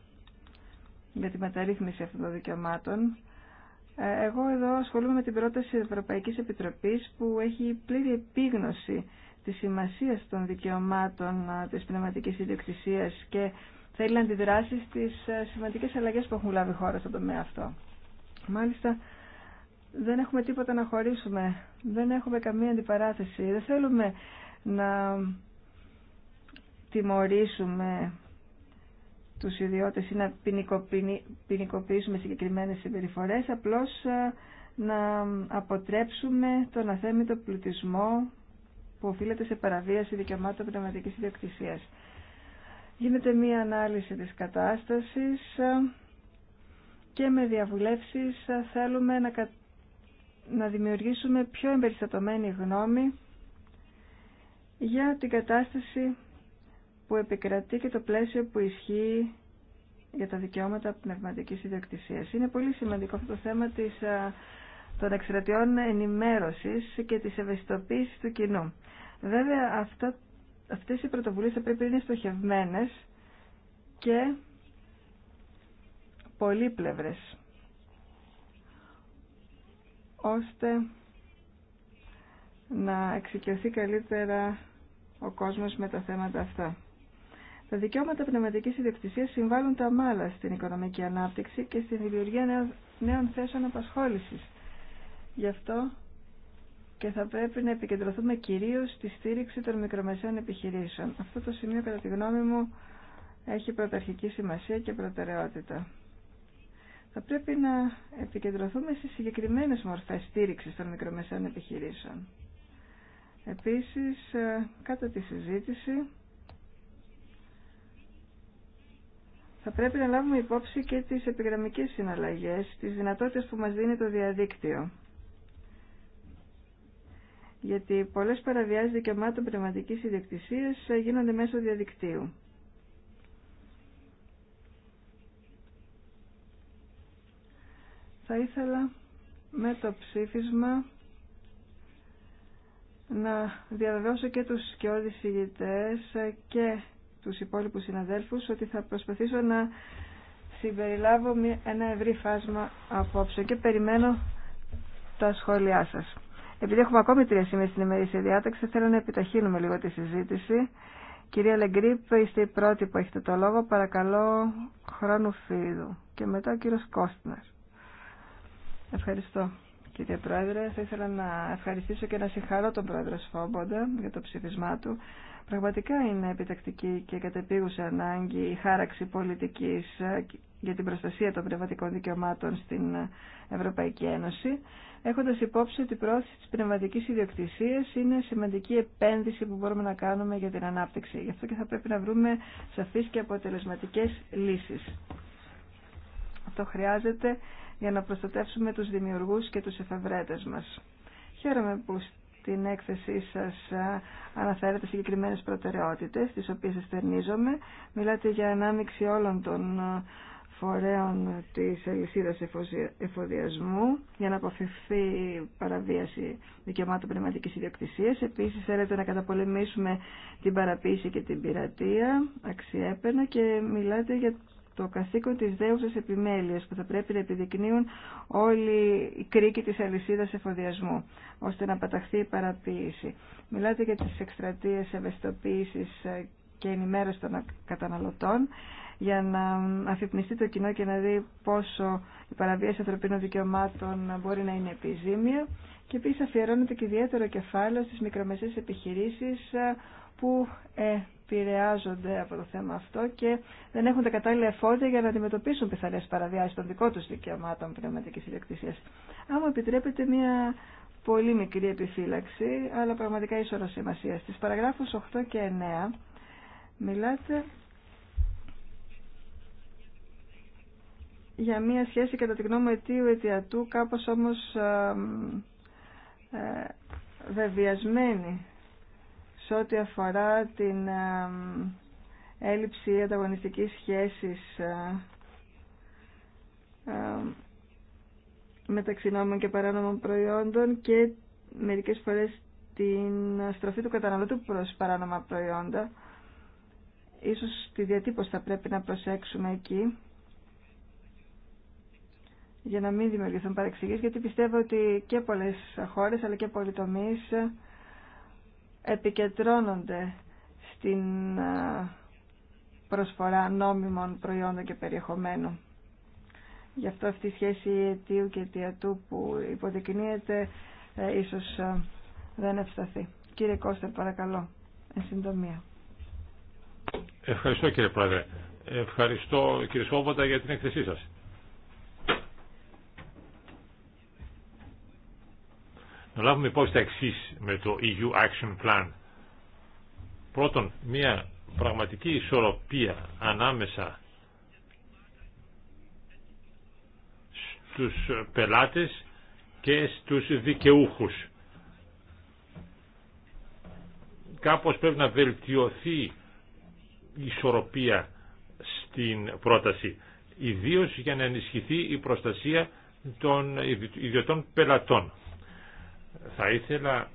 για τη μεταρρύθμιση αυτών των δικαιωμάτων ε, εγώ εδώ ασχολούμαι με την πρόταση της Ευρωπαϊκής Επιτροπής που έχει πλήρη επίγνωση της σημασίας των δικαιωμάτων της πνευματικής ιδιοκτησίας και θέλει να αντιδράσει στις σημαντικές αλλαγές που έχουν λάβει χώρα στον τομέα αυτό. Μάλιστα, δεν έχουμε τίποτα να χωρίσουμε, δεν έχουμε καμία αντιπαράθεση, δεν θέλουμε να τιμωρήσουμε τους ιδιώτες ή να ποινικοποιήσουμε συγκεκριμένες συμπεριφορές, απλώς ε, να αποτρέψουμε τον αθέμητο πλουτισμό που οφείλεται σε παραβίαση δικαιωμάτων πνευματικής ιδιοκτησίας. Γίνεται μία ανάλυση της κατάστασης ε, και με διαβουλεύσεις ε, θέλουμε να, να δημιουργήσουμε πιο εμπεριστατωμένη γνώμη για την κατάσταση που επικρατεί και το πλαίσιο που ισχύει για τα δικαιώματα πνευματικής ιδιοκτησίας. Είναι πολύ σημαντικό αυτό το θέμα της, των εξτρατιών ενημέρωσης και της ευαισθητοποίησης του κοινού. Βέβαια αυτά, αυτές οι πρωτοβουλίες θα πρέπει να είναι στοχευμένες και πολύπλευρες ώστε να εξοικειωθεί καλύτερα ο κόσμος με τα θέματα αυτά. Τα δικαιώματα πνευματικής ιδιοκτησίας συμβάλλουν τα μάλα στην οικονομική ανάπτυξη και στην δημιουργία νέων, θέσεων απασχόλησης. Γι' αυτό και θα πρέπει να επικεντρωθούμε κυρίως στη στήριξη των μικρομεσαίων επιχειρήσεων. Αυτό το σημείο, κατά τη γνώμη μου, έχει πρωταρχική σημασία και προτεραιότητα. Θα πρέπει να επικεντρωθούμε στις συγκεκριμένες μορφές στήριξης των μικρομεσαίων επιχειρήσεων. Επίσης, ε, κάτω τη συζήτηση, θα πρέπει να λάβουμε υπόψη και τις επιγραμμικές συναλλαγές, τις δυνατότητες που μας δίνει το διαδίκτυο. Γιατί πολλές παραβιάσεις δικαιωμάτων πνευματικής ιδιοκτησίας γίνονται μέσω διαδικτύου. Θα ήθελα με το ψήφισμα να διαβεβαιώσω και τους σκιώδης ηγητές και τους υπόλοιπους συναδέλφους ότι θα προσπαθήσω να συμπεριλάβω ένα ευρύ φάσμα απόψε και περιμένω τα σχόλιά σας. Επειδή έχουμε ακόμη τρία σημεία στην ημερήσια διάταξη, θέλω να επιταχύνουμε λίγο τη συζήτηση. Κυρία Λεγκρίπ, είστε η πρώτη που έχετε το λόγο. Παρακαλώ, χρόνου φίδου. Και μετά ο κύριος Κόστινας. Ευχαριστώ. Κύριε Πρόεδρε, θα ήθελα να ευχαριστήσω και να συγχαρώ τον Πρόεδρο Σφόμποντα για το ψήφισμά του. Πραγματικά είναι επιτακτική και κατεπίγουσα ανάγκη η χάραξη πολιτικής ε, για την προστασία των πνευματικών δικαιωμάτων στην Ευρωπαϊκή Ένωση, έχοντας υπόψη ότι η πρόθεση της πνευματικής ιδιοκτησίας είναι σημαντική επένδυση που μπορούμε να κάνουμε για την ανάπτυξη. Γι' αυτό και θα πρέπει να βρούμε σαφείς και αποτελεσματικές λύσεις. Αυτό χρειάζεται για να προστατεύσουμε τους δημιουργούς και τους εφευρέτες μας. Χαίρομαι που στην έκθεσή σας αναφέρετε συγκεκριμένες προτεραιότητες, τις οποίες εστερνίζομαι. Μιλάτε για ανάμειξη όλων των φορέων της αλυσίδας εφοδιασμού για να αποφευθεί παραβίαση δικαιωμάτων πνευματικής ιδιοκτησίας. Επίσης θέλετε να καταπολεμήσουμε την παραποίηση και την πειρατεία αξιέπαινα και μιλάτε για το καθήκον της δέουσας επιμέλειας που θα πρέπει να επιδεικνύουν όλοι οι κρίκοι της αλυσίδας εφοδιασμού, ώστε να παταχθεί η παραποίηση. Μιλάτε για τις εκστρατείες ευαισθητοποίησης και ενημέρωση των καταναλωτών για να αφυπνιστεί το κοινό και να δει πόσο η παραβίαση ανθρωπίνων δικαιωμάτων μπορεί να είναι επιζήμια και επίση αφιερώνεται και ιδιαίτερο κεφάλαιο στις μικρομεσαίες επιχειρήσεις που ε, επηρεάζονται από το θέμα αυτό και δεν έχουν τα κατάλληλα εφόδια για να αντιμετωπίσουν πιθανέ παραβιάσεις των δικών του δικαιωμάτων πνευματικής Αν Άμα επιτρέπετε μια πολύ μικρή επιφύλαξη, αλλά πραγματικά ίσορο σημασία. Στις παραγράφους 8 και 9 μιλάτε για μια σχέση κατά τη γνώμη αιτίου αιτιατού, κάπως όμως ε, ε, σε ό,τι αφορά την έλλειψη ανταγωνιστικής σχέσης ε, μεταξύ νόμων και παράνομων προϊόντων και μερικές φορές την στροφή του καταναλωτού προς παράνομα προϊόντα. Ίσως τη διατύπωση θα πρέπει να προσέξουμε εκεί για να μην δημιουργηθούν παρεξηγήσεις, γιατί πιστεύω ότι και πολλές χώρες αλλά και πολλοί τομείς επικεντρώνονται στην ε, προσφορά νόμιμων προϊόντων και περιεχομένου. Γι' αυτό αυτή η σχέση αιτίου και αιτιατού που υποδεικνύεται ε, ίσως ε, δεν ευσταθεί. Κύριε Κώστα, παρακαλώ, εν συντομία. Ευχαριστώ κύριε Πρόεδρε. Ευχαριστώ κύριε Σόβοντα για την έκθεσή σας. να λάβουμε υπόψη τα εξή με το EU Action Plan. Πρώτον, μια πραγματική ισορροπία ανάμεσα στους πελάτες και στους δικαιούχους. Κάπως πρέπει να βελτιωθεί η ισορροπία στην πρόταση, ιδίως για να ενισχυθεί η προστασία των ιδιωτών πελατών. Θα ήθελα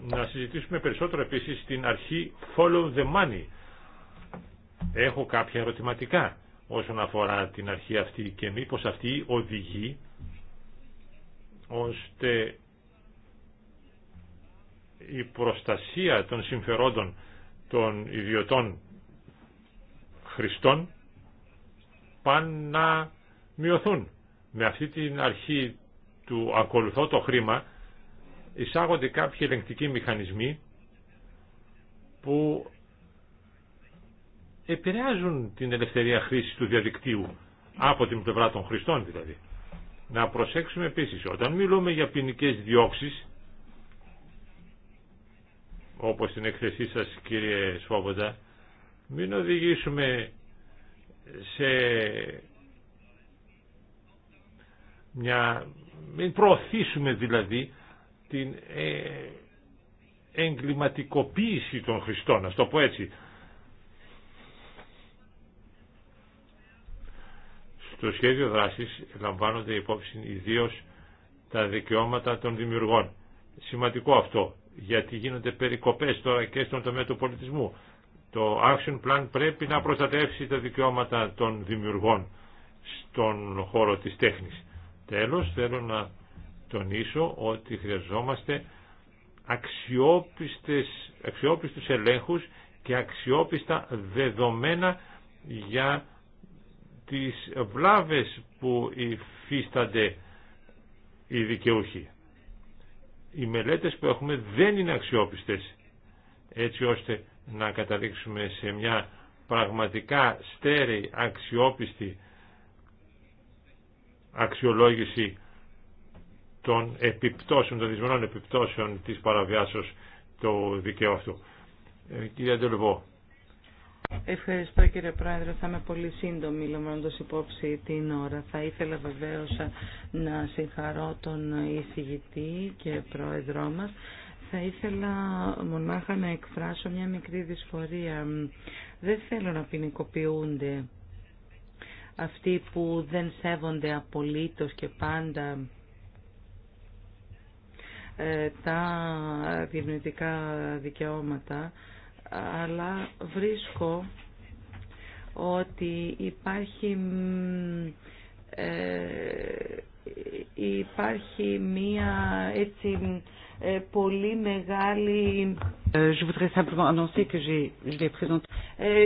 να συζητήσουμε περισσότερο επίσης την αρχή follow the money. Έχω κάποια ερωτηματικά όσον αφορά την αρχή αυτή και μήπως αυτή οδηγεί ώστε η προστασία των συμφερόντων των ιδιωτών χρηστών πάνε να μειωθούν. Με αυτή την αρχή του ακολουθώ το χρήμα εισάγονται κάποιοι ελεγκτικοί μηχανισμοί που επηρεάζουν την ελευθερία χρήση του διαδικτύου από την πλευρά των χρηστών δηλαδή. Να προσέξουμε επίσης όταν μιλούμε για ποινικέ διώξεις όπως την έκθεσή σας κύριε Σφόβοντα μην οδηγήσουμε σε μια μην προωθήσουμε δηλαδή την ε, εγκληματικοποίηση των χρηστών, να το πω έτσι. Στο σχέδιο δράσης λαμβάνονται υπόψη ιδίω τα δικαιώματα των δημιουργών. Σημαντικό αυτό, γιατί γίνονται περικοπές τώρα και στον τομέα του πολιτισμού. Το Action Plan πρέπει να προστατεύσει τα δικαιώματα των δημιουργών στον χώρο της τέχνης. Τέλος, θέλω να τονίσω ότι χρειαζόμαστε αξιόπιστες, αξιόπιστους ελέγχους και αξιόπιστα δεδομένα για τις βλάβες που υφίστανται οι δικαιούχοι. Οι μελέτες που έχουμε δεν είναι αξιόπιστες έτσι ώστε να καταλήξουμε σε μια πραγματικά στέρεη, αξιόπιστη αξιολόγηση των επιπτώσεων, των δυσμενών επιπτώσεων της παραβιάσεως του δικαίου αυτού. Ε, κύριε Αντελβό. Ευχαριστώ κύριε Πρόεδρε. Θα είμαι πολύ σύντομη λαμβάνοντας υπόψη την ώρα. Θα ήθελα βεβαίως να συγχαρώ τον εισηγητή και πρόεδρό μας. Θα ήθελα μονάχα να εκφράσω μια μικρή δυσφορία. Δεν θέλω να ποινικοποιούνται αυτοί που δεν σέβονται απολύτως και πάντα ε, τα διευνητικά δικαιώματα, αλλά βρίσκω ότι υπάρχει ε, υπάρχει μία έτσι ε, πολύ μεγάλη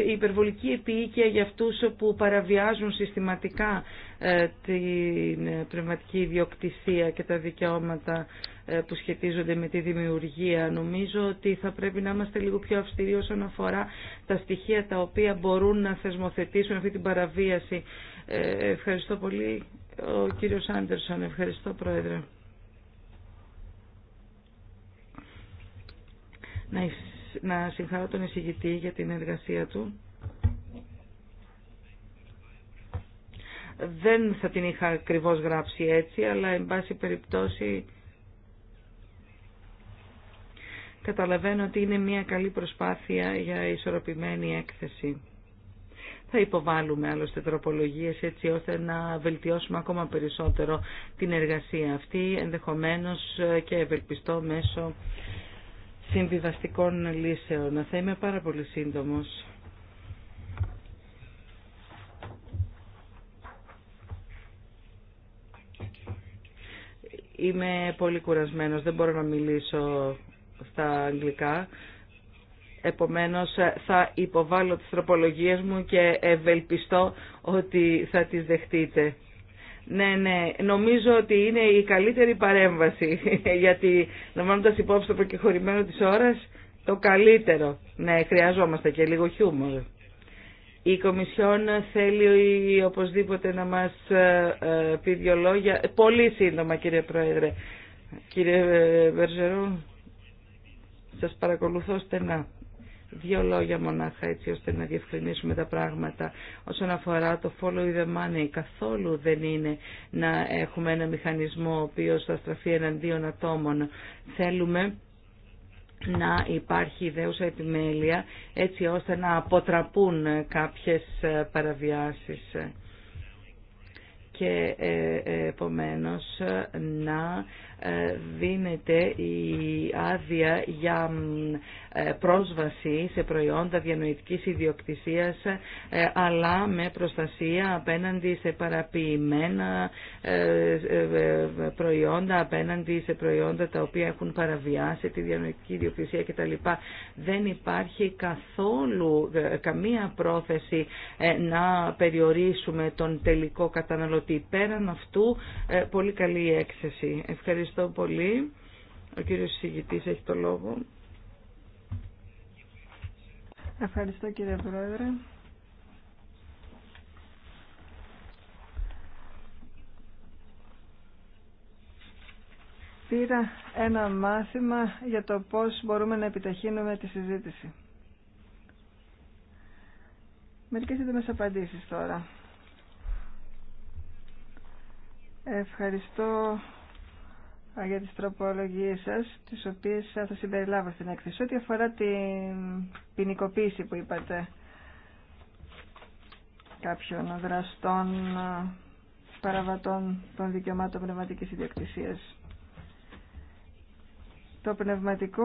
Η υπερβολική επίοικια για αυτού που παραβιάζουν συστηματικά ε, την ε, πνευματική ιδιοκτησία και τα δικαιώματα που σχετίζονται με τη δημιουργία. Νομίζω ότι θα πρέπει να είμαστε λίγο πιο αυστηροί όσον αφορά τα στοιχεία τα οποία μπορούν να θεσμοθετήσουν αυτή την παραβίαση. Ευχαριστώ πολύ ο κύριος Άντερσον. Ευχαριστώ πρόεδρε. να συγχαρώ τον εισηγητή για την εργασία του. Δεν θα την είχα ακριβώ γράψει έτσι, αλλά εν πάση περιπτώσει καταλαβαίνω ότι είναι μια καλή προσπάθεια για ισορροπημένη έκθεση. Θα υποβάλουμε άλλωστε τροπολογίες έτσι ώστε να βελτιώσουμε ακόμα περισσότερο την εργασία αυτή, ενδεχομένως ε, και ευελπιστώ μέσω συμβιβαστικών λύσεων. Θα είμαι πάρα πολύ σύντομος. Είμαι πολύ κουρασμένος, δεν μπορώ να μιλήσω στα αγγλικά. Επομένως θα υποβάλω τις τροπολογίες μου και ευελπιστώ ότι θα τις δεχτείτε. Ναι, ναι. Νομίζω ότι είναι η καλύτερη παρέμβαση. [laughs] Γιατί λαμβάνοντα υπόψη το προκεχωρημένο τη ώρα, το καλύτερο. Ναι, χρειαζόμαστε και λίγο χιούμορ. Η Κομισιόν θέλει οπωσδήποτε να μας ε, ε, πει δύο λόγια. Ε, πολύ σύντομα κύριε Πρόεδρε. Κύριε Βερζερού, σας παρακολουθώ στενά. Δύο λόγια μονάχα έτσι ώστε να διευκρινίσουμε τα πράγματα. Όσον αφορά το follow the money, καθόλου δεν είναι να έχουμε ένα μηχανισμό ο οποίος θα στραφεί εναντίον ατόμων. Θέλουμε να υπάρχει ιδέουσα επιμέλεια έτσι ώστε να αποτραπούν κάποιες ε, παραβιάσεις και ε, ε, επομένως να ε, δίνεται η άδεια για ε, πρόσβαση σε προϊόντα διανοητικής ιδιοκτησίας ε, αλλά με προστασία απέναντι σε παραποιημένα προϊόντα, απέναντι σε προϊόντα τα οποία έχουν παραβιάσει τη διανοητική ιδιοκτησία κτλ. Δεν υπάρχει καθόλου καμία πρόθεση να περιορίσουμε τον τελικό καταναλωτή. Πέραν αυτού, πολύ καλή έκθεση. Ευχαριστώ. Ευχαριστώ πολύ. Ο κύριος συγητής έχει το λόγο. Ευχαριστώ κύριε Πρόεδρε. Πήρα ένα μάθημα για το πώς μπορούμε να επιταχύνουμε τη συζήτηση. Μερικές μέσα απαντήσεις τώρα. Ευχαριστώ για τις τροπολογίες σας, τις οποίες θα συμπεριλάβω στην έκθεση. Ό,τι αφορά την ποινικοποίηση που είπατε κάποιων δραστών παραβατών των δικαιωμάτων πνευματικής ιδιοκτησίας. Το, πνευματικό,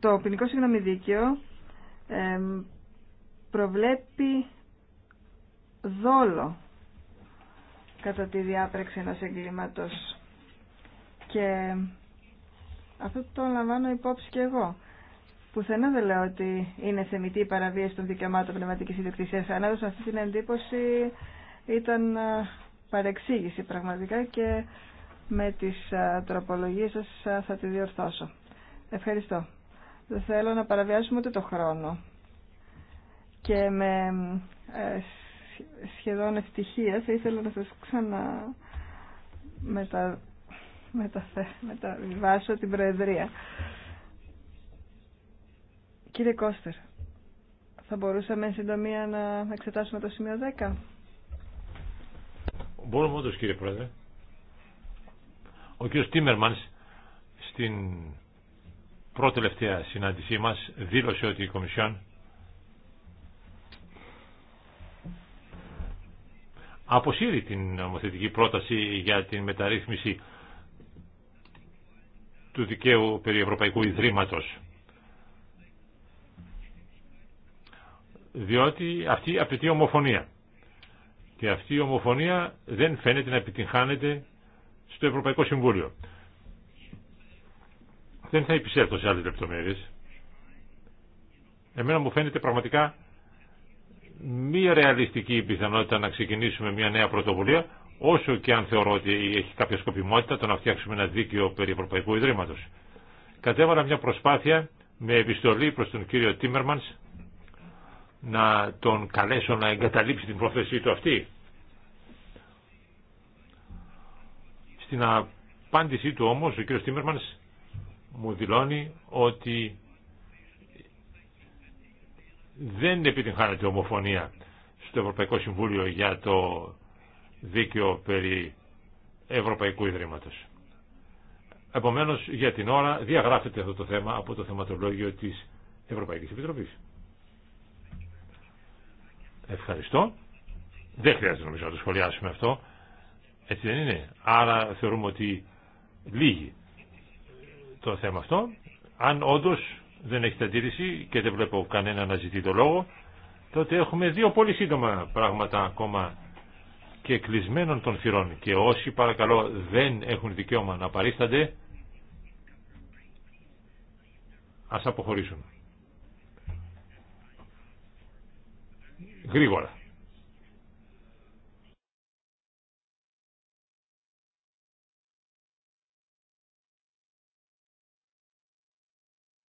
το ποινικό συγγνώμη δίκαιο προβλέπει δόλο κατά τη διάπρεξη ενός εγκλήματος και αυτό το λαμβάνω υπόψη και εγώ. Πουθενά δεν λέω ότι είναι θεμητή η παραβίαση των δικαιωμάτων πνευματική ιδιοκτησία. Αν έδωσα αυτή την εντύπωση ήταν παρεξήγηση πραγματικά και με τι τροπολογίε σα θα τη διορθώσω. Ευχαριστώ. Δεν θέλω να παραβιάσουμε ούτε το χρόνο. Και με σχεδόν ευτυχία θα ήθελα να σας ξανα μεταβιβάσω την Προεδρία. Κύριε Κώστερ, θα μπορούσαμε εν συντομία να εξετάσουμε το σημείο 10. Μπορούμε όντως κύριε Πρόεδρε. Ο κύριος Τίμερμανς στην πρώτη τελευταία συνάντησή μας δήλωσε ότι η Κομισιόν αποσύρει την νομοθετική πρόταση για την μεταρρύθμιση του δικαίου περί Ευρωπαϊκού Ιδρύματος. Διότι αυτή απαιτεί ομοφωνία. Και αυτή η ομοφωνία δεν φαίνεται να επιτυγχάνεται στο Ευρωπαϊκό Συμβούλιο. Δεν θα επισέλθω σε άλλες λεπτομέρειες. Εμένα μου φαίνεται πραγματικά μη ρεαλιστική η πιθανότητα να ξεκινήσουμε μια νέα πρωτοβουλία όσο και αν θεωρώ ότι έχει κάποια σκοπιμότητα το να φτιάξουμε ένα δίκαιο περί Ευρωπαϊκού Ιδρύματος. Κατέβαλα μια προσπάθεια με επιστολή προς τον κύριο Τίμερμανς να τον καλέσω να εγκαταλείψει την πρόθεσή του αυτή. Στην απάντησή του όμως ο κύριος Τίμερμανς μου δηλώνει ότι δεν επιτυγχάνεται ομοφωνία στο Ευρωπαϊκό Συμβούλιο για το δίκαιο περί Ευρωπαϊκού Ιδρύματος. Επομένως, για την ώρα διαγράφεται αυτό το θέμα από το θεματολόγιο της Ευρωπαϊκής Επιτροπής. Ευχαριστώ. Δεν χρειάζεται νομίζω να το σχολιάσουμε αυτό. Έτσι δεν είναι. Άρα θεωρούμε ότι λύγει το θέμα αυτό. Αν όντω δεν έχετε αντίρρηση και δεν βλέπω κανένα να ζητεί το λόγο, τότε έχουμε δύο πολύ σύντομα πράγματα ακόμα και κλεισμένων των θυρών και όσοι παρακαλώ δεν έχουν δικαίωμα να παρίστανται ας αποχωρήσουν. Γρήγορα.